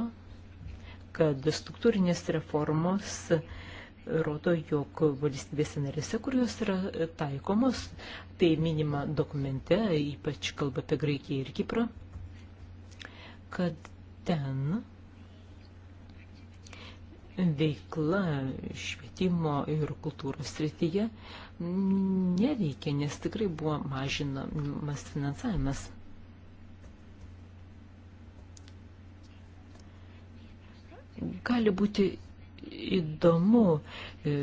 kad struktūrinės reformos rodo, jog valstybės narėse, kurios yra taikomos, tai minima dokumente, ypač kalba apie Graikiją ir Kiprą, kad ten veikla švietimo ir kultūros srityje neveikia, nes tikrai buvo mažinamas finansavimas. gali būti įdomu, e,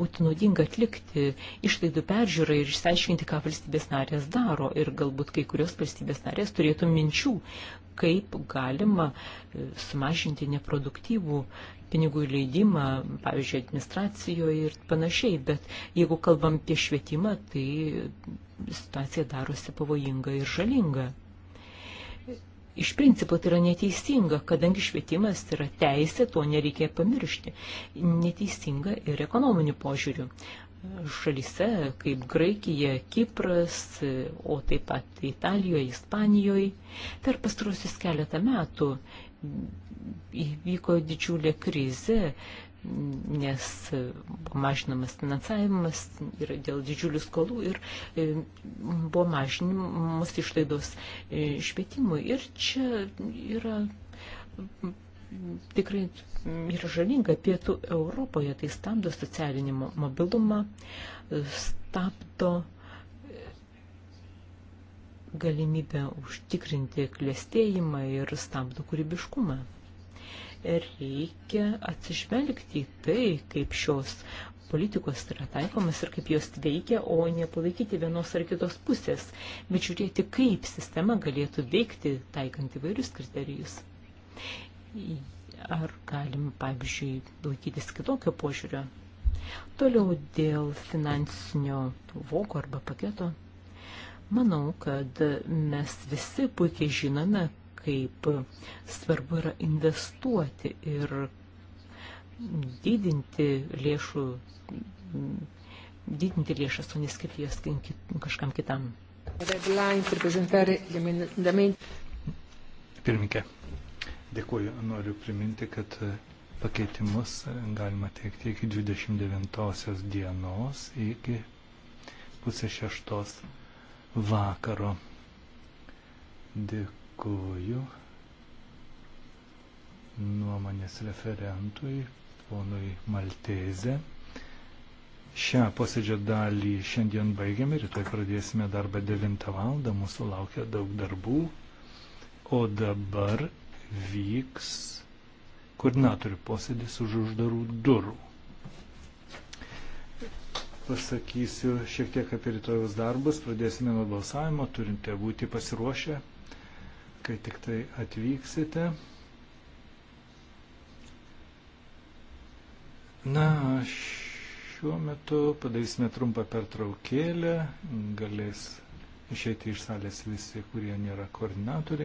būti naudinga atlikti išlaidų peržiūrą ir išsiaiškinti, ką valstybės narės daro. Ir galbūt kai kurios valstybės narės turėtų minčių, kaip galima e, sumažinti neproduktyvų pinigų leidimą, pavyzdžiui, administracijoje ir panašiai. Bet jeigu kalbam apie švietimą, tai situacija darosi pavojinga ir žalinga. Iš principo tai yra neteisinga, kadangi švietimas yra teisė, to nereikia pamiršti. Neteisinga ir ekonominiu požiūriu. Šalise kaip Graikija, Kipras, o taip pat Italijoje, Ispanijoje, per pastarusius keletą metų įvyko didžiulė krizė nes buvo mažinamas finansavimas ir dėl didžiulių skolų ir e, buvo mažinimas išlaidos e, švietimui. Ir čia yra tikrai yra žalinga pietų Europoje, tai stabdo socialinį mobilumą, stabdo e, galimybę užtikrinti klėstėjimą ir stabdo kūrybiškumą reikia atsižvelgti į tai, kaip šios politikos yra taikomas ir kaip jos veikia, o ne palaikyti vienos ar kitos pusės, bet žiūrėti, kaip sistema galėtų veikti, taikant įvairius kriterijus. Ar galim, pavyzdžiui, laikytis kitokio požiūrio? Toliau dėl finansinio voko arba paketo. Manau, kad mes visi puikiai žinome, kaip svarbu yra investuoti ir didinti lėšų, didinti lėšas, o neskirti jas kažkam kitam. Pirminkė, dėkuoju, noriu priminti, kad e, pakeitimus e, galima teikti iki 29 dienos, iki pusės šeštos vakaro. Dėkui dėkoju nuomonės referentui, ponui Malteze. Šią posėdžio dalį šiandien baigiame, rytoj pradėsime darbą 9 val. Mūsų laukia daug darbų. O dabar vyks koordinatorių posėdis už uždarų durų. Pasakysiu šiek tiek apie rytojus darbus. Pradėsime nuo balsavimo, turite būti pasiruošę kai tik tai atvyksite. Na, šiuo metu padarysime trumpą pertraukėlę, galės išeiti iš salės visi, kurie nėra koordinatoriai.